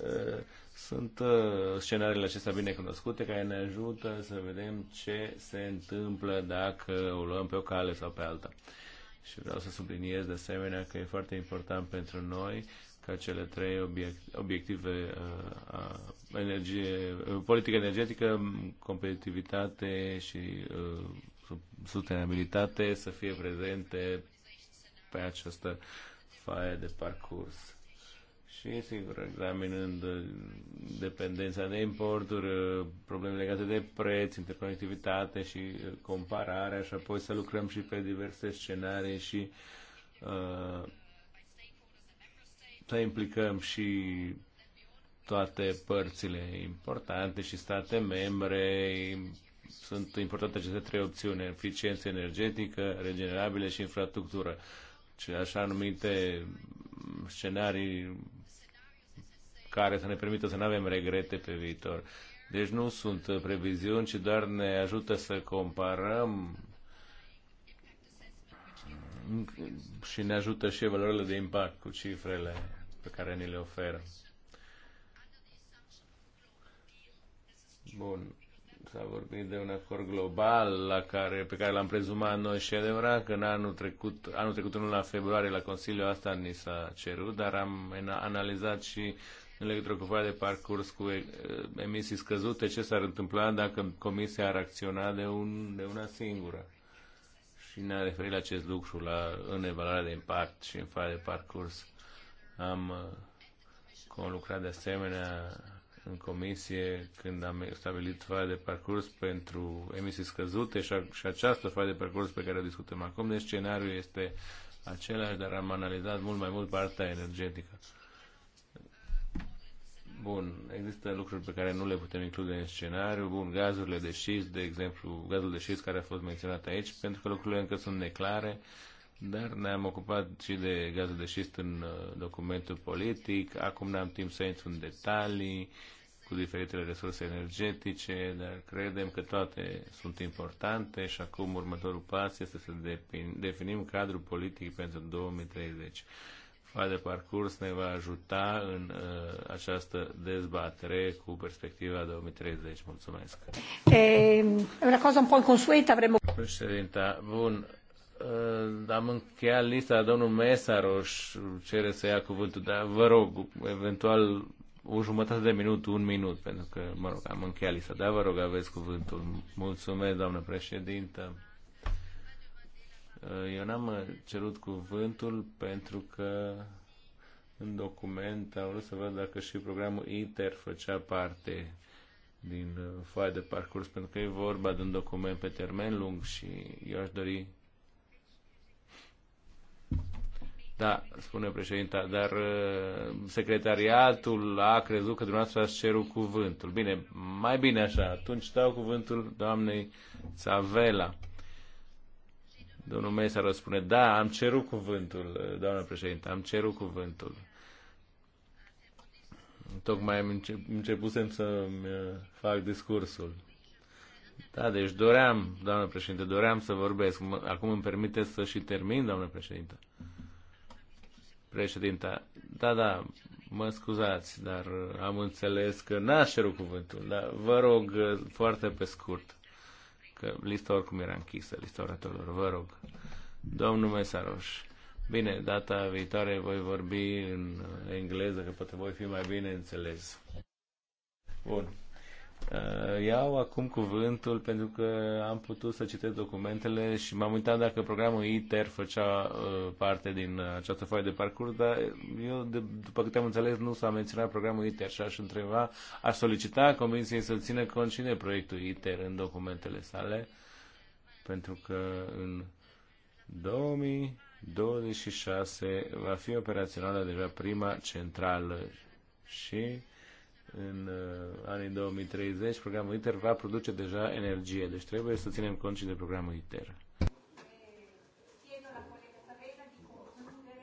Uh, sunt uh, scenariile acestea bine cunoscute care ne ajută să vedem ce se întâmplă dacă o luăm pe o cale sau pe alta. Și vreau să subliniez de asemenea că e foarte important pentru noi ca cele trei obiective uh, a energie, uh, politică energetică, competitivitate și sustenabilitate să fie prezente pe această faie de parcurs. Și, sigur, examinând uh, dependența de importuri, uh, probleme legate de preț, interconectivitate și uh, compararea și apoi să lucrăm și pe diverse scenarii și uh, să implicăm și toate părțile importante și state membre. Sunt importante aceste trei opțiuni, eficiență energetică, regenerabile și infrastructură. Și așa numite scenarii care să ne permită să nu avem regrete pe viitor. Deci nu sunt previziuni, ci doar ne ajută să comparăm și ne ajută și valorile de impact cu cifrele pe care ni le oferă. Bun. S-a vorbit de un acord global la care, pe care l-am prezumat noi și adevărat că în anul trecut, anul trecut în luna februarie la Consiliu asta ni s-a cerut, dar am analizat și în legătură cu foaia de parcurs, cu eh, emisii scăzute, ce s-ar întâmpla dacă Comisia ar acționa de, un, de una singură. Și ne-a referit la acest lucru la, în evaluarea de impact și în foaia de parcurs. Am eh, conlucrat de asemenea în comisie când am stabilit foaia de parcurs pentru emisii scăzute și, a, și această foaie de parcurs pe care o discutăm acum. Deci scenariul este același, dar am analizat mult mai mult partea energetică. Bun, există lucruri pe care nu le putem include în scenariu. Bun, gazurile de șist, de exemplu, gazul de șist care a fost menționat aici, pentru că lucrurile încă sunt neclare, dar ne-am ocupat și de gazul de șist în uh, documentul politic. Acum n-am timp să intru în detalii cu diferitele resurse energetice, dar credem că toate sunt importante și acum următorul pas este să definim cadrul politic pentru 2030 foaia de parcurs ne va ajuta în uh, această dezbatere cu perspectiva 2030. Mulțumesc. E, una cosa un po' inconsueta avremmo... Președinta, bun. Uh, am încheiat lista, domnul Mesaroș cere să ia cuvântul, dar vă rog, eventual o jumătate de minut, un minut, pentru că, mă rog, am încheiat lista, dar vă rog, aveți cuvântul. Mulțumesc, doamnă președintă. Eh, eu n-am eh, cerut cuvântul pentru că în document am vrut să văd dacă și programul ITER făcea parte din eh, foaia de parcurs, pentru că e vorba de un document pe termen lung și eu aș dori da, spune președinta, dar secretariatul a crezut că dumneavoastră ați cerut cuvântul. Bine, mai bine așa, atunci dau cuvântul doamnei Savela. Domnul Mesa răspune, da, am cerut cuvântul, doamna președinte, am cerut cuvântul. Tocmai am început să-mi uh, fac discursul. Da, deci doream, doamnă președinte, doream să vorbesc. Acum îmi permite să și termin, doamnă președinte. Președinta, da, da, mă scuzați, dar uh, am înțeles că n aș cerut cuvântul, dar vă rog uh, foarte pe scurt că lista oricum era închisă, lista oratorilor, vă rog. Domnul Mesaroș. Bine, data viitoare voi vorbi în engleză, că poate voi fi mai bine înțeles. Bun. Uh, iau acum cuvântul pentru că am putut să citesc documentele și m-am uitat dacă programul ITER făcea uh, parte din această foaie de parcurs, dar eu, de, după câte am înțeles, nu s-a menționat programul ITER și aș întreba, aș solicita Comisiei să țină cont și de proiectul ITER în documentele sale, pentru că în 2026 va fi operațională deja prima centrală și în uh, anii 2030, programul ITER va produce deja energie, deci trebuie să ținem cont și de programul ITER.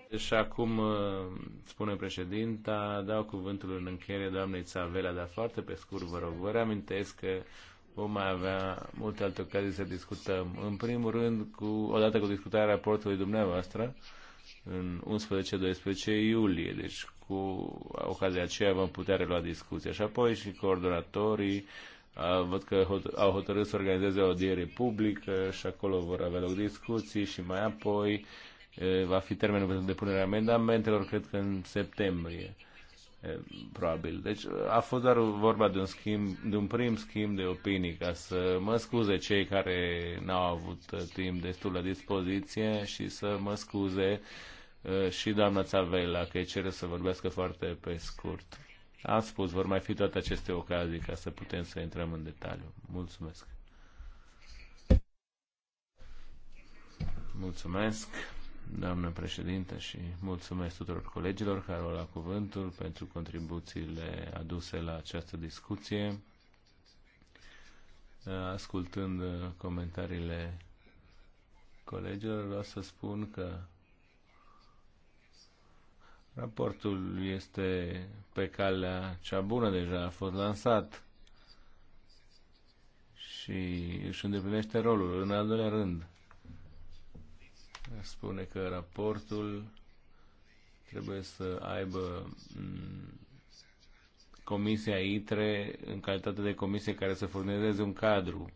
Și deci acum, uh, spune președinta, dau cuvântul în încheiere doamnei Țavela, dar foarte pe scurt, vă rog, vă reamintesc că vom mai avea multe alte ocazii să discutăm. În primul rând, cu, odată cu discutarea raportului dumneavoastră, în 11-12 iulie, deci cu ocazia aceea vom putea relua discuția. Și apoi și coordonatorii văd că au hotărât să organizeze o audiere publică și acolo vor avea loc discuții și mai apoi va fi termenul pentru depunerea amendamentelor, cred că în septembrie probabil. Deci a fost doar vorba de un, schimb, de un prim schimb de opinii, ca să mă scuze cei care n-au avut uh, timp destul la dispoziție și să mă scuze uh, și doamna Țavela, că îi cere să vorbească foarte pe scurt. Am spus, vor mai fi toate aceste ocazii ca să putem să intrăm în detaliu. Mulțumesc! Mulțumesc! doamnă președintă, și mulțumesc tuturor colegilor care au luat cuvântul pentru contribuțiile aduse la această discuție. Ascultând comentariile colegilor, vreau să spun că raportul este pe calea cea bună deja, a fost lansat și își îndeplinește rolul. În al doilea rând, spune că raportul trebuie să aibă mm, Comisia ITRE în calitate de comisie care să furnizeze un cadru.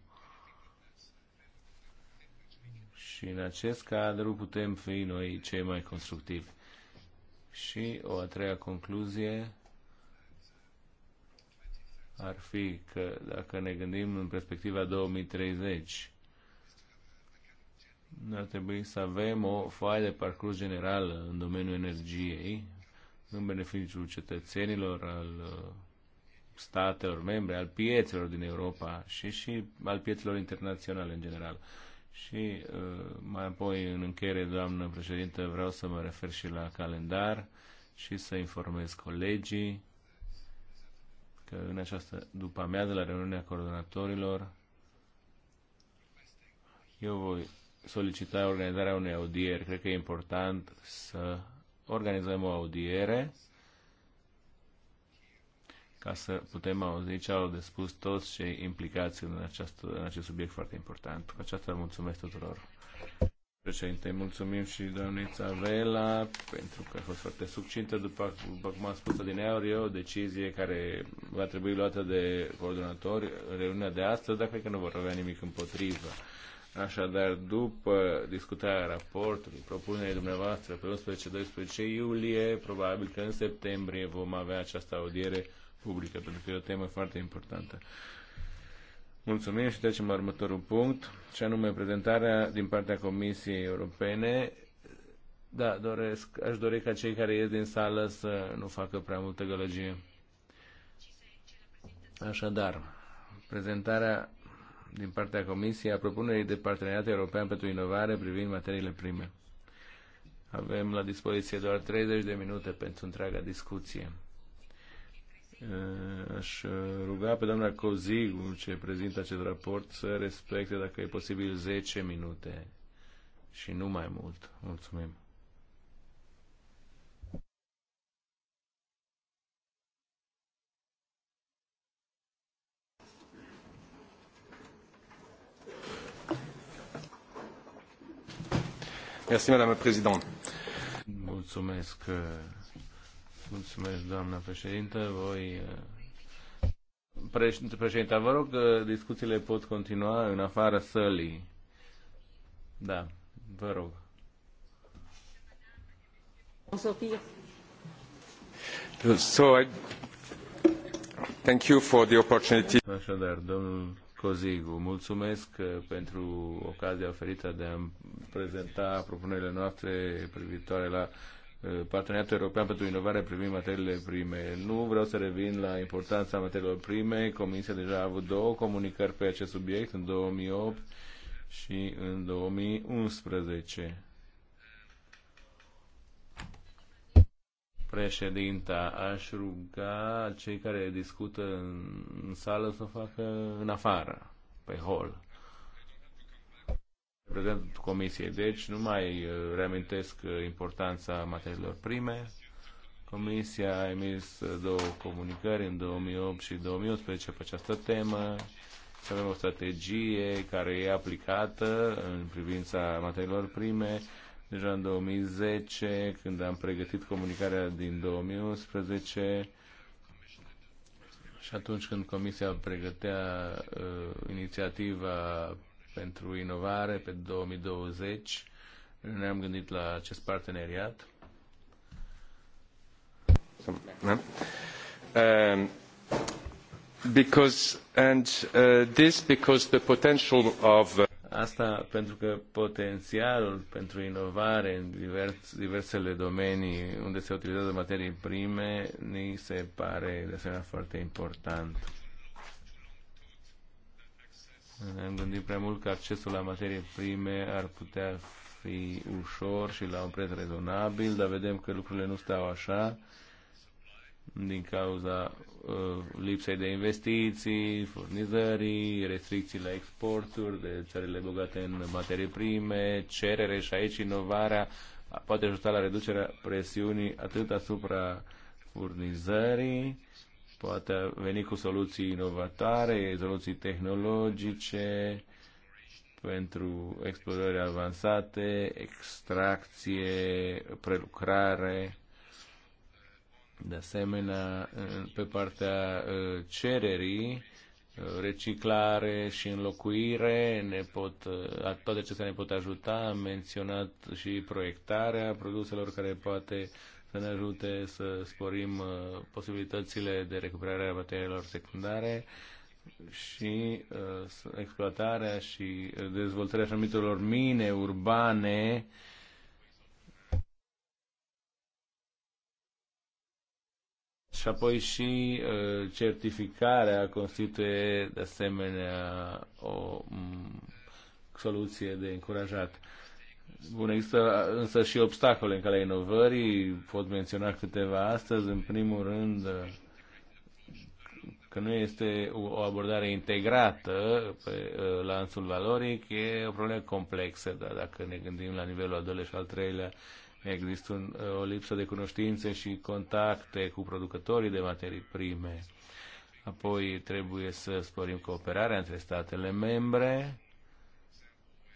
Și în acest cadru putem fi noi cei mai constructivi. Și o a treia concluzie ar fi că dacă ne gândim în perspectiva 2030, ar trebui să avem o foaie de parcurs generală în domeniul energiei, în beneficiul cetățenilor, al uh, statelor membre, al piețelor din Europa și și al piețelor internaționale în general. Și uh, mai apoi, în încheiere, doamnă președintă, vreau să mă refer și la calendar și să informez colegii că în această după amiază la reuniunea coordonatorilor eu voi solicita organizarea unei audieri. Cred că e important să organizăm o audiere ca să putem auzi ce au de spus toți cei implicați în, această, în acest subiect foarte important. Cu aceasta mulțumesc tuturor. Președinte, mulțumim și doamnița Vela pentru că a fost foarte succintă. După, după cum am spus din eu, o decizie care va trebui luată de coordonatori în reuniunea de astăzi, dar cred că nu vor avea nimic împotrivă. Așadar, după discutarea raportului, propunerea dumneavoastră pe 11-12 iulie, probabil că în septembrie vom avea această audiere publică, pentru că e o temă foarte importantă. Mulțumim și trecem la următorul punct, și anume prezentarea din partea Comisiei Europene. Da, doresc, aș dori ca cei care ies din sală să nu facă prea multă gălăgie. Așadar, prezentarea din partea Comisiei a propunerii de parteneriat european pentru inovare privind materiile prime. Avem la dispoziție doar 30 de minute pentru întreaga discuție. Eh, aș ruga pe doamna Cozigu, ce prezintă acest raport, să respecte, dacă e posibil, 10 minute și nu mai mult. Mulțumim. Merci, Mulțumesc, uh, mulțumesc, doamna președintă. Voi uh, Președinte, vă rog că uh, discuțiile pot continua în afara sălii. Da, vă rog. So I thank you for the opportunity. Așadar, domnul Cozigu. Mulțumesc uh, pentru ocazia oferită de a prezenta propunerile noastre privitoare la uh, Parteneriatul European pentru Inovare privind materiile prime. Nu vreau să revin la importanța materiilor prime. Comisia deja a avut două comunicări pe acest subiect în 2008 și în 2011. președinta, aș ruga cei care discută în sală să o facă în afară, pe hol. Reprezentantul comisiei, deci nu mai uh, reamintesc uh, importanța materiilor prime. Comisia a emis uh, două comunicări în 2008 și 2011 pe această temă să avem o strategie care e aplicată în privința materiilor prime deja în 2010, când am pregătit comunicarea din 2011 și atunci când Comisia pregătea uh, inițiativa pentru inovare pe 2020, ne-am gândit la acest parteneriat. Um, because and uh, this because the potential of uh, Asta pentru că potențialul pentru inovare în divers, diversele domenii unde se utilizează materii prime ni se pare de asemenea foarte important. Ne-am gândit prea mult că accesul la materii prime ar putea fi ușor și la un preț rezonabil, dar vedem că lucrurile nu stau așa din cauza uh, lipsei de investiții, furnizării, restricții la exporturi de țările bogate în materii prime, cerere și aici inovarea poate ajuta la reducerea presiunii atât asupra furnizării, poate veni cu soluții inovatoare, soluții tehnologice pentru explorări avansate, extracție, prelucrare de asemenea, pe partea ă, cererii, ă, reciclare și înlocuire, ne pot, ă, toate acestea ne pot ajuta. Am menționat și proiectarea produselor care poate să ne ajute să sporim posibilitățile de recuperare a materialelor secundare și exploatarea și dezvoltarea așa mine urbane Și apoi și uh, certificarea constituie de asemenea o soluție de încurajat. Bun, există uh, însă și obstacole în calea inovării, pot menționa câteva astăzi. În primul rând, uh, că nu este o abordare integrată pe lanțul valoric, e o problemă complexă, dar dacă ne gândim la nivelul al doilea și al treilea, Există un, uh, o lipsă de cunoștințe și contacte cu producătorii de materii prime. Apoi trebuie să sporim cooperarea între statele membre.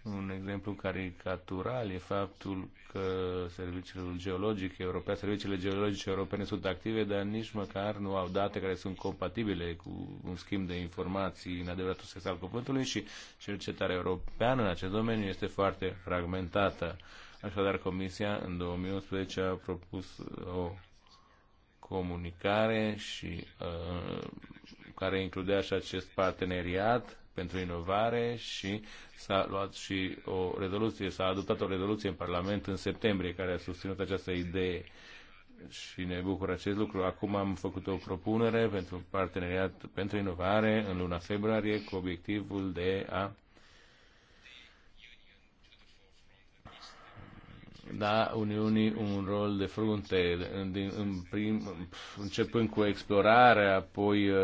Un exemplu caricatural e faptul că serviciul geologic european, serviciile geologice europene sunt active, dar nici măcar nu au date care sunt compatibile cu un schimb de informații în adevăratul sens al cuvântului și cercetarea europeană în acest domeniu este foarte fragmentată. Așadar, Comisia în 2011 a propus uh, o comunicare și uh, care includea și acest parteneriat pentru inovare și s-a luat și o rezoluție, s-a adoptat o rezoluție în Parlament în septembrie care a susținut această idee și ne bucură acest lucru. Acum am făcut o propunere pentru parteneriat pentru inovare în luna februarie cu obiectivul de a da Uniunii un rol de frunte, în, în prim, începând cu explorarea, apoi uh,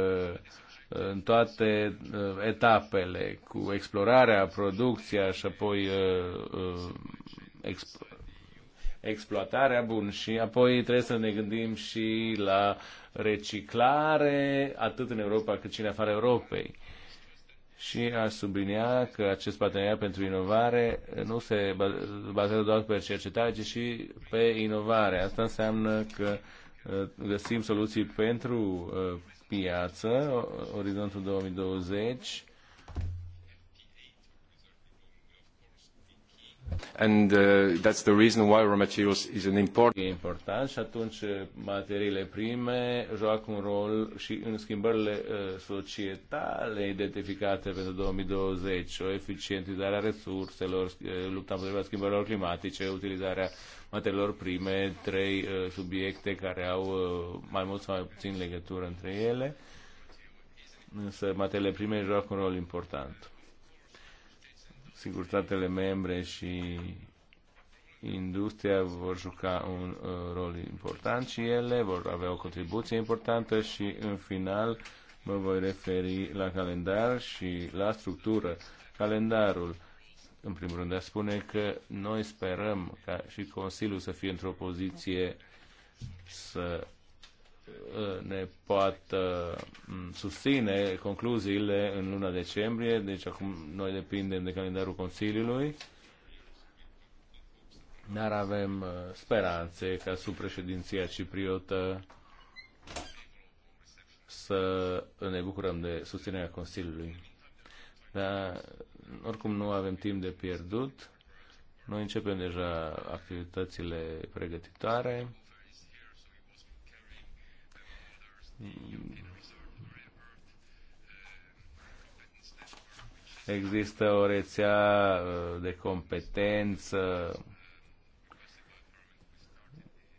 în toate uh, etapele, cu explorarea, producția și apoi uh, exp- exploatarea, bun, și apoi trebuie să ne gândim și la reciclare, atât în Europa cât și în afara Europei și a sublinia că acest parteneriat pentru inovare nu se bazează doar pe cercetare, ci și pe inovare. Asta înseamnă că uh, găsim soluții pentru uh, piață, Orizontul 2020, And uh, that's the reason why raw materials is an important... E important și atunci uh, materiile prime joacă un rol și în schimbările uh, societale identificate pentru 2020, o eficientizare a resurselor, uh, lupta împotriva schimbărilor climatice, utilizarea materiilor prime, trei uh, subiecte care au uh, mai mult sau mai puțin legătură între ele, însă materiile prime joacă un rol important sigur, statele membre și industria vor juca un uh, rol important și ele vor avea o contribuție importantă și, în final, mă voi referi la calendar și la structură. Calendarul, în primul rând, a spune că noi sperăm ca și Consiliul să fie într-o poziție să ne poată mm, susține concluziile în luna decembrie, deci acum noi depindem de calendarul Consiliului, dar avem uh, speranțe ca sub președinția cipriotă să ne bucurăm de susținerea Consiliului. Dar oricum nu avem timp de pierdut. Noi începem deja activitățile pregătitoare Există o rețea uh, de competență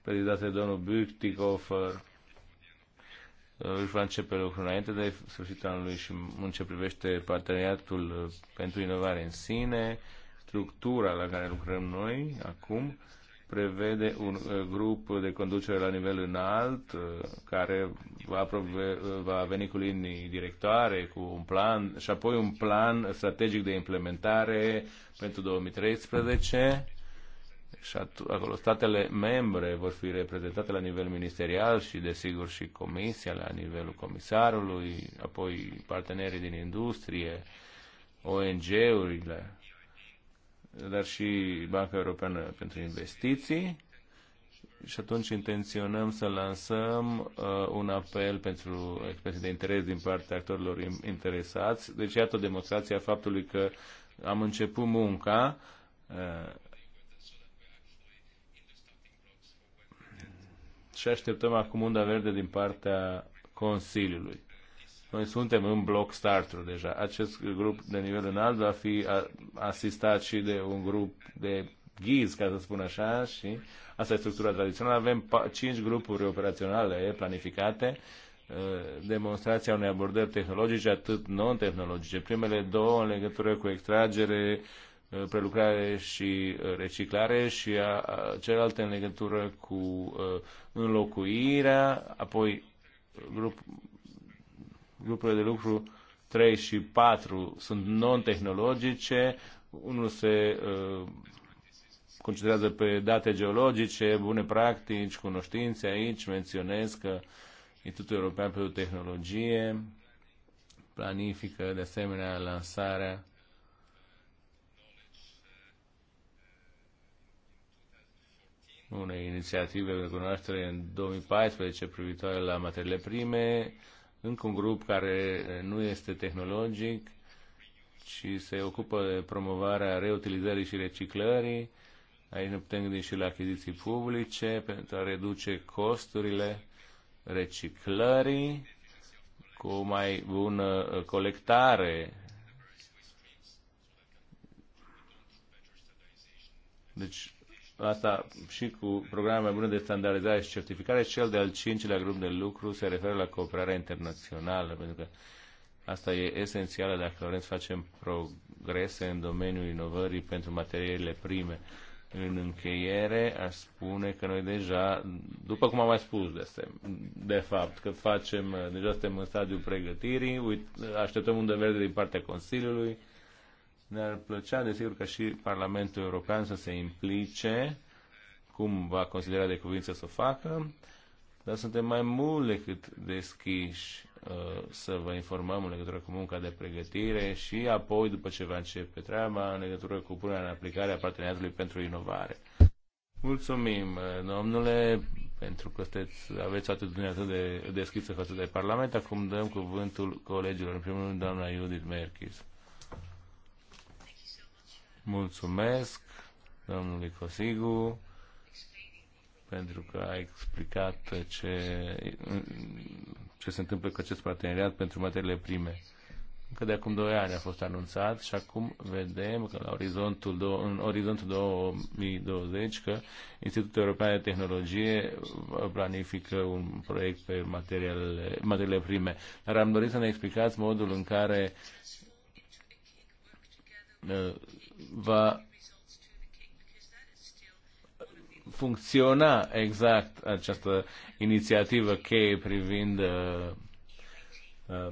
prezidată de domnul Büchtigofer. Uh, își va începe lucrul înainte de sfârșitul anului și în ce privește parteneriatul uh, pentru inovare în sine, structura la care lucrăm noi acum prevede un uh, grup de conducere la nivel înalt uh, care va, prove, uh, va veni cu linii directoare, cu un plan și apoi un plan strategic de implementare pentru 2013 și acolo statele membre vor fi reprezentate la nivel ministerial și desigur și comisia la nivelul comisarului, apoi partenerii din industrie, ONG-urile dar și Banca Europeană pentru Investiții. Și atunci intenționăm să lansăm uh, un apel pentru expresii de interes din partea actorilor interesați. Deci, iată o demonstrație a faptului că am început munca. Uh, și așteptăm acum unda verde din partea Consiliului. Noi suntem în bloc startul deja. Acest grup de nivel înalt va fi asistat și de un grup de ghiz, ca să spun așa, și asta e structura tradițională. Avem cinci grupuri operaționale planificate, uh, demonstrația unei abordări tehnologice, atât non-tehnologice. Primele două în legătură cu extragere, uh, prelucrare și uh, reciclare și a, a, celelalte în legătură cu a, înlocuirea, apoi grup, grupurile de lucru 3 și 4 sunt non-tehnologice, unul se uh, concentrează pe date geologice, bune practici, cunoștințe aici, menționez că Institutul European pentru Tehnologie planifică de asemenea lansarea unei inițiative de cunoaștere în 2014 privitoare la materiile prime, încă un grup care eh, nu este tehnologic, ci se ocupă de promovarea reutilizării și reciclării. Aici ne putem gândi și la achiziții publice pentru a reduce costurile reciclării cu o mai bună eh, colectare. Deci asta și cu programul mai bune de standardizare și certificare. Cel de-al cincilea grup de lucru se referă la cooperarea internațională, pentru că asta e esențială dacă vrem să facem progrese în domeniul inovării pentru materiile prime. În încheiere, aș spune că noi deja, după cum am mai spus de, de fapt, că facem, deja suntem în stadiul pregătirii, uit, așteptăm un verde din partea Consiliului, ne-ar plăcea, desigur, că și Parlamentul European să se implice, cum va considera de cuvință să o facă, dar suntem mai mult decât deschiși uh, să vă informăm în legătură cu munca de pregătire și apoi, după ce va începe treaba, în legătură cu punerea în aplicare a parteneriatului pentru inovare. Mulțumim, uh, domnule, pentru că steți, aveți atât de atât de deschisă față de Parlament. Acum dăm cuvântul colegilor. În primul rând, doamna Judith Merkis. Mulțumesc domnului Cosigu pentru că a explicat ce, ce se întâmplă cu acest parteneriat pentru materiile prime. Încă de acum 2 ani a fost anunțat și acum vedem că la orizontul, do- în orizontul 2020 că Institutul European de Tehnologie planifică un proiect pe materiale, materiale prime. Dar am dorit să ne explicați modul în care va funcționa exact această inițiativă cheie privind uh, uh,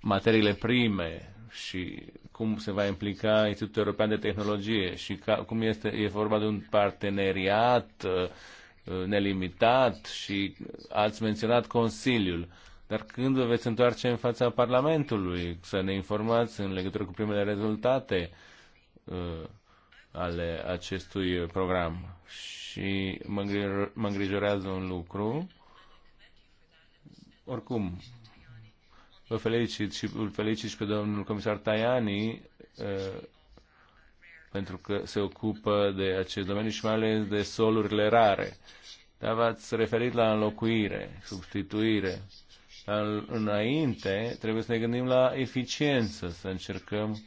materiile prime și cum se va implica Institutul European de Tehnologie și ca, cum este e vorba de un parteneriat uh, nelimitat și ați menționat Consiliul. Dar când vă veți întoarce în fața Parlamentului, să ne informați în legătură cu primele rezultate uh, ale acestui program? Și mă îngrijorează un lucru. Oricum, vă felicit și îl felicit și pe domnul comisar Tajani uh, pentru că se ocupă de acest domeniu și mai ales de solurile rare. Dar v-ați referit la înlocuire, substituire înainte trebuie să ne gândim la eficiență, să încercăm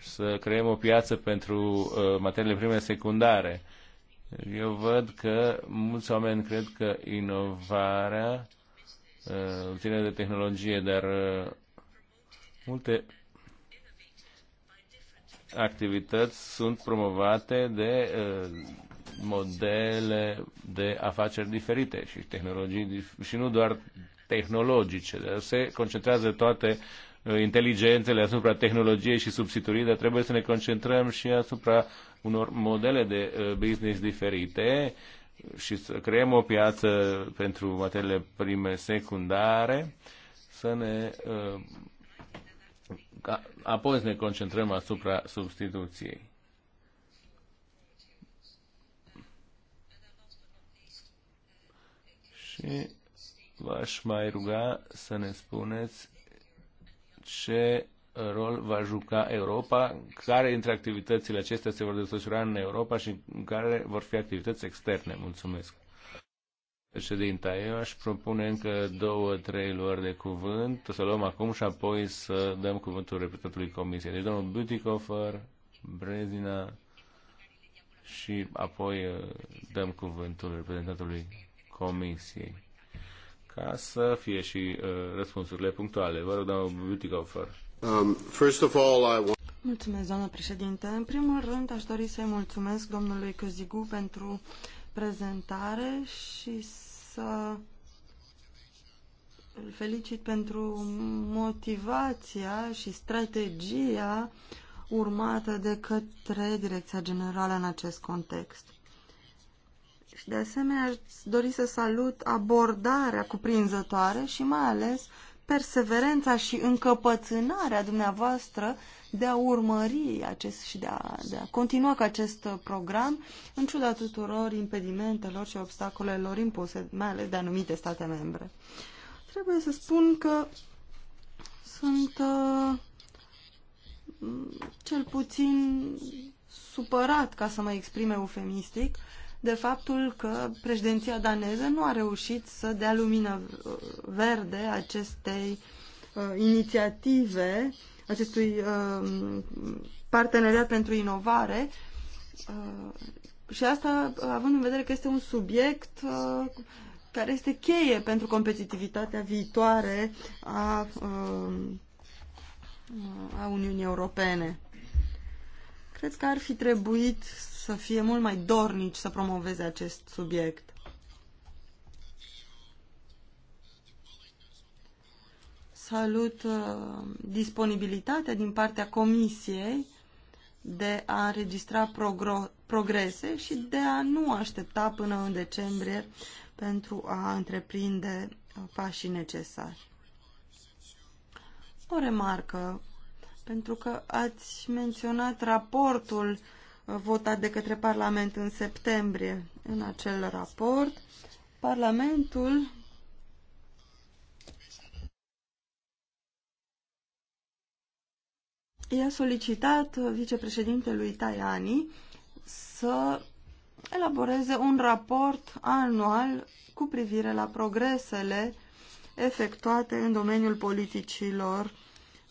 să creăm o piață pentru uh, materiile prime secundare. Eu văd că mulți oameni cred că inovarea uh, ține de tehnologie, dar uh, multe activități sunt promovate de modele de afaceri diferite și tehnologii, și nu doar tehnologice. Se concentrează toate uh, inteligențele asupra tehnologiei și substituirii, dar trebuie să ne concentrăm și asupra unor modele de uh, business diferite și să creăm o piață pentru materiile prime secundare, să ne uh, apoi să ne concentrăm asupra substituției. Și v-aș mai ruga să ne spuneți ce rol va juca Europa, care dintre activitățile acestea se vor desfășura în Europa și care vor fi activități externe. Mulțumesc. Președinta, eu aș propune încă două, trei luări de cuvânt, să luăm acum și apoi să dăm cuvântul reprezentantului Comisiei. Deci domnul Butikofer, Brezina și apoi uh, dăm cuvântul reprezentantului Comisiei ca să fie și uh, răspunsurile punctuale. Vă rog, doamnă Butikofer. Um, first of all, I want... Mulțumesc, doamnă președinte. În primul rând, aș dori să-i mulțumesc domnului Căzigu pentru prezentare și să îl felicit pentru motivația și strategia urmată de către Direcția Generală în acest context. Și de asemenea aș dori să salut abordarea cuprinzătoare și mai ales perseverența și încăpățânarea dumneavoastră de a urmări acest și de a, de a continua cu acest program în ciuda tuturor impedimentelor și obstacolelor impuse, mai ales de anumite state membre. Trebuie să spun că sunt uh, cel puțin supărat, ca să mă exprim eufemistic, uh, de faptul că președinția daneză nu a reușit să dea lumină verde acestei uh, inițiative, acestui uh, parteneriat pentru inovare uh, și asta având în vedere că este un subiect uh, care este cheie pentru competitivitatea viitoare a, uh, a Uniunii Europene. Cred că ar fi trebuit să fie mult mai dornici să promoveze acest subiect. Salut uh, disponibilitatea din partea Comisiei de a înregistra progrese și de a nu aștepta până în decembrie pentru a întreprinde uh, pașii necesari. O remarcă pentru că ați menționat raportul uh, votat de către Parlament în septembrie. În acel raport, Parlamentul i-a solicitat vicepreședintelui Tajani să elaboreze un raport anual cu privire la progresele efectuate în domeniul politicilor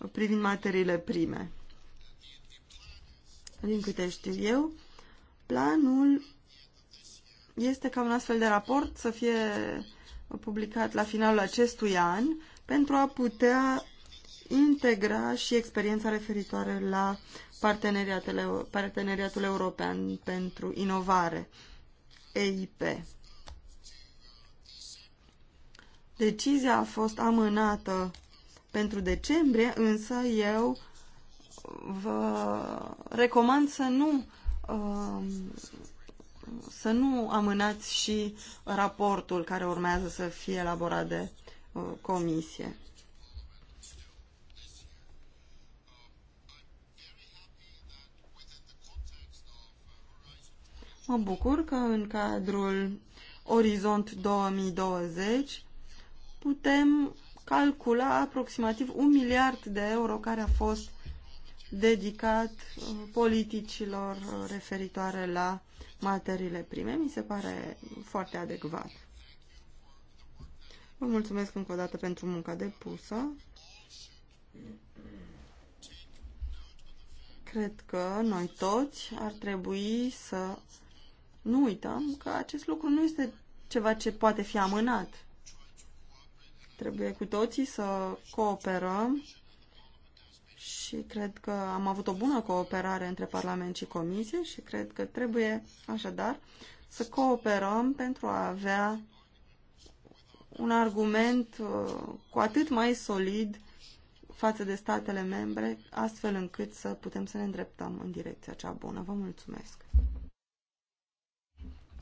privind materiile prime. Din câte știu eu, planul este ca un astfel de raport să fie publicat la finalul acestui an pentru a putea integra și experiența referitoare la parteneriatul, parteneriatul European pentru Inovare, EIP. Decizia a fost amânată pentru decembrie, însă, eu vă recomand să nu um, să nu amânați și raportul care urmează să fie elaborat de uh, comisie. Mă bucur că în cadrul Orizont 2020 putem calcula aproximativ un miliard de euro care a fost dedicat uh, politicilor uh, referitoare la materiile prime. Mi se pare foarte adecvat. Vă mulțumesc încă o dată pentru munca depusă. Cred că noi toți ar trebui să nu uităm că acest lucru nu este ceva ce poate fi amânat. Trebuie cu toții să cooperăm și cred că am avut o bună cooperare între Parlament și Comisie și cred că trebuie așadar să cooperăm pentru a avea un argument uh, cu atât mai solid față de statele membre, astfel încât să putem să ne îndreptăm în direcția cea bună. Vă mulțumesc!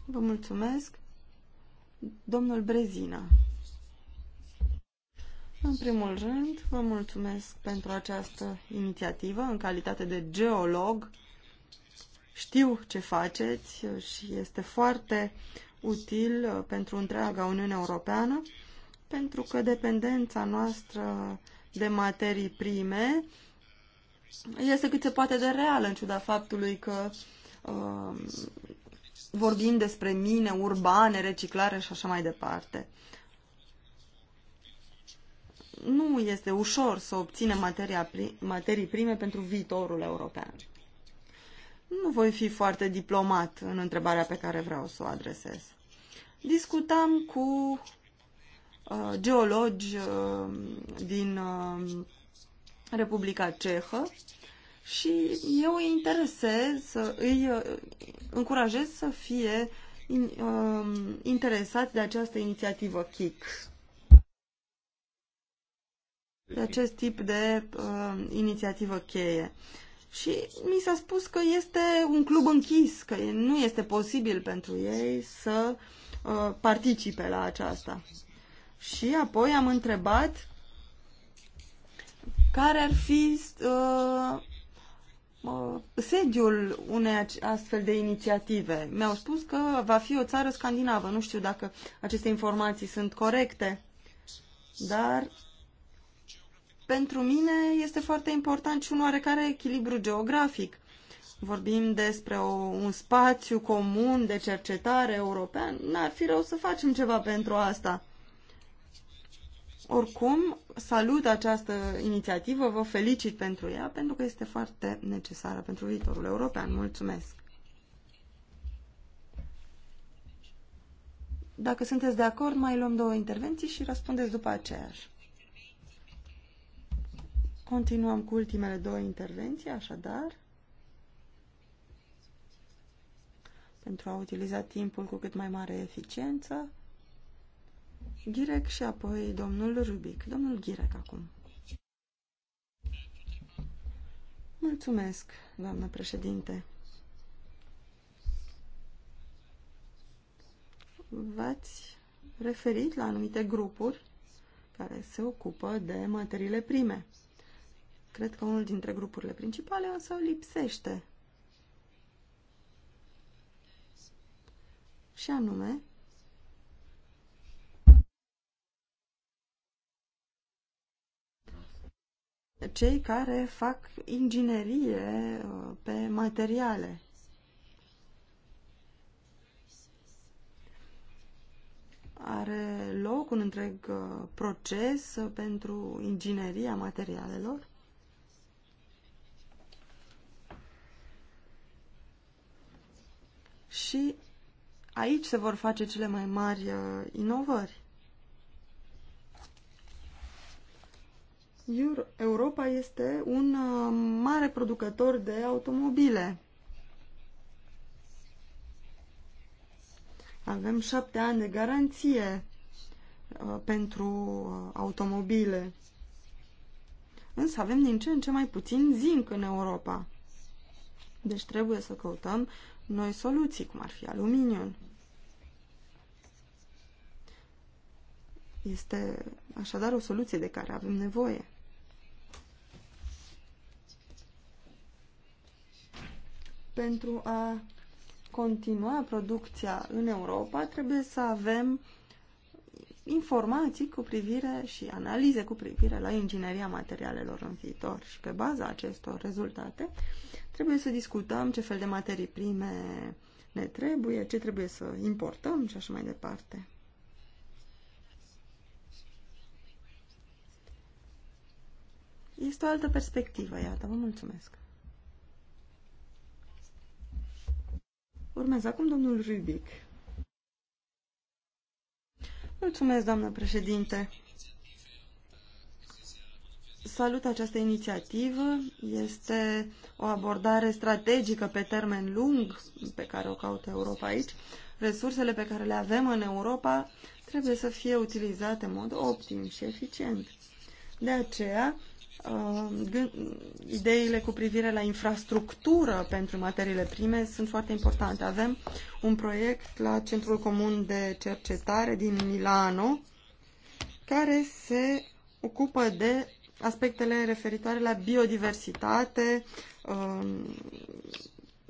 Vă mulțumesc! Domnul Brezina. În primul rând, vă mulțumesc pentru această inițiativă. În calitate de geolog, știu ce faceți și este foarte util uh, pentru întreaga Uniune Europeană, pentru că dependența noastră de materii prime este cât se poate de reală, în ciuda faptului că uh, vorbim despre mine urbane, reciclare și așa mai departe nu este ușor să obținem materii prime pentru viitorul european. Nu voi fi foarte diplomat în întrebarea pe care vreau să o adresez. Discutam cu uh, geologi uh, din uh, Republica Cehă și eu îi interesez, să îi uh, încurajez să fie in, uh, interesat de această inițiativă KIC de acest tip de uh, inițiativă cheie. Și mi s-a spus că este un club închis, că nu este posibil pentru ei să uh, participe la aceasta. Și apoi am întrebat care ar fi uh, uh, sediul unei astfel de inițiative. Mi-au spus că va fi o țară scandinavă. Nu știu dacă aceste informații sunt corecte, dar pentru mine este foarte important și un oarecare echilibru geografic. Vorbim despre o, un spațiu comun de cercetare european. N-ar fi rău să facem ceva pentru asta. Oricum, salut această inițiativă, vă felicit pentru ea, pentru că este foarte necesară pentru viitorul european. Mulțumesc! Dacă sunteți de acord, mai luăm două intervenții și răspundeți după aceeași. Continuăm cu ultimele două intervenții, așadar. Pentru a utiliza timpul cu cât mai mare eficiență. Ghirec și apoi domnul Rubic. Domnul Ghirec acum. Mulțumesc, doamnă președinte. V-ați referit la anumite grupuri care se ocupă de materiile prime. Cred că unul dintre grupurile principale însă lipsește. Și anume, cei care fac inginerie uh, pe materiale. Are loc un întreg uh, proces uh, pentru ingineria materialelor și aici se vor face cele mai mari uh, inovări. Europa este un uh, mare producător de automobile. Avem șapte ani de garanție uh, pentru uh, automobile. Însă avem din ce în ce mai puțin zinc în Europa. Deci trebuie să căutăm noi soluții, cum ar fi aluminiul. Este așadar o soluție de care avem nevoie. Pentru a continua producția în Europa, trebuie să avem informații cu privire și analize cu privire la ingineria materialelor în viitor și pe baza acestor rezultate trebuie să discutăm ce fel de materii prime ne trebuie, ce trebuie să importăm și așa mai departe. Este o altă perspectivă, iată, vă mulțumesc. Urmează acum domnul Rubic. Mulțumesc, doamnă președinte. Salut această inițiativă. Este o abordare strategică pe termen lung pe care o caută Europa aici. Resursele pe care le avem în Europa trebuie să fie utilizate în mod optim și eficient. De aceea, Uh, ideile cu privire la infrastructură pentru materiile prime sunt foarte importante. Avem un proiect la Centrul Comun de Cercetare din Milano care se ocupă de aspectele referitoare la biodiversitate um,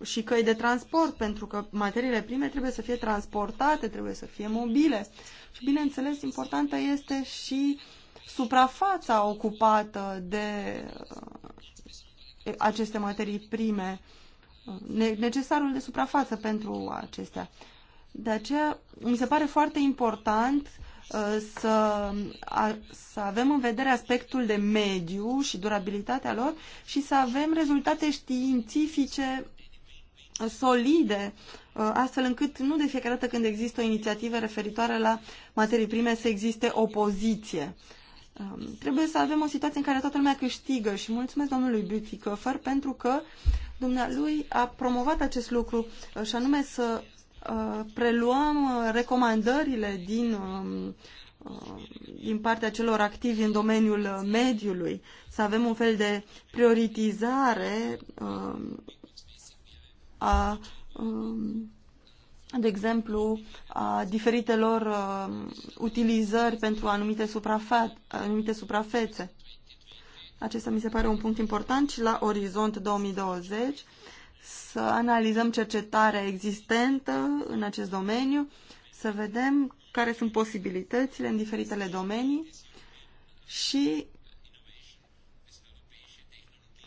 și căi de transport, pentru că materiile prime trebuie să fie transportate, trebuie să fie mobile. Și, bineînțeles, importantă este și uh, suprafața ocupată de uh, aceste materii prime, uh, necesarul de suprafață pentru acestea. De aceea, mi se pare foarte important uh, să, a, să avem în vedere aspectul de mediu și durabilitatea lor și să avem rezultate științifice solide, astfel încât nu de fiecare dată când există o inițiativă referitoare la materii prime să existe opoziție. Um, trebuie să avem o situație în care toată lumea câștigă și mulțumesc domnului Butikofer pentru că dumnealui a promovat acest lucru uh, și anume să uh, preluăm uh, recomandările din um, uh, din partea celor activi în domeniul mediului, să avem un fel de prioritizare um, a, a, um, de exemplu, a diferitelor uh, utilizări pentru anumite, anumite suprafețe. Acesta mi se pare un punct important și la Orizont 2020 să analizăm cercetarea existentă în acest domeniu, să vedem care sunt posibilitățile în diferitele domenii și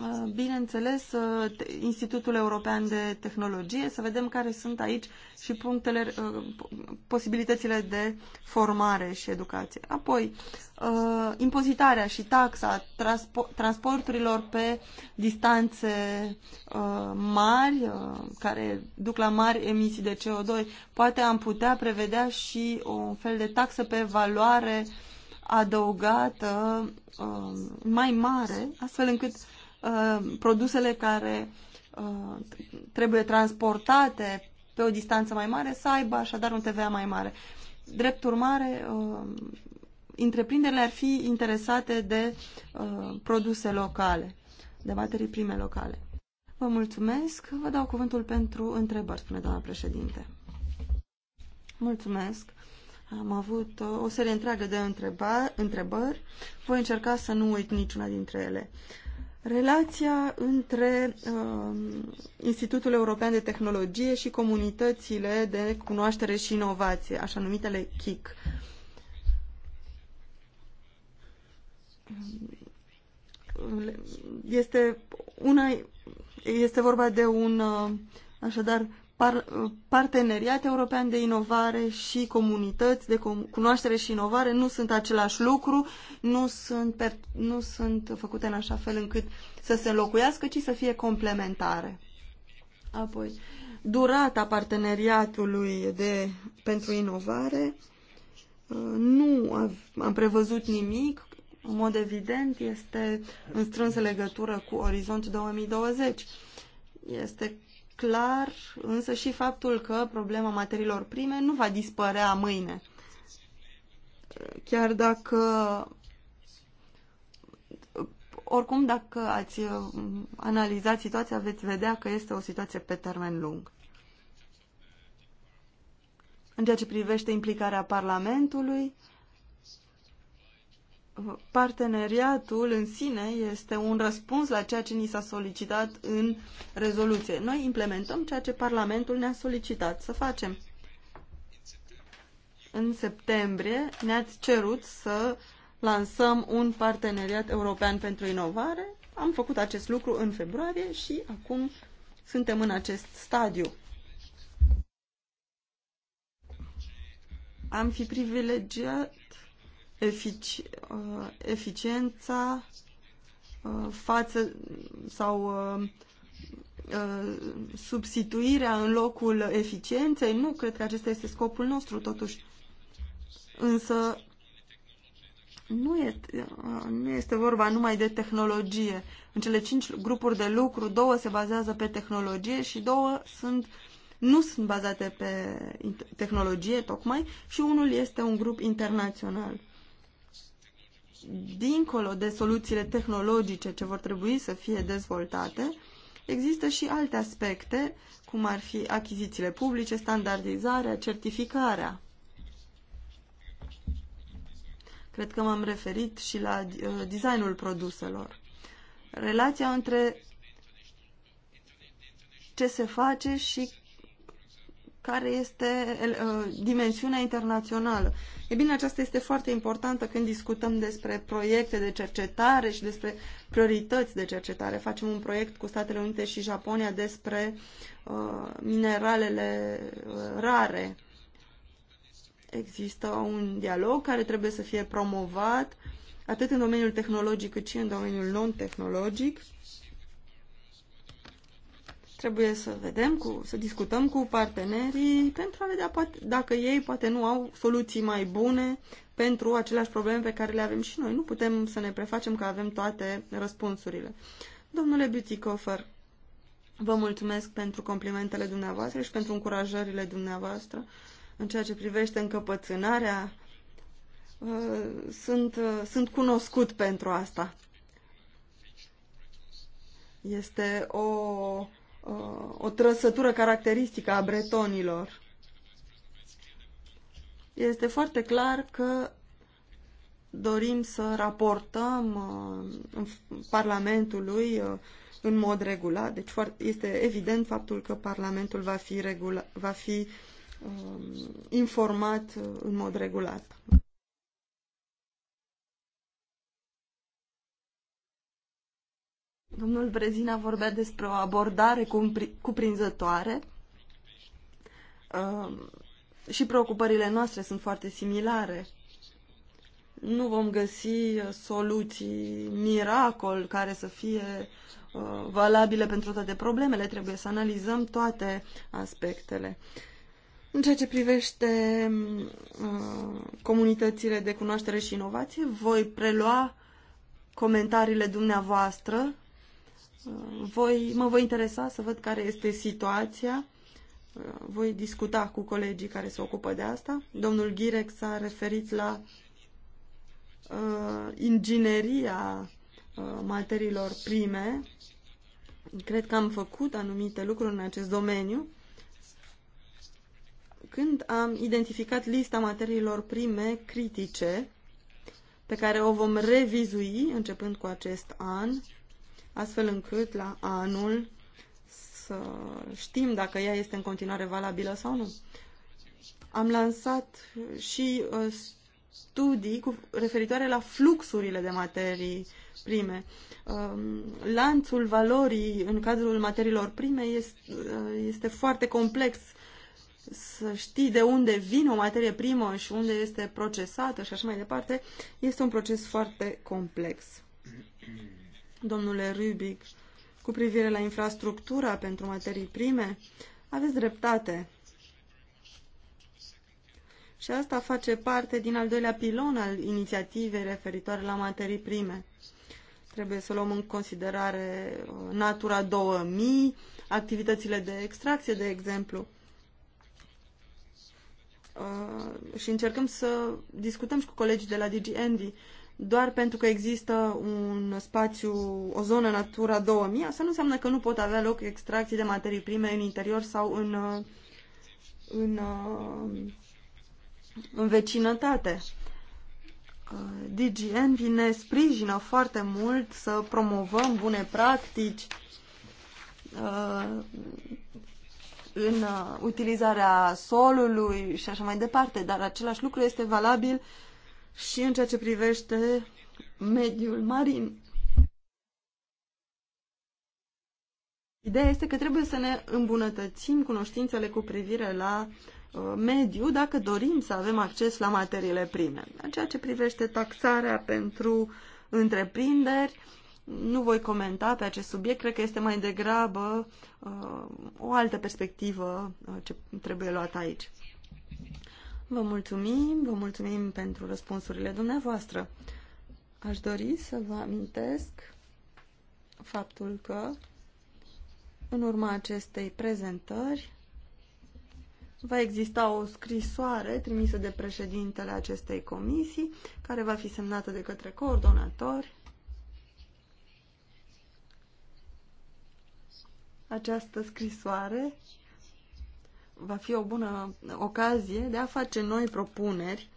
Uh, bineînțeles, uh, Institutul European de Tehnologie, să vedem care sunt aici și punctele, uh, posibilitățile de formare și educație. Apoi, impozitarea și taxa transporturilor pe distanțe mari, care duc la mari emisii de CO2, poate am putea prevedea și un fel de taxă pe valoare adăugată mai mare, astfel încât Uh, produsele care uh, trebuie transportate pe o distanță mai mare să aibă așadar un TVA mai mare. Drept urmare, uh, întreprinderile ar fi interesate de produse locale, de materii prime locale. Vă mulțumesc. Vă dau cuvântul pentru întrebări, spune doamna președinte. Mulțumesc. Am avut o serie întreagă de întrebări. Voi încerca să nu uit niciuna dintre ele. Relația între uh, Institutul European de Tehnologie și comunitățile de cunoaștere și inovație, așa numitele KIC. Este, una, este vorba de un, uh, așadar, par, parteneriat european de inovare și comunități de cunoaștere și inovare nu sunt același lucru, nu sunt, per, nu sunt făcute în așa fel încât să se înlocuiască, ci să fie complementare. Apoi, durata parteneriatului de, pentru inovare, nu am prevăzut nimic, în mod evident este în strânsă legătură cu Orizont 2020. Este clar însă și faptul că problema materiilor prime nu va dispărea mâine. Chiar dacă oricum, dacă ați uh, analizat situația, veți vedea că este o situație pe termen lung. În ceea ce privește implicarea Parlamentului, parteneriatul în sine este un răspuns la ceea ce ni s-a solicitat în rezoluție. Noi implementăm ceea ce Parlamentul ne-a solicitat să facem. În septembrie ne-ați cerut să lansăm un parteneriat european pentru inovare. Am făcut acest lucru în februarie și acum suntem în acest stadiu. Am fi privilegiat efici, uh, eficiența uh, față sau uh, substituirea în locul eficienței. Nu cred că acesta este scopul nostru, totuși. Însă nu este, nu este vorba numai de tehnologie. În cele cinci grupuri de lucru, două se bazează pe tehnologie și două sunt nu sunt bazate pe tehnologie tocmai și unul este un grup internațional dincolo de soluțiile tehnologice ce vor trebui să fie dezvoltate, există și alte aspecte, cum ar fi achizițiile publice, standardizarea, certificarea. Cred că m-am referit și la uh, designul produselor. Relația între ce se face și care este uh, dimensiunea internațională. E bine, aceasta este foarte importantă când discutăm despre proiecte de cercetare și despre priorități de cercetare. Facem un proiect cu Statele Unite și Japonia despre uh, mineralele uh, rare. Există un dialog care trebuie să fie promovat atât în domeniul tehnologic cât și în domeniul non-tehnologic Trebuie să vedem, cu, să discutăm cu partenerii pentru a vedea poate, dacă ei poate nu au soluții mai bune pentru aceleași probleme pe care le avem și noi. Nu putem să ne prefacem că avem toate răspunsurile. Domnule Butikofer, vă mulțumesc pentru complimentele dumneavoastră și pentru încurajările dumneavoastră în ceea ce privește încăpățânarea. Uh, sunt, uh, sunt cunoscut pentru asta. Este o Uh, o trăsătură caracteristică a bretonilor. Este foarte clar că dorim să raportăm uh, Parlamentului uh, în mod regulat. Deci este evident faptul că Parlamentul va fi, regula, va fi um, informat în mod regulat. Domnul Brezina vorbea despre o abordare cuprinzătoare um, și preocupările noastre sunt foarte similare. Nu vom găsi uh, soluții miracol care să fie uh, valabile pentru toate problemele. Trebuie să analizăm toate aspectele. În ceea ce privește um, uh, comunitățile de cunoaștere și inovație, voi prelua comentariile dumneavoastră voi, mă voi interesa să văd care este situația. Voi discuta cu colegii care se ocupă de asta. Domnul Ghirec s-a referit la uh, ingineria uh, materiilor prime. Cred că am făcut anumite lucruri în acest domeniu. Când am identificat lista materiilor prime critice, pe care o vom revizui începând cu acest an, astfel încât la anul să știm dacă ea este în continuare valabilă sau nu. Am lansat și uh, studii cu, referitoare la fluxurile de materii prime. Um, lanțul valorii în cadrul materiilor prime este, uh, este foarte complex. Să știi de unde vine o materie primă și unde este procesată și așa mai departe, este un proces foarte complex domnule Rubik, cu privire la infrastructura pentru materii prime, aveți dreptate. Și asta face parte din al doilea pilon al inițiativei referitoare la materii prime. Trebuie să luăm în considerare uh, Natura 2000, activitățile de extracție, de exemplu. Uh, și încercăm să discutăm și cu colegii de la DG doar pentru că există un spațiu, o zonă Natura 2000, asta nu înseamnă că nu pot avea loc extracții de materii prime în interior sau în, uh, în, uh, în vecinătate. Uh, DGN ne sprijină foarte mult să promovăm bune practici în utilizarea solului și așa mai departe, dar același lucru este valabil și în ceea ce privește mediul marin. Ideea este că trebuie să ne îmbunătățim cunoștințele cu privire la uh, mediu dacă dorim să avem acces la materiile prime. În ceea ce privește taxarea pentru întreprinderi, nu voi comenta pe acest subiect, cred că este mai degrabă uh, o altă perspectivă uh, ce trebuie luată aici. Vă mulțumim, vă mulțumim pentru răspunsurile dumneavoastră. Aș dori să vă amintesc faptul că în urma acestei prezentări va exista o scrisoare trimisă de președintele acestei comisii care va fi semnată de către coordonatori. Această scrisoare va fi o bună ocazie de a face noi propuneri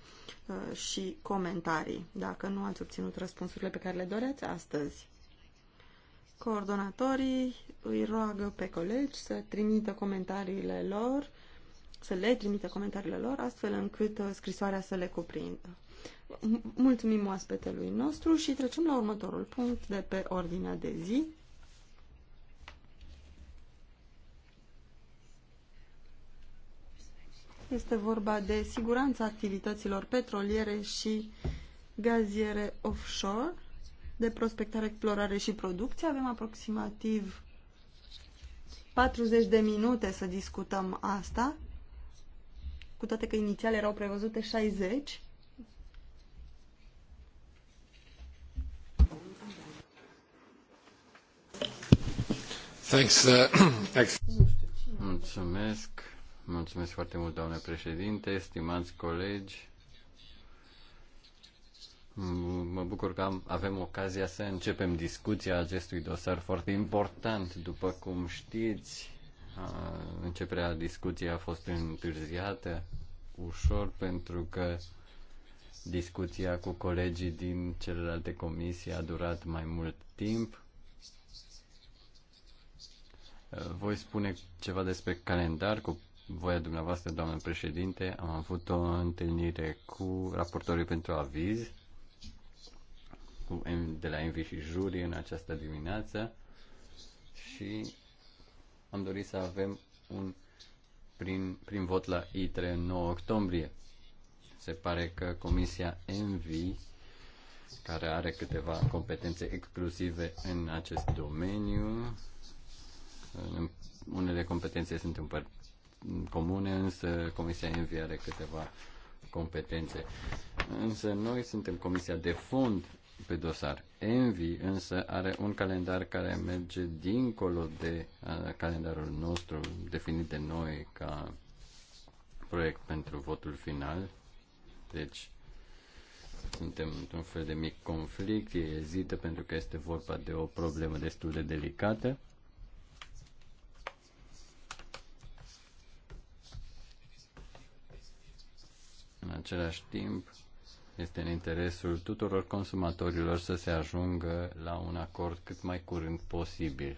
uh, și comentarii, dacă nu ați obținut răspunsurile pe care le doreați astăzi. Coordonatorii îi roagă pe colegi să trimită comentariile lor, să le trimită comentariile lor, astfel încât uh, scrisoarea să le cuprindă. Mulțumim oaspetelui nostru și trecem la următorul punct de pe ordinea de zi. Este vorba de siguranța activităților petroliere și gaziere offshore, de prospectare, explorare și producție. Avem aproximativ 40 de minute să discutăm asta, cu toate că inițial erau prevăzute 60. Thanks, uh, Mulțumesc. Mulțumesc foarte mult, doamne președinte, stimați colegi. Mă bucur că am, avem ocazia să începem discuția acestui dosar foarte important. După cum știți, începerea discuției a fost întârziată ușor pentru că discuția cu colegii din celelalte comisii a durat mai mult timp. Voi spune ceva despre calendar cu voia dumneavoastră, doamnă președinte, am avut o întâlnire cu raportorii pentru aviz de la Envi și Juri în această dimineață și am dorit să avem un prin, prin vot la ITRE 9 octombrie. Se pare că Comisia Envi, care are câteva competențe exclusive în acest domeniu, unele competențe sunt împărțite comune, însă Comisia Envi are câteva competențe. Însă noi suntem Comisia de fond pe dosar. Envi însă are un calendar care merge dincolo de calendarul nostru definit de noi ca proiect pentru votul final. Deci suntem într-un fel de mic conflict, e ezită pentru că este vorba de o problemă destul de delicată același timp, este în interesul tuturor consumatorilor să se ajungă la un acord cât mai curând posibil.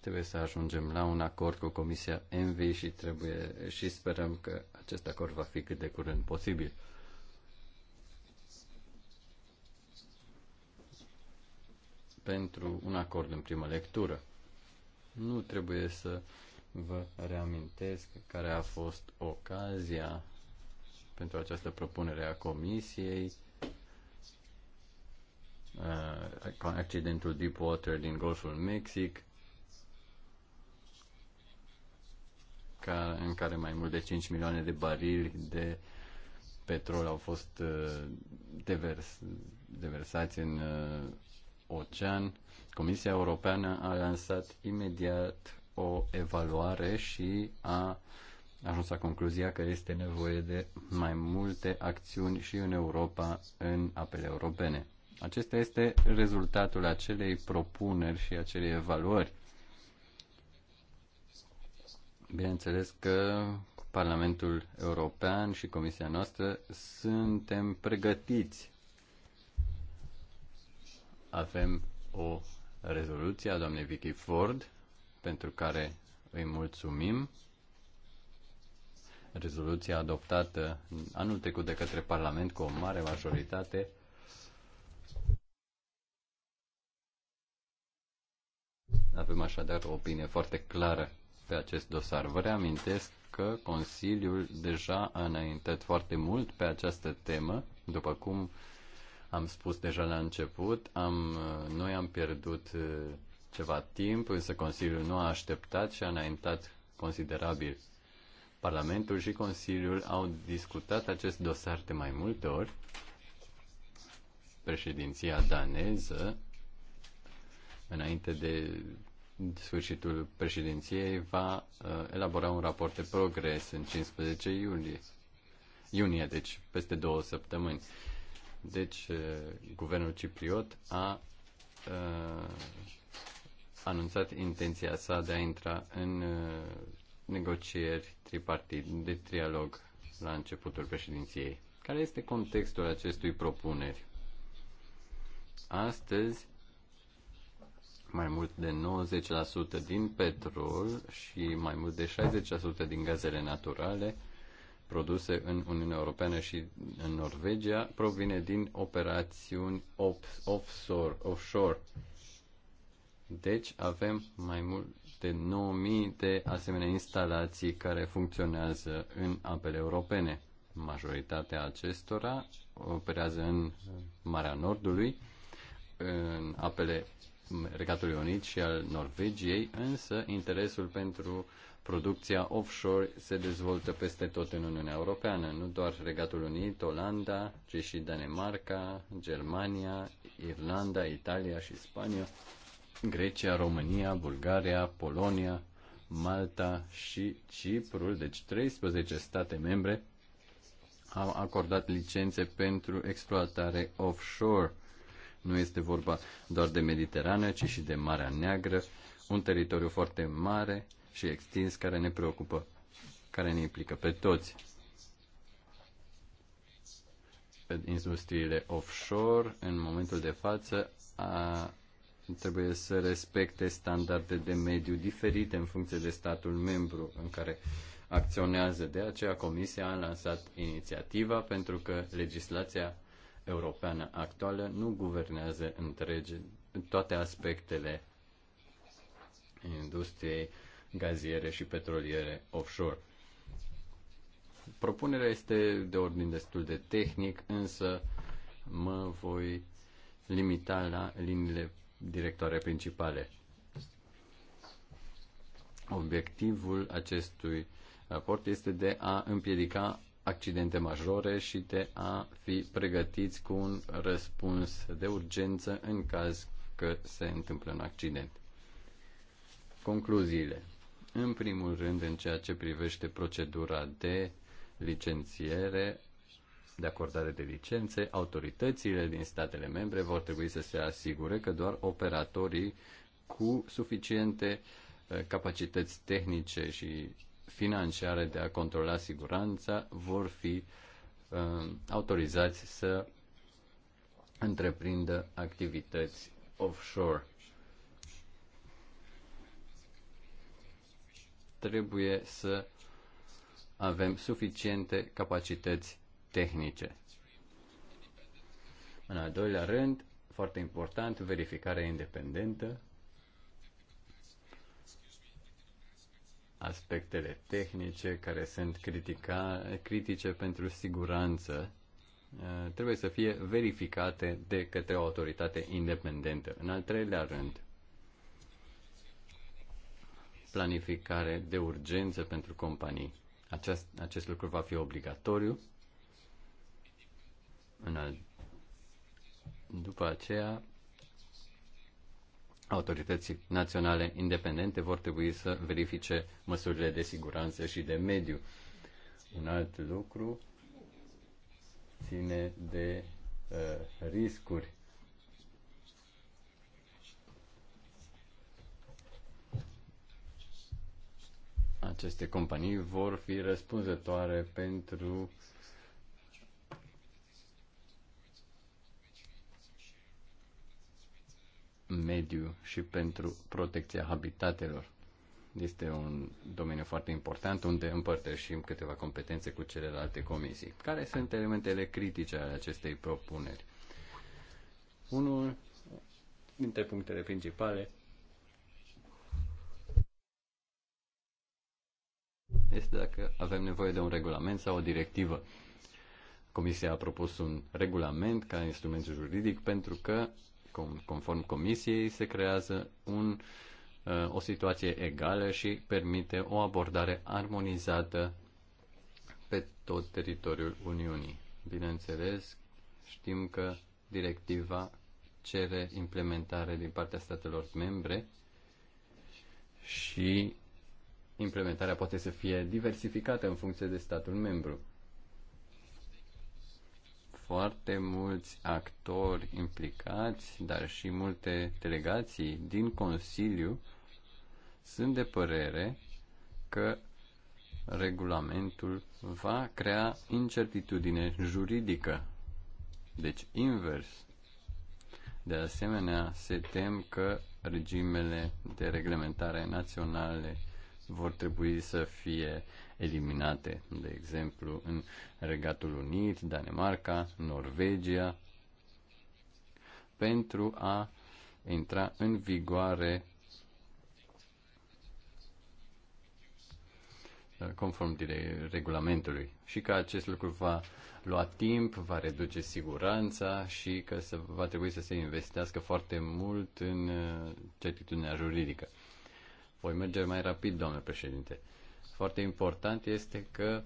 Trebuie să ajungem la un acord cu Comisia Envi și, trebuie, și sperăm că acest acord va fi cât de curând posibil. Pentru un acord în primă lectură. Nu trebuie să Vă reamintesc care a fost ocazia pentru această propunere a Comisiei uh, accidentul Deepwater din Golful Mexic, ca, în care mai mult de 5 milioane de barili de petrol au fost uh, devers, deversați în uh, ocean. Comisia Europeană a lansat imediat o evaluare și a ajuns la concluzia că este nevoie de mai multe acțiuni și în Europa, în apele europene. Acesta este rezultatul acelei propuneri și acelei evaluări. Bineînțeles că Parlamentul European și Comisia noastră suntem pregătiți. Avem o rezoluție a doamnei Vicky Ford pentru care îi mulțumim. Rezoluția adoptată anul trecut de către Parlament cu o mare majoritate Avem așadar o opinie foarte clară pe acest dosar. Vă reamintesc că Consiliul deja a înaintat foarte mult pe această temă, după cum am spus deja la început, am, noi am pierdut ceva timp, însă Consiliul nu a așteptat și a înaintat considerabil. Parlamentul și Consiliul au discutat acest dosar de mai multe ori. Președinția daneză, înainte de sfârșitul președinției, va uh, elabora un raport de progres în 15 iulie. Iunie, deci peste două săptămâni. Deci, uh, guvernul cipriot a uh, anunțat intenția sa de a intra în uh, negocieri tripartit de trialog la începutul președinției. Care este contextul acestui propuneri? Astăzi, mai mult de 90% din petrol și mai mult de 60% din gazele naturale produse în Uniunea Europeană și în Norvegia provine din operațiuni offshore, offshore deci avem mai mult de 9000 de asemenea instalații care funcționează în apele europene. Majoritatea acestora operează în Marea Nordului, în apele Regatului Unit și al Norvegiei, însă interesul pentru producția offshore se dezvoltă peste tot în Uniunea Europeană, nu doar Regatul Unit, Olanda, ci și Danemarca, Germania, Irlanda, Italia și Spania Grecia, România, Bulgaria, Polonia, Malta și Ciprul, deci 13 state membre, au acordat licențe pentru exploatare offshore. Nu este vorba doar de Mediterană, ci și de Marea Neagră, un teritoriu foarte mare și extins care ne preocupă, care ne implică pe toți. industriile offshore, în momentul de față, a, trebuie să respecte standarde de mediu diferite în funcție de statul membru în care acționează. De aceea Comisia a lansat inițiativa pentru că legislația europeană actuală nu guvernează întregi toate aspectele industriei gaziere și petroliere offshore. Propunerea este de ordin destul de tehnic, însă mă voi limita la liniile directoare principale. Obiectivul acestui raport este de a împiedica accidente majore și de a fi pregătiți cu un răspuns de urgență în caz că se întâmplă un accident. Concluziile. În primul rând, în ceea ce privește procedura de licențiere, de acordare de licențe, autoritățile din statele membre vor trebui să se asigure că doar operatorii cu suficiente eh, capacități tehnice și financiare de a controla siguranța vor fi uh, autorizați să întreprindă activități offshore. Trebuie să avem suficiente capacități tehnice. În al doilea rând, foarte important, verificarea independentă, aspectele tehnice care sunt critica, critice pentru siguranță uh, trebuie să fie verificate de către o autoritate independentă. În al treilea rând, planificare de urgență pentru companii. Acest, acest lucru va fi obligatoriu în al... După aceea, autorității naționale independente vor trebui să verifice măsurile de siguranță și de mediu. Un alt lucru ține de uh, riscuri. Aceste companii vor fi răspunzătoare pentru mediu și pentru protecția habitatelor. Este un domeniu foarte important unde împărtășim câteva competențe cu celelalte comisii. Care sunt elementele critice ale acestei propuneri? Unul dintre punctele principale este dacă avem nevoie de un regulament sau o directivă. Comisia a propus un regulament ca instrument juridic pentru că conform comisiei, se creează un, uh, o situație egală și permite o abordare armonizată pe tot teritoriul Uniunii. Bineînțeles, știm că directiva cere implementare din partea statelor membre și implementarea poate să fie diversificată în funcție de statul membru foarte mulți actori implicați, dar și multe delegații din Consiliu sunt de părere că regulamentul va crea incertitudine juridică. Deci invers. De asemenea, se tem că regimele de reglementare naționale vor trebui să fie eliminate, de exemplu, în Regatul Unit, Danemarca, Norvegia, pentru a intra în vigoare conform regulamentului și că acest lucru va lua timp, va reduce siguranța și că se, va trebui să se investească foarte mult în uh, certitudinea juridică. Voi merge mai rapid, doamne președinte foarte important este că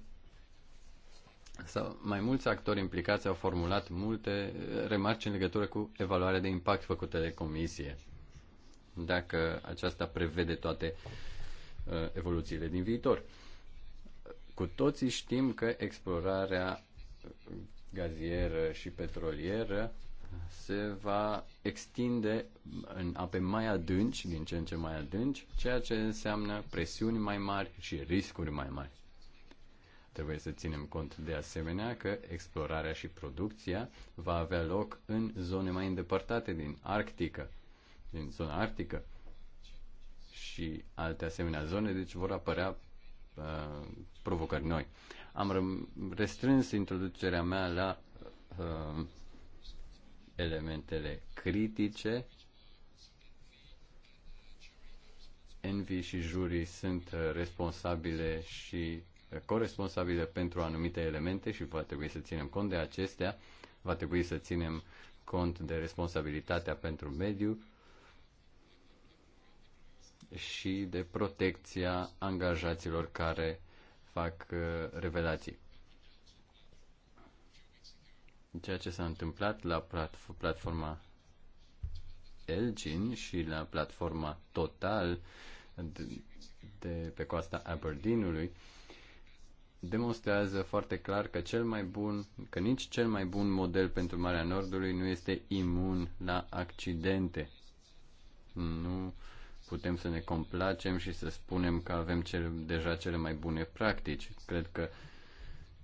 sau mai mulți actori implicați au formulat multe eh, remarci în legătură cu evaluarea de impact făcută de comisie. Dacă aceasta prevede toate uh, evoluțiile din viitor. Cu toții știm că explorarea gazieră și petrolieră se va extinde în ape mai adânci, din ce în ce mai adânci, ceea ce înseamnă presiuni mai mari și riscuri mai mari. Trebuie să ținem cont de asemenea că explorarea și producția va avea loc în zone mai îndepărtate din Arctică, din zona arctică și alte asemenea zone, deci vor apărea uh, provocări noi. Am restrâns introducerea mea la uh, elementele critice. Envy și jurii sunt responsabile și corresponsabile pentru anumite elemente și va trebui să ținem cont de acestea, va trebui să ținem cont de responsabilitatea pentru mediu și de protecția angajaților care fac uh, revelații ceea ce s-a întâmplat la platforma Elgin și la platforma Total de, de pe coasta Aberdeenului demonstrează foarte clar că cel mai bun, că nici cel mai bun model pentru Marea Nordului nu este imun la accidente. Nu putem să ne complacem și să spunem că avem cel, deja cele mai bune practici. Cred că uh,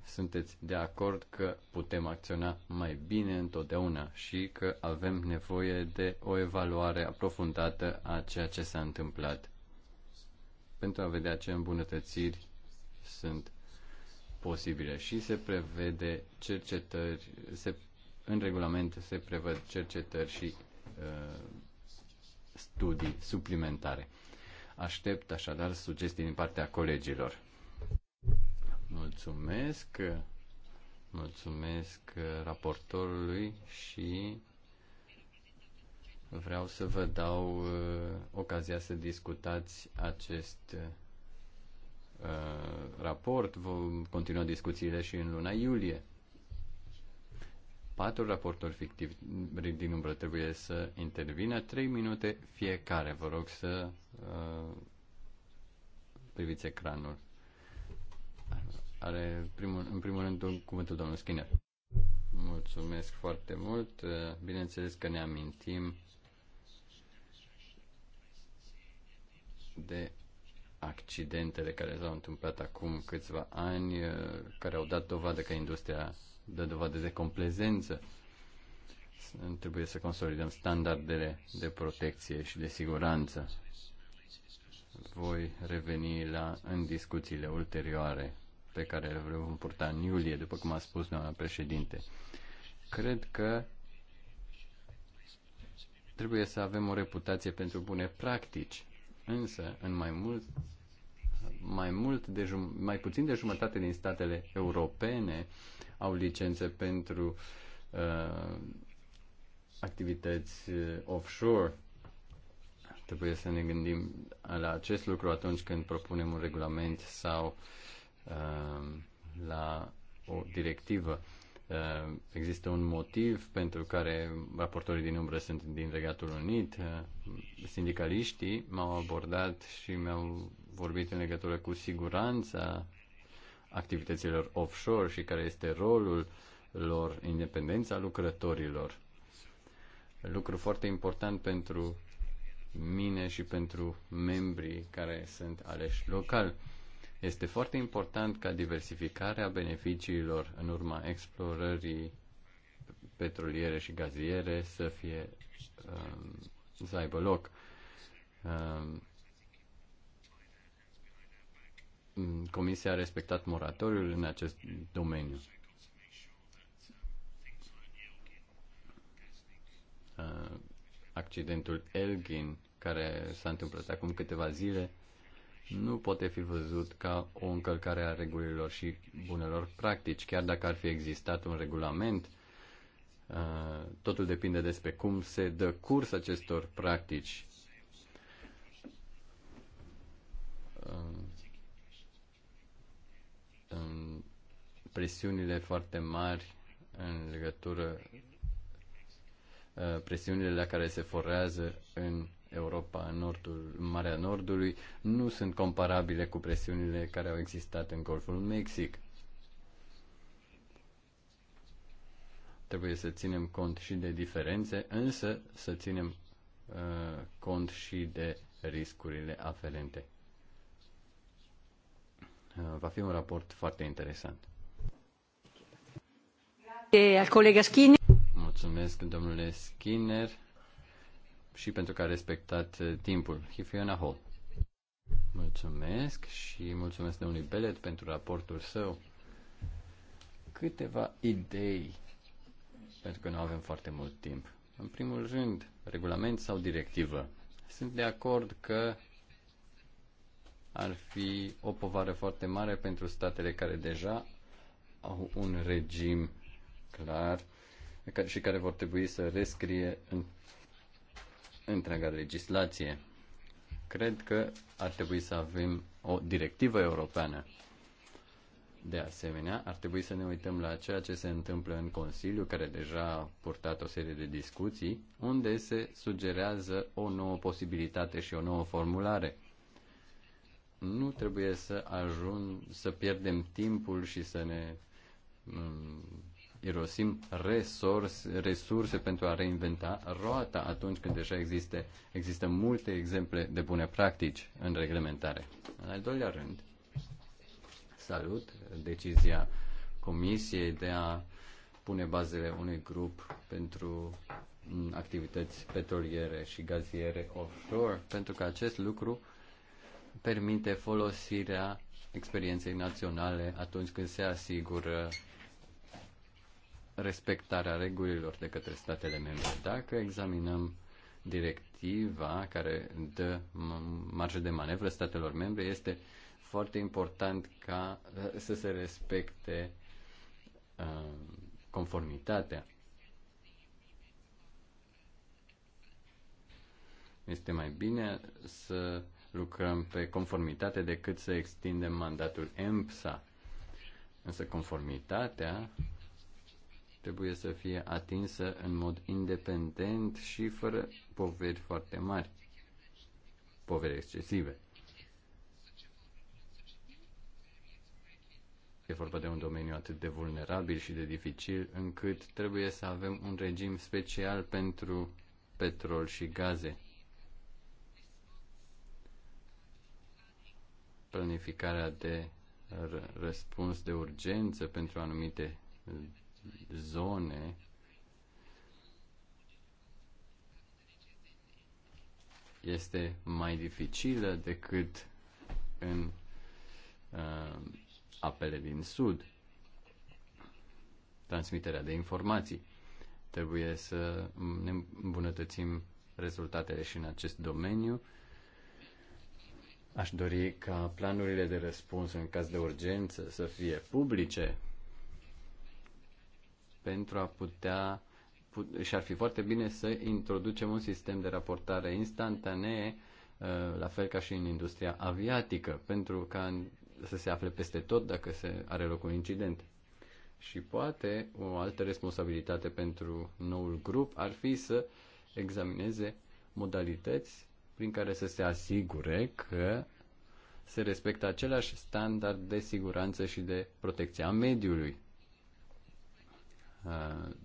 sunteți de acord că putem acționa mai bine întotdeauna și că avem nevoie de o evaluare aprofundată a ceea ce s-a întâmplat pentru a vedea ce îmbunătățiri sunt posibile și se prevede cercetări, se, în regulament se prevăd cercetări și uh, studii suplimentare. Aștept așadar sugestii din partea colegilor. Mulțumesc, mulțumesc raportorului și vreau să vă dau uh, ocazia să discutați acest uh, raport. Vom continua discuțiile și în luna iulie. Patru raportori fictivi din umbră trebuie să intervină, trei minute fiecare. Vă rog să uh, priviți ecranul. Are primul, în primul rând cuvântul domnul Skinner. Mulțumesc foarte mult. Bineînțeles că ne amintim de accidentele care s-au întâmplat acum câțiva ani, care au dat dovadă că industria dă dovadă de complezență. Trebuie să consolidăm standardele de protecție și de siguranță voi reveni la, în discuțiile ulterioare pe care le vom purta în iulie, după cum a spus doamna președinte. Cred că trebuie să avem o reputație pentru bune practici, însă în mai mult mai mult de jum- mai puțin de jumătate din statele europene au licențe pentru uh, activități uh, offshore Trebuie să ne gândim la acest lucru atunci când propunem un regulament sau uh, la o directivă. Uh, există un motiv pentru care raportorii din umbră sunt din Regatul Unit. Uh, sindicaliștii m-au abordat și mi-au vorbit în legătură cu siguranța activităților offshore și care este rolul lor, independența lucrătorilor. Lucru foarte important pentru mine și pentru membrii care sunt aleși local. Este foarte important ca diversificarea beneficiilor în urma explorării petroliere și gaziere să fie um, să aibă loc. Um, Comisia a respectat moratoriul în acest domeniu. Uh, accidentul Elgin, care s-a întâmplat acum câteva zile, nu poate fi văzut ca o încălcare a regulilor și bunelor practici, chiar dacă ar fi existat un regulament. Uh, totul depinde despre cum se dă curs acestor practici. Uh, presiunile foarte mari în legătură Uh, presiunile la care se forează în Europa, în nordul, în Marea Nordului, nu sunt comparabile cu presiunile care au existat în Golful Mexic. Trebuie să ținem cont și de diferențe, însă să ținem uh, cont și de riscurile aferente. Uh, va fi un raport foarte interesant. Al colega Schini mulțumesc, domnule Skinner, și pentru că a respectat eh, timpul. Hifiona Hall. Mulțumesc și mulțumesc domnului Belet pentru raportul său. Câteva idei, pentru că nu avem foarte mult timp. În primul rând, regulament sau directivă. Sunt de acord că ar fi o povară foarte mare pentru statele care deja au un regim clar și care vor trebui să rescrie în întreaga legislație. Cred că ar trebui să avem o directivă europeană. De asemenea, ar trebui să ne uităm la ceea ce se întâmplă în Consiliu, care deja a purtat o serie de discuții, unde se sugerează o nouă posibilitate și o nouă formulare. Nu trebuie să ajung să pierdem timpul și să ne mm, irosim resurse, resurse pentru a reinventa roata atunci când deja există, există multe exemple de bune practici în reglementare. În al doilea rând, salut decizia Comisiei de a pune bazele unui grup pentru activități petroliere și gaziere offshore, pentru că acest lucru permite folosirea experienței naționale atunci când se asigură respectarea regulilor de către statele membre. Dacă examinăm directiva care dă marge de manevră statelor membre, este foarte important ca uh, să se respecte uh, conformitatea. Este mai bine să lucrăm pe conformitate decât să extindem mandatul EMPSA. Însă conformitatea trebuie să fie atinsă în mod independent și fără poveri foarte mari, poveri excesive. E vorba de un domeniu atât de vulnerabil și de dificil încât trebuie să avem un regim special pentru petrol și gaze. Planificarea de răspuns de urgență pentru anumite zone este mai dificilă decât în uh, apele din sud. Transmiterea de informații. Trebuie să ne îmbunătățim rezultatele și în acest domeniu. Aș dori ca planurile de răspuns în caz de urgență să fie publice, pentru a putea și ar fi foarte bine să introducem un sistem de raportare instantanee, uh, la fel ca și în industria aviatică, pentru ca să se afle peste tot dacă se are loc un incident. Și poate o altă responsabilitate pentru noul grup ar fi să examineze modalități prin care să se asigure că se respectă același standard de siguranță și de protecție a mediului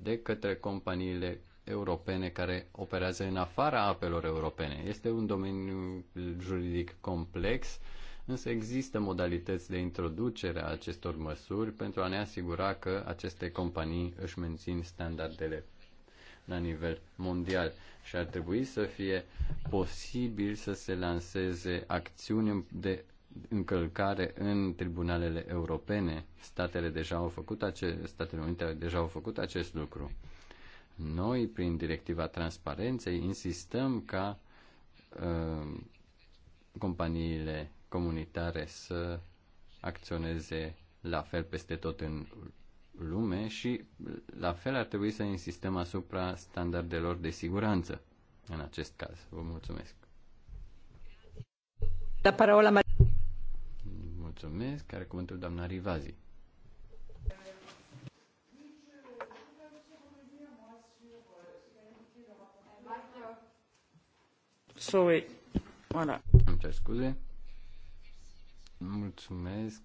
de către companiile europene care operează în afara apelor europene. Este un domeniu juridic complex, însă există modalități de introducere a acestor măsuri pentru a ne asigura că aceste companii își mențin standardele la nivel mondial și ar trebui să fie posibil să se lanseze acțiuni de încălcare în tribunalele europene. Statele, deja au făcut ace- Statele Unite deja au făcut acest lucru. Noi, prin directiva transparenței, insistăm ca uh, companiile comunitare să acționeze la fel peste tot în lume și la fel ar trebui să insistăm asupra standardelor de siguranță în acest caz. Vă mulțumesc. La parola Mulțumesc. Care cuvântul doamna Rivazi? Sorry. Îmi cer scuze. Mulțumesc.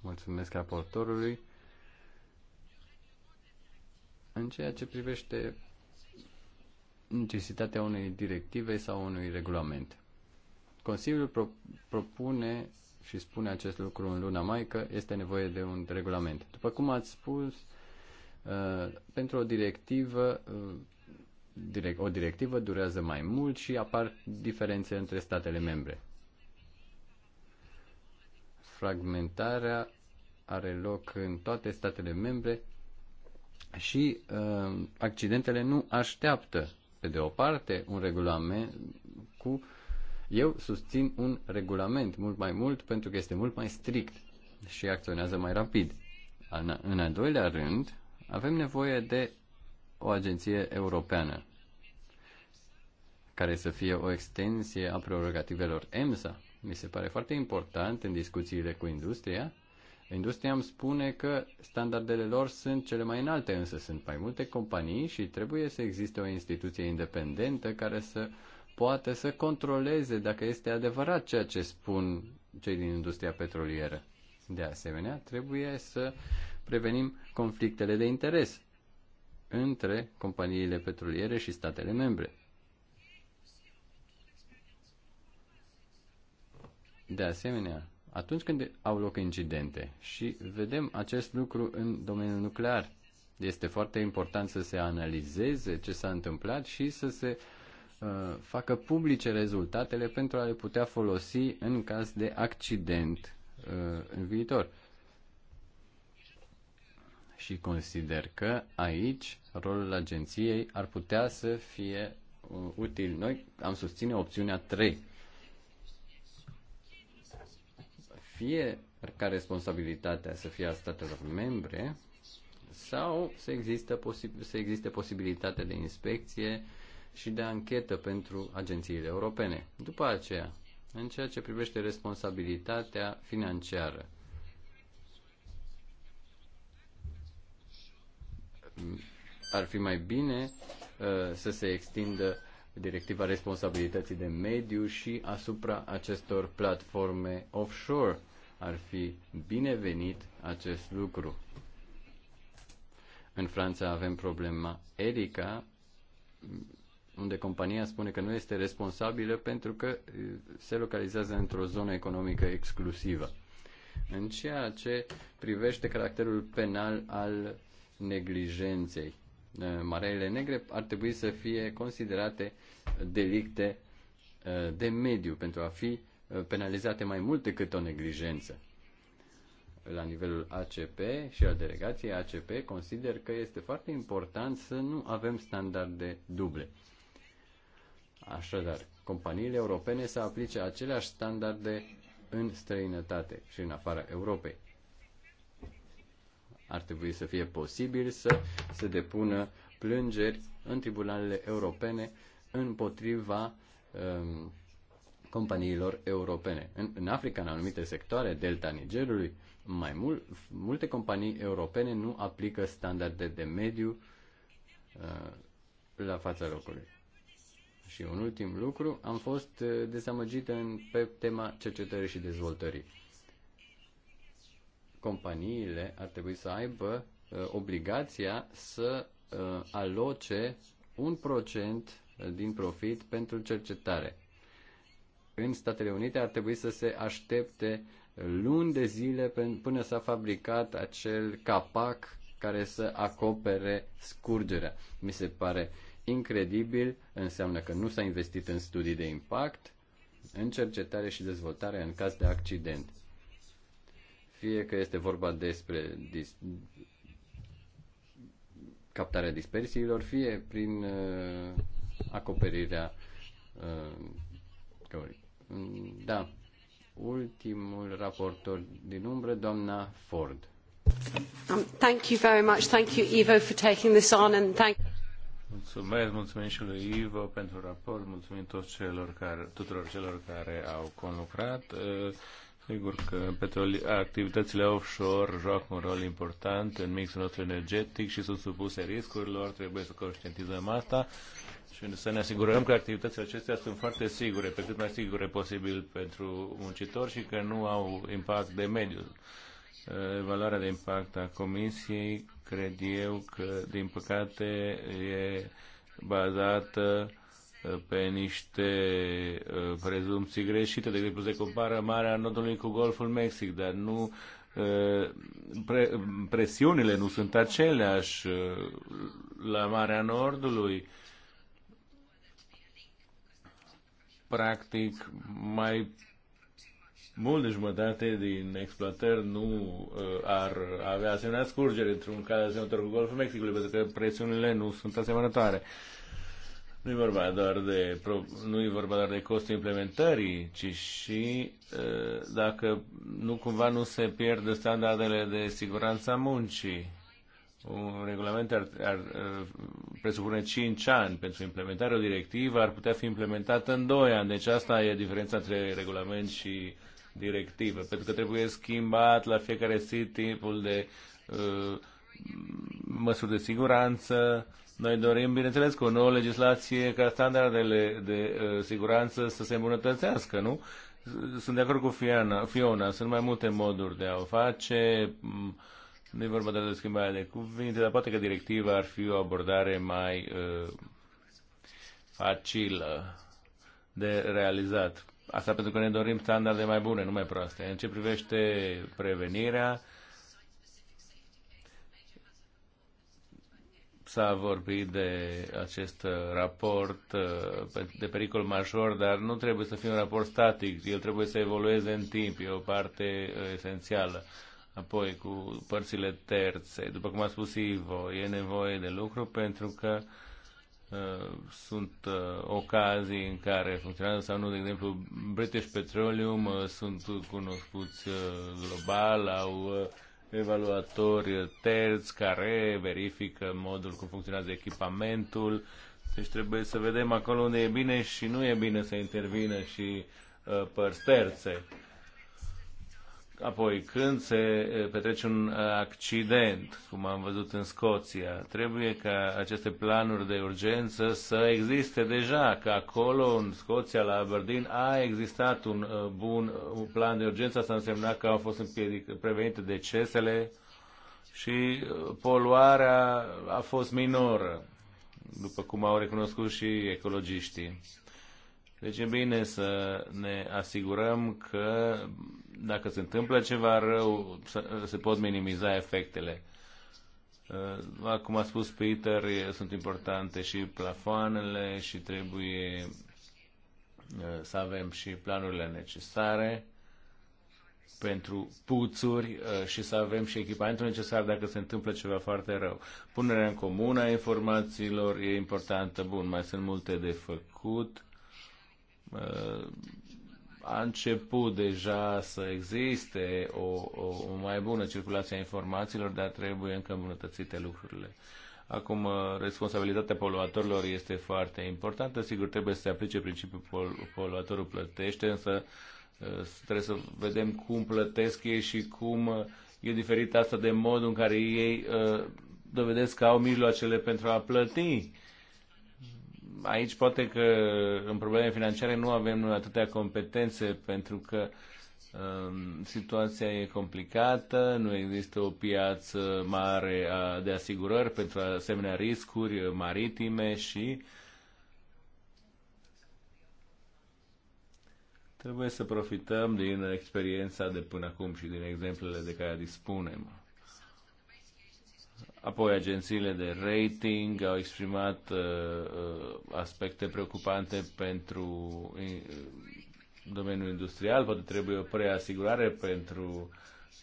Mulțumesc raportorului. În ceea ce privește necesitatea unei directive sau unui regulament. Consiliul pro- propune și spune acest lucru în luna mai că este nevoie de un regulament. După cum ați spus, uh, pentru o directivă, uh, o directivă durează mai mult și apar diferențe între statele membre. Fragmentarea are loc în toate statele membre și uh, accidentele nu așteaptă, pe de o parte, un regulament cu uh, eu susțin un regulament mult mai mult pentru că este mult mai strict și acționează mai rapid. În al doilea rând, avem nevoie de o agenție europeană care să fie o extensie a prerogativelor EMSA. Mi se pare foarte important în discuțiile cu industria. Industria îmi spune că standardele lor sunt cele mai înalte, însă sunt mai multe companii și trebuie să existe o instituție independentă care să uh, poate să controleze dacă este adevărat ceea ce spun cei din industria petrolieră. De asemenea, trebuie să prevenim conflictele de interes între companiile petroliere și statele membre. De asemenea, atunci când au loc incidente și vedem acest lucru în domeniul nuclear, este foarte important să se analizeze ce s-a întâmplat și să se uh, Uh, facă publice rezultatele pentru a le putea folosi în caz de accident uh, în viitor. Și consider că aici rolul agenției ar putea să fie uh, util. Noi am susține opțiunea 3. Fie ca responsabilitatea să fie a statelor membre sau să, există posi- să existe posibilitatea de inspecție uh, și de anchetă pentru agențiile europene. După aceea, în ceea ce privește responsabilitatea financiară, ar fi mai bine uh, să se extindă directiva responsabilității de mediu și asupra acestor platforme offshore. Ar fi binevenit acest lucru. În Franța avem problema Erica, unde compania spune că nu este responsabilă pentru că uh, se localizează într-o zonă economică exclusivă. În ceea ce privește caracterul penal al neglijenței, uh, mareile negre ar trebui să fie considerate delicte uh, de mediu pentru a fi penalizate mai mult decât o neglijență. La nivelul ACP și al delegației ACP consider că este foarte important să nu avem standarde duble. Așadar, companiile europene să aplice aceleași standarde în străinătate și în afara Europei. Ar trebui să fie posibil să se depună plângeri în tribunalele europene împotriva um, companiilor europene. În, în Africa, în anumite sectoare, delta Nigerului, mai mult, multe companii europene nu aplică standarde de mediu uh, la fața locului. Și un ultim lucru, am fost eh, dezamăgit în, pe tema cercetării și dezvoltării. Companiile ar trebui să aibă uh, obligația să uh, aloce un procent din profit pentru cercetare. În Statele Unite ar trebui să se aștepte luni de zile până s-a fabricat acel capac care să acopere scurgerea. Mi se pare uh, incredibil, înseamnă că nu s-a investit în studii de impact, în cercetare și dezvoltare în caz de accident. Fie că este vorba despre dis- captarea dispersiilor, fie prin uh, acoperirea uh, Da, ultimul raportor din umbră, doamna Ford. Um, thank you very much. Thank you, Ivo, for taking this on and thank you. Mulțumesc, mulțumim și lui Ivo pentru raport, mulțumim toți celor care, tuturor celor care au conlucrat. Eh, sigur că petroli, activitățile offshore joacă un rol important în mixul nostru energetic și sunt supuse riscurilor, trebuie să conștientizăm asta și să ne asigurăm că activitățile acestea sunt foarte sigure, pe cât mai sigure posibil pentru muncitori și că nu au impact de mediu. Evaluarea eh, de impact a Comisiei cred eu că, din păcate, e bazată uh, pe niște uh, prezumții greșite. De exemplu, se compară Marea Nordului cu Golful Mexic, dar nu uh, pre, presiunile nu sunt aceleași la Marea Nordului. Practic, mai mult de jumătate din exploatări nu uh, ar avea asemenea scurgere într-un caz asemănător cu Golful Mexicului, pentru că presiunile nu sunt asemănătoare. Nu e vorba doar de, nu e vorba doar de costul implementării, ci și uh, dacă nu cumva nu se pierd standardele de siguranță a muncii. Un regulament ar, ar uh, presupune 5 ani pentru implementare, o directivă ar putea fi implementată în 2 ani. Deci asta e diferența între regulament și uh, directivă, pentru că trebuie schimbat la fiecare zi timpul de uh, măsuri de siguranță. Noi dorim, bineînțeles, cu o nouă legislație ca standardele de uh, siguranță să se îmbunătățească, nu? Sunt de acord cu Fiona, Fiona, sunt mai multe moduri de a o face. Mm, nu e vorba de de schimbare de cuvinte, dar poate că directiva ar fi o abordare mai uh, facilă de realizat. Asta pentru că ne dorim standarde mai bune, nu mai proaste. În ce privește prevenirea, s-a vorbit de acest raport uh, de pericol major, dar nu trebuie să fie un raport static, el trebuie să evolueze în timp, e o parte uh, esențială. Apoi cu părțile terțe, după cum a spus Ivo, e nevoie de lucru pentru că uh, Uh, sunt uh, ocazii în care funcționează sau nu, de exemplu, British Petroleum uh, sunt cunoscuți global, au evaluatori terți care verifică modul cum funcționează echipamentul. Deci trebuie să vedem acolo unde e bine și nu e bine să intervină și uh, părți terțe. Apoi, când se petrece un accident, cum am văzut în Scoția, trebuie ca aceste planuri de urgență să existe deja, că acolo, în Scoția, la Aberdeen, a existat un bun plan de urgență, asta însemna că au fost prevenite decesele și poluarea a fost minoră, după cum au recunoscut și ecologiștii. Deci e bine să ne asigurăm că dacă se întâmplă ceva rău, se pot minimiza efectele. Uh, acum a spus Peter, sunt importante și plafoanele și trebuie uh, să avem și planurile necesare pentru puțuri uh, și să avem și echipamentul necesar dacă se întâmplă ceva foarte rău. Punerea în comun a informațiilor e importantă. Bun, mai sunt multe de făcut a început deja să existe o, o, o mai bună circulație a informațiilor, dar trebuie încă îmbunătățite lucrurile. Acum, uh, responsabilitatea poluatorilor este foarte importantă. Sigur, trebuie să se aplice principiul pol- poluatorul plătește, însă uh, trebuie să vedem cum plătesc ei și cum uh, e diferit asta de modul în care ei dovedesc că au mijloacele pentru a plăti aici poate că în probleme financiare nu avem atâtea competențe pentru că um, situația e complicată, nu există o piață mare de asigurări pentru asemenea riscuri maritime și trebuie să profităm din experiența de până acum și din exemplele de care dispunem. Apoi agențiile de rating au exprimat uh, uh aspecte preocupante pentru uh, domeniul industrial, poate trebuie o preasigurare pentru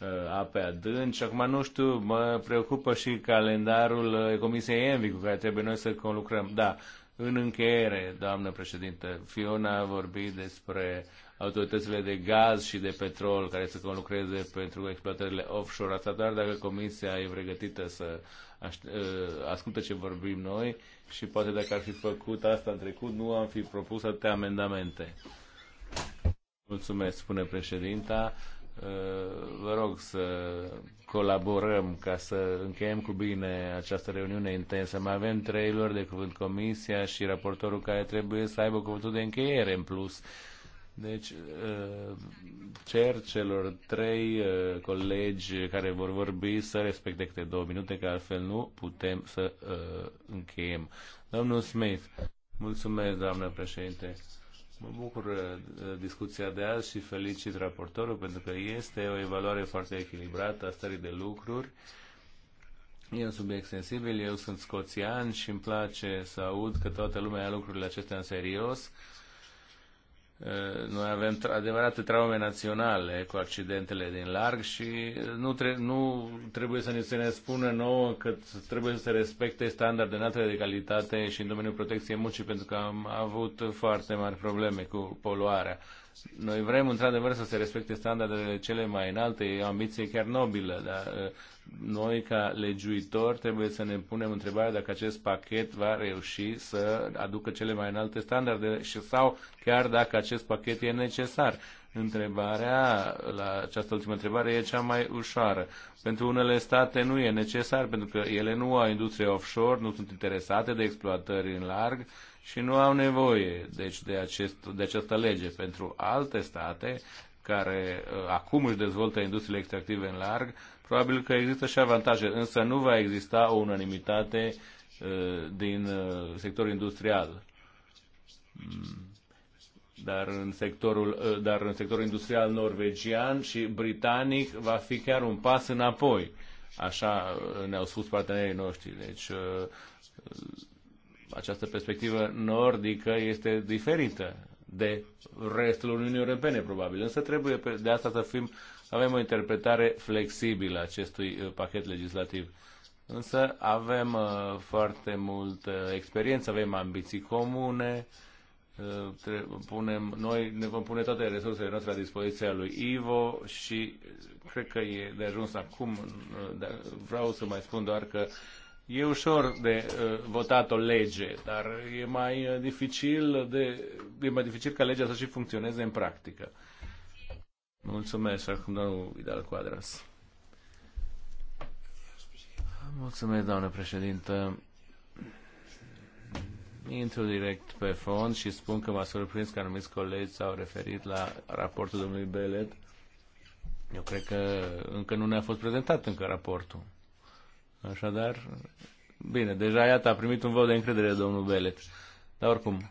uh, ape adânci. Și acum, nu știu, mă preocupă și calendarul uh, Comisiei Envi cu care trebuie noi să conlucrăm. Da, în încheiere, doamnă președinte, Fiona a vorbit despre autoritățile de gaz și de petrol care să conlucreze pentru exploatările offshore. Asta doar dacă Comisia e pregătită să ă, ascultă ce vorbim noi și poate dacă ar fi făcut asta în trecut, nu am fi propus atâtea amendamente. Mulțumesc, spune președinta. Ă, vă rog să colaborăm ca să încheiem cu bine această reuniune intensă. Mai avem trei lor de cuvânt comisia și raportorul care trebuie să aibă cuvântul de încheiere în plus. Deci uh, cer celor trei uh, colegi care vor vorbi să respecte câte două minute, că altfel nu putem să uh, încheiem. Domnul Smith, mulțumesc, doamnă președinte. Mă bucur discuția de azi și felicit raportorul pentru că este o evaluare foarte echilibrată a stării de lucruri. E un subiect sensibil, eu sunt scoțian și îmi place să aud că toată lumea ia lucrurile acestea în serios Eh, noi avem adevărate traume naționale cu accidentele din larg și eh, nu, tre- nu trebuie să ni se ne spună nouă că trebuie să se respecte standarde înalte de calitate și în domeniul protecției muncii, pentru că am avut foarte mari probleme cu poluarea. Noi vrem, într-adevăr, să se respecte standardele cele mai înalte, e o ambiție chiar nobilă, dar uh, noi, ca legiuitor trebuie să ne punem întrebarea dacă acest pachet va reuși să aducă cele mai înalte standarde și sau chiar dacă acest pachet e necesar. Întrebarea, la această ultimă întrebare, e cea mai ușoară. Pentru unele state nu e necesar, pentru că ele nu au industrie offshore, nu sunt interesate de exploatări în larg, uh, și nu au nevoie deci, de, acest, de această lege. Pentru alte state care uh, acum își dezvoltă industriile extractive în larg, probabil că există și avantaje, însă nu va exista o unanimitate uh, din uh, sectorul industrial. Mm. Dar în, sectorul, uh, dar în sectorul industrial norvegian și britanic va fi chiar un pas înapoi. Așa uh, ne-au spus partenerii noștri. Deci, uh, această perspectivă nordică este diferită de restul Uniunii Europene, probabil. Însă trebuie de asta să fim, avem o interpretare flexibilă acestui uh, pachet legislativ. Însă avem uh, foarte multă experiență, avem ambiții comune, uh, punem, noi ne vom pune toate resursele noastre la dispoziția lui Ivo și cred că e de ajuns acum. Vreau să mai spun doar că E ușor de uh, votat o lege, dar e mai uh, dificil de e mai dificil ca legea să și funcționeze în practică. Mulțumesc, acum domnul Vidal Quadras. Mulțumesc, doamnă președintă. Intru direct pe fond și spun că m-a surprins că anumiți colegi s-au referit la raportul domnului Belet. Eu cred că încă nu ne-a fost prezentat încă raportul. Așadar, bine, deja iată a primit un vot de încredere domnul Belet. Dar oricum,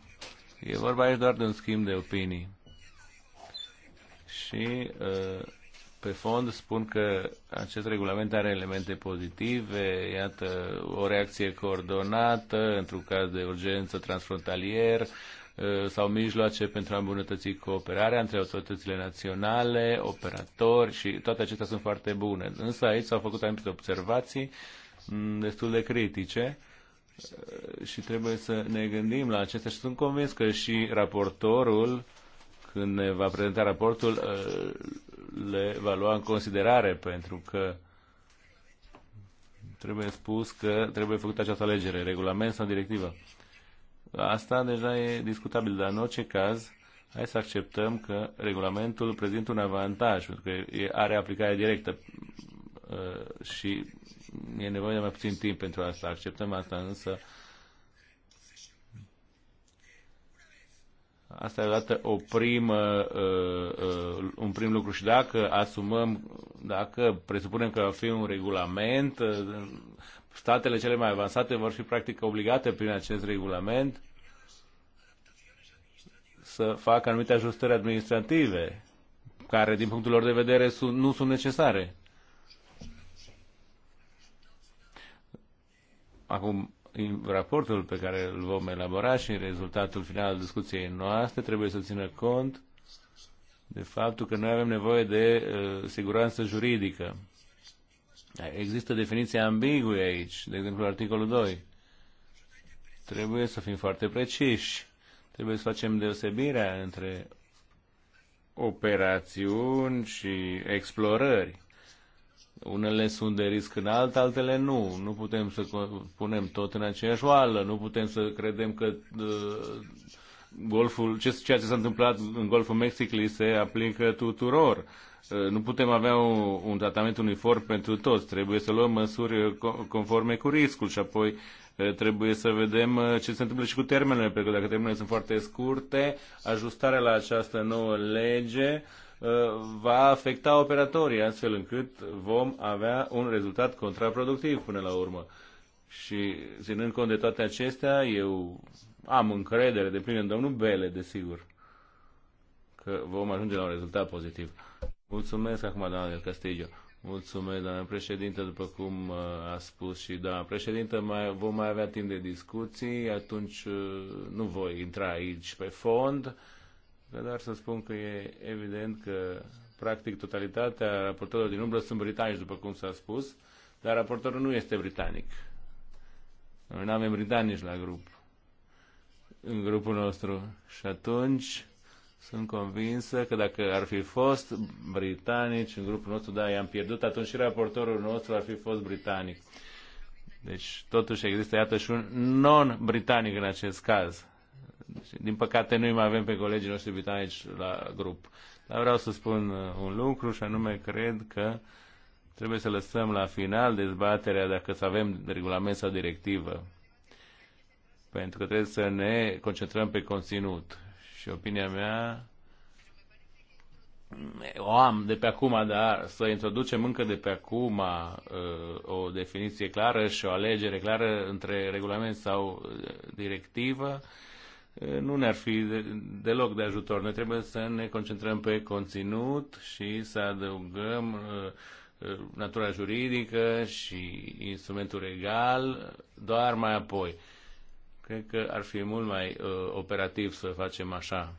e vorba aici doar de un schimb de opinii. Și uh, pe fond spun că acest regulament are elemente pozitive, iată o reacție coordonată într-un caz de urgență transfrontalier, Uh, sau mijloace pentru a îmbunătăți cooperarea între autoritățile naționale, operatori și toate acestea sunt foarte bune. Însă aici s-au făcut anumite observații mm, destul de critice uh, și trebuie să ne gândim la acestea și sunt convins că și raportorul când ne va prezenta raportul uh, le va lua în considerare pentru că trebuie spus că trebuie făcută această alegere, regulament sau directivă. Asta deja e discutabil, dar în orice caz, hai să acceptăm că regulamentul prezintă un avantaj, pentru că are aplicare directă uh, și e nevoie de mai puțin timp pentru asta. Acceptăm asta, însă Asta e odată o primă, uh, uh, un prim lucru și dacă asumăm, dacă presupunem că va fi un regulament, uh, statele cele mai avansate vor fi practic obligate prin acest regulament să facă anumite ajustări administrative care, din punctul lor de vedere, nu sunt necesare. Acum, în raportul pe care îl vom elabora și în rezultatul final al discuției noastre trebuie să țină cont de faptul că noi avem nevoie de uh, siguranță juridică Există definiții ambigue aici, de exemplu articolul 2. Trebuie să fim foarte preciși. Trebuie să facem deosebirea între operațiuni și explorări. Unele sunt de risc în alt, altele nu. Nu putem să punem tot în aceeași oală, nu putem să credem că uh, golful, ce, ceea ce s-a întâmplat în Golful Mexicului se aplică tuturor. Uh, nu putem avea un, un tratament uniform pentru toți. Trebuie să luăm măsuri conforme cu riscul și apoi uh, trebuie să vedem uh, ce se întâmplă și cu termenele, pentru că dacă termenele sunt foarte scurte, ajustarea la această nouă lege va afecta operatorii, astfel încât vom avea un rezultat contraproductiv până la urmă. Și ținând cont de toate acestea, eu am încredere de plin în domnul Bele, desigur, că vom ajunge la un rezultat pozitiv. Mulțumesc acum, doamna del Castillo. Mulțumesc, doamna președinte, după cum uh, a spus și doamna președinte, mai, vom mai avea timp de discuții, atunci uh, nu voi intra aici pe fond, doar să spun că e evident că practic totalitatea raportorilor din umbră sunt britanici, după cum s-a spus, dar raportorul nu este britanic. Noi nu avem britanici la grup în grupul nostru. Și atunci sunt convinsă că dacă ar fi fost britanici în grupul nostru, da, i-am pierdut, atunci și raportorul nostru ar fi fost britanic. Deci, totuși există, iată, și un non-britanic în acest caz. Deci, din păcate, nu mai avem pe colegii noștri britanici la grup. Dar vreau să spun uh, un lucru și anume, cred că trebuie să lăsăm la final dezbaterea dacă să avem regulament sau directivă pentru că trebuie să ne concentrăm pe conținut. Și opinia mea o am de pe acum, dar să introducem încă de pe acum uh, o definiție clară și o alegere clară între regulament sau uh, directivă uh, nu ne-ar fi deloc de ajutor. Noi trebuie să ne concentrăm pe conținut și să adăugăm natura juridică și instrumentul legal doar mai apoi. Cred că ar fi mult mai uh, operativ să facem așa.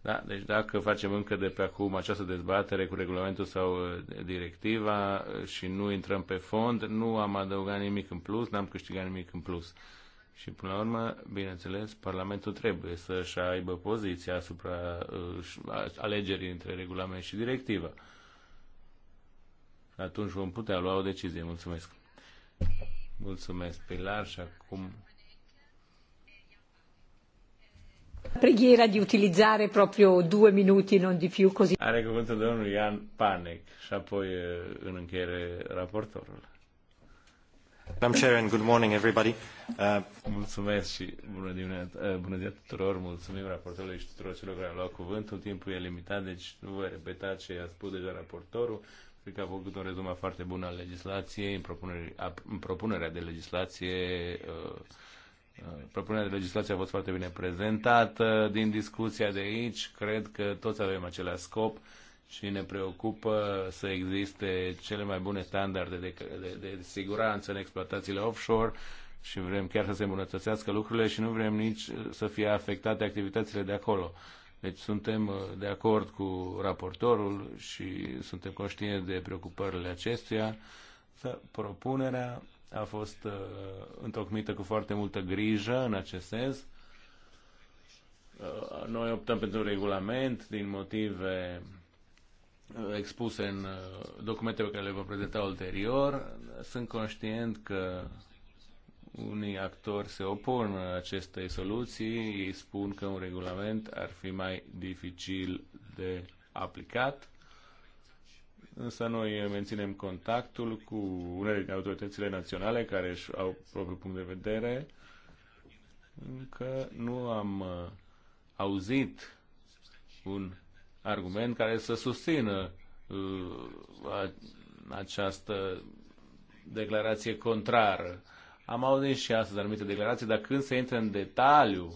Da, deci dacă facem încă de pe acum această dezbatere cu regulamentul sau uh, directiva uh, și nu intrăm pe fond, nu am adăugat nimic în plus, n-am câștigat nimic în plus. Și până la urmă, bineînțeles, Parlamentul trebuie să-și aibă poziția asupra uh, alegerii între regulament și directiva. Atunci vom putea lua o decizie. Mulțumesc! Mulțumesc, Pilar, și acum... Preghiera di utilizzare proprio due minuti, non di più, così... Are cuvântul domnul Ian Panek și apoi eh, în încheiere raportorul. I'm Chair good morning everybody. Uh... Mulțumesc și bună dimineața, eh, bună ziua tuturor, mulțumim raportorului și tuturor celor care au luat cuvântul. Timpul e limitat, deci nu voi repeta ce a spus deja raportorul. Cred că a făcut un rezumat foarte bun al legislației, în, a, în propunerea de legislație. Uh, uh, Propunerea de legislație a fost foarte bine prezentată din discuția de aici. Cred că toți avem același scop și ne preocupă să existe cele mai bune standarde de, de, de siguranță în exploatațiile offshore și vrem chiar să se îmbunătățească lucrurile și nu vrem nici să fie afectate activitățile de acolo. Uh, deci suntem uh, de acord cu raportorul și suntem conștienți de preocupările acestuia. Propunerea a fost uh, întocmită cu foarte multă grijă în acest sens. Uh, noi optăm pentru un regulament din motive expuse în documentele pe care le vom prezenta ulterior. Sunt conștient că unii actori se opun acestei soluții, ei spun că un regulament ar fi mai dificil de aplicat, însă noi menținem contactul cu unele din autoritățile naționale care își au propriul punct de vedere. Încă nu am uh, auzit un argument care să susțină uh, această declarație contrară am auzit și astăzi anumite declarații, dar când se intră în detaliu,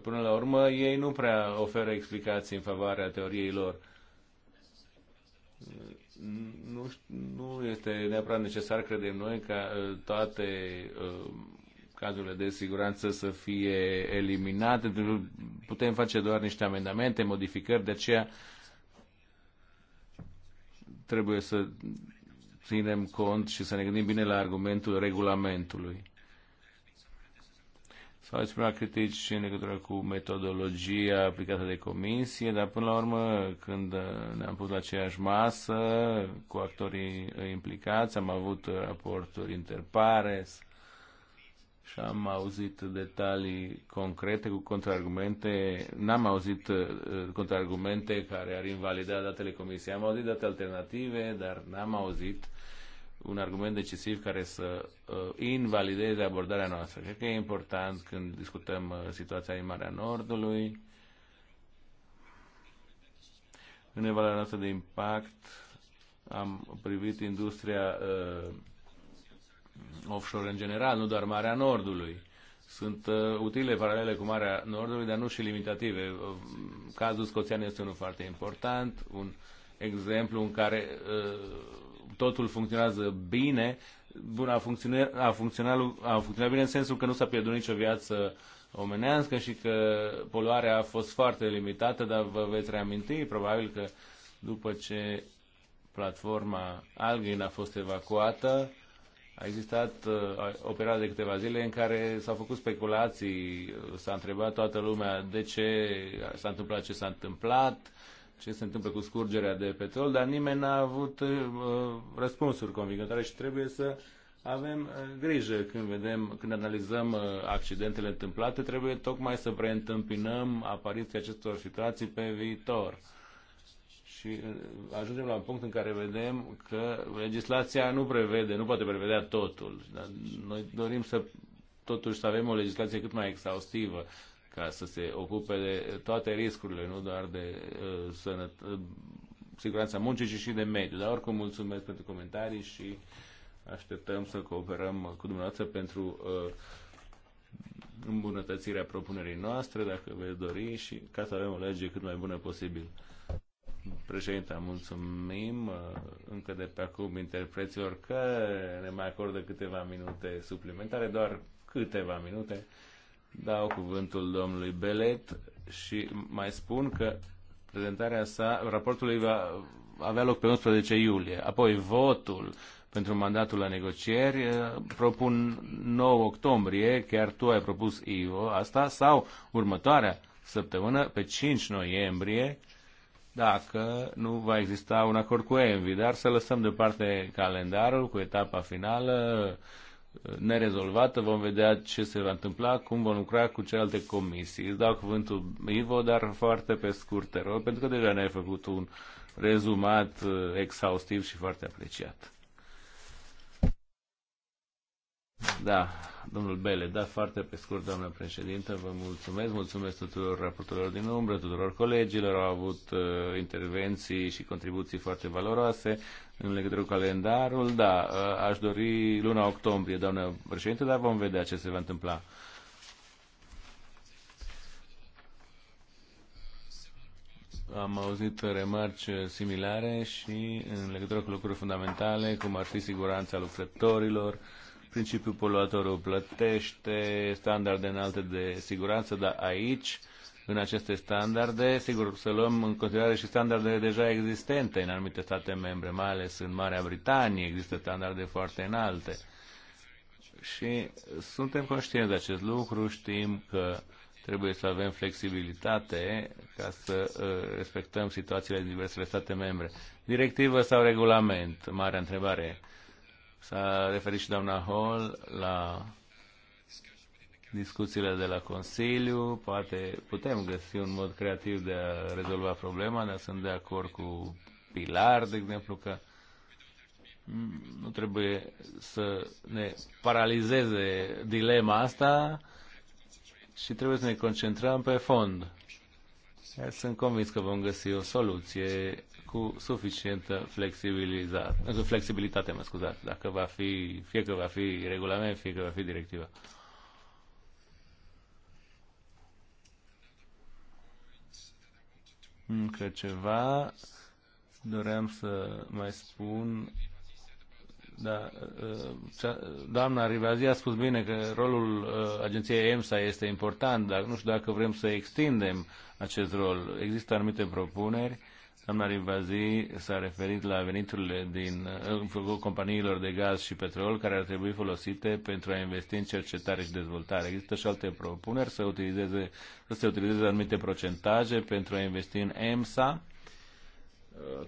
până la urmă, ei nu prea oferă explicații în favoarea teoriei lor. Nu, nu este neapărat necesar, credem noi, ca ă, toate ă, cazurile de siguranță să fie eliminate. Putem face doar niște amendamente, modificări, de aceea trebuie să ținem cont și să ne gândim bine la argumentul regulamentului. Sau au exprimat critici și în legătură cu metodologia aplicată de comisie, dar până la urmă, când ne-am pus la aceeași masă cu actorii implicați, am avut raporturi interpares, și am auzit detalii concrete cu contraargumente. N-am auzit uh, contraargumente care ar invalida datele comisiei. Am auzit date alternative, dar n-am auzit un argument decisiv care să uh, invalideze abordarea noastră. Cred că e important când discutăm uh, situația în Marea Nordului, în evaluarea noastră de impact, am privit industria uh, offshore în general, nu doar Marea Nordului. Sunt uh, utile paralele cu Marea Nordului, dar nu și limitative. Uh, cazul scoțian este unul foarte important, un exemplu în care uh, totul funcționează bine. Bun, a funcționat, a, funcționat, a funcționat bine în sensul că nu s-a pierdut nicio viață omenească și că poluarea a fost foarte limitată, dar vă veți reaminti probabil că după ce platforma Algin a fost evacuată, a existat uh, o perioadă de câteva zile în care s-au făcut speculații, uh, s-a întrebat toată lumea de ce s-a întâmplat ce s-a întâmplat, ce se întâmplă cu scurgerea de petrol, dar nimeni n-a avut uh, răspunsuri convingătoare și trebuie să avem grijă când vedem, când analizăm accidentele întâmplate, trebuie tocmai să preîntâmpinăm apariția acestor situații pe viitor și uh, ajungem la un punct în care vedem că legislația nu prevede, nu poate prevedea totul. Dar noi dorim să totuși să avem o legislație cât mai exhaustivă ca să se ocupe de toate riscurile, nu doar de uh, sănăt- uh, siguranța muncii, ci și de mediu. Dar oricum mulțumesc pentru comentarii și așteptăm să cooperăm cu dumneavoastră pentru uh, îmbunătățirea propunerii noastre, dacă veți dori, și ca să avem o lege cât mai bună posibil. Președinte, mulțumim uh, încă de pe acum interpreților că ne mai acordă câteva minute suplimentare, doar câteva minute. Dau cuvântul domnului Belet și mai spun că prezentarea sa, raportului va avea loc pe 11 iulie. Apoi votul pentru mandatul la negocieri, uh, propun 9 octombrie, chiar tu ai propus Ivo asta, sau următoarea săptămână, pe 5 noiembrie, dacă nu va exista un acord cu Envi, dar să lăsăm deoparte calendarul cu etapa finală nerezolvată, vom vedea ce se va întâmpla, cum vom lucra cu celelalte comisii. Îți dau cuvântul Ivo, dar foarte pe scurt, te rog, pentru că deja ne-ai făcut un rezumat uh, exhaustiv și foarte apreciat. Da, Domnul Bele, da, foarte pe scurt, doamnă președintă, vă mulțumesc, mulțumesc tuturor raportorilor din umbră, tuturor colegilor, au avut uh, intervenții și contribuții foarte valoroase în legătură cu calendarul, da, uh, aș dori luna octombrie, doamnă președintă, dar vom vedea ce se va întâmpla. Am auzit remarci similare și în legătură cu lucruri fundamentale, cum ar fi siguranța lucrătorilor, uh, principiul poluatorul plătește, standarde înalte de siguranță, dar aici, în aceste standarde, sigur, să luăm în considerare și standardele deja existente în anumite state membre, mai ales în Marea Britanie există standarde foarte înalte. Și suntem conștienți de acest lucru, știm că trebuie să avem flexibilitate ca să uh, respectăm situațiile din diversele state membre. Directivă sau regulament? Marea întrebare. S-a referit și doamna Hall la discuțiile de la Consiliu. Poate putem găsi un mod creativ de a rezolva problema, dar sunt de acord cu Pilar, de exemplu, că nu trebuie să ne paralizeze dilema asta și trebuie să ne concentrăm pe fond. Sunt convins că vom găsi o soluție cu suficientă flexibilizare, flexibilitate, mă scuzați, dacă va fi, fie că va fi regulament, fie că va fi directivă. Încă ceva doream să mai spun da, uh, doamna Rivazi a spus bine că rolul uh, agenției EMSA este important, dar nu știu dacă vrem să extindem acest rol. Există anumite propuneri Doamna Rivazi s-a referit la veniturile din companiilor de gaz și petrol care ar trebui folosite pentru a investi în cercetare și dezvoltare. Există și alte propuneri să, utilizeze, să se utilizeze anumite procentaje pentru a investi în EMSA,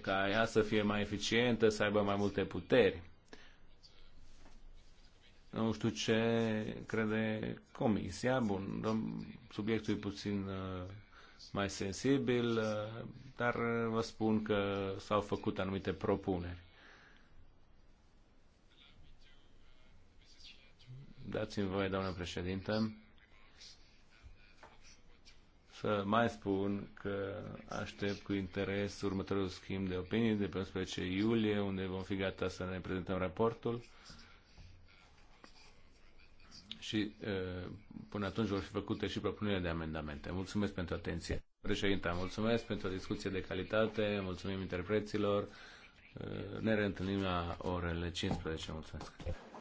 ca ea să fie mai eficientă, să aibă mai multe puteri. Nu știu ce crede comisia. Bun, subiectul e puțin uh, mai sensibil. Uh, dar uh, vă spun că s-au făcut anumite propuneri. Dați-mi voie, doamnă președintă, să mai spun că aștept cu interes următorul schimb de opinii de pe 11 iulie, unde vom fi gata să ne prezentăm raportul și uh, până atunci vor fi făcute și propunerea de amendamente. Mulțumesc pentru atenție. Președinte, mulțumesc pentru o discuție de calitate, mulțumim interpreților. Ne reîntâlnim la orele 15. Mulțumesc!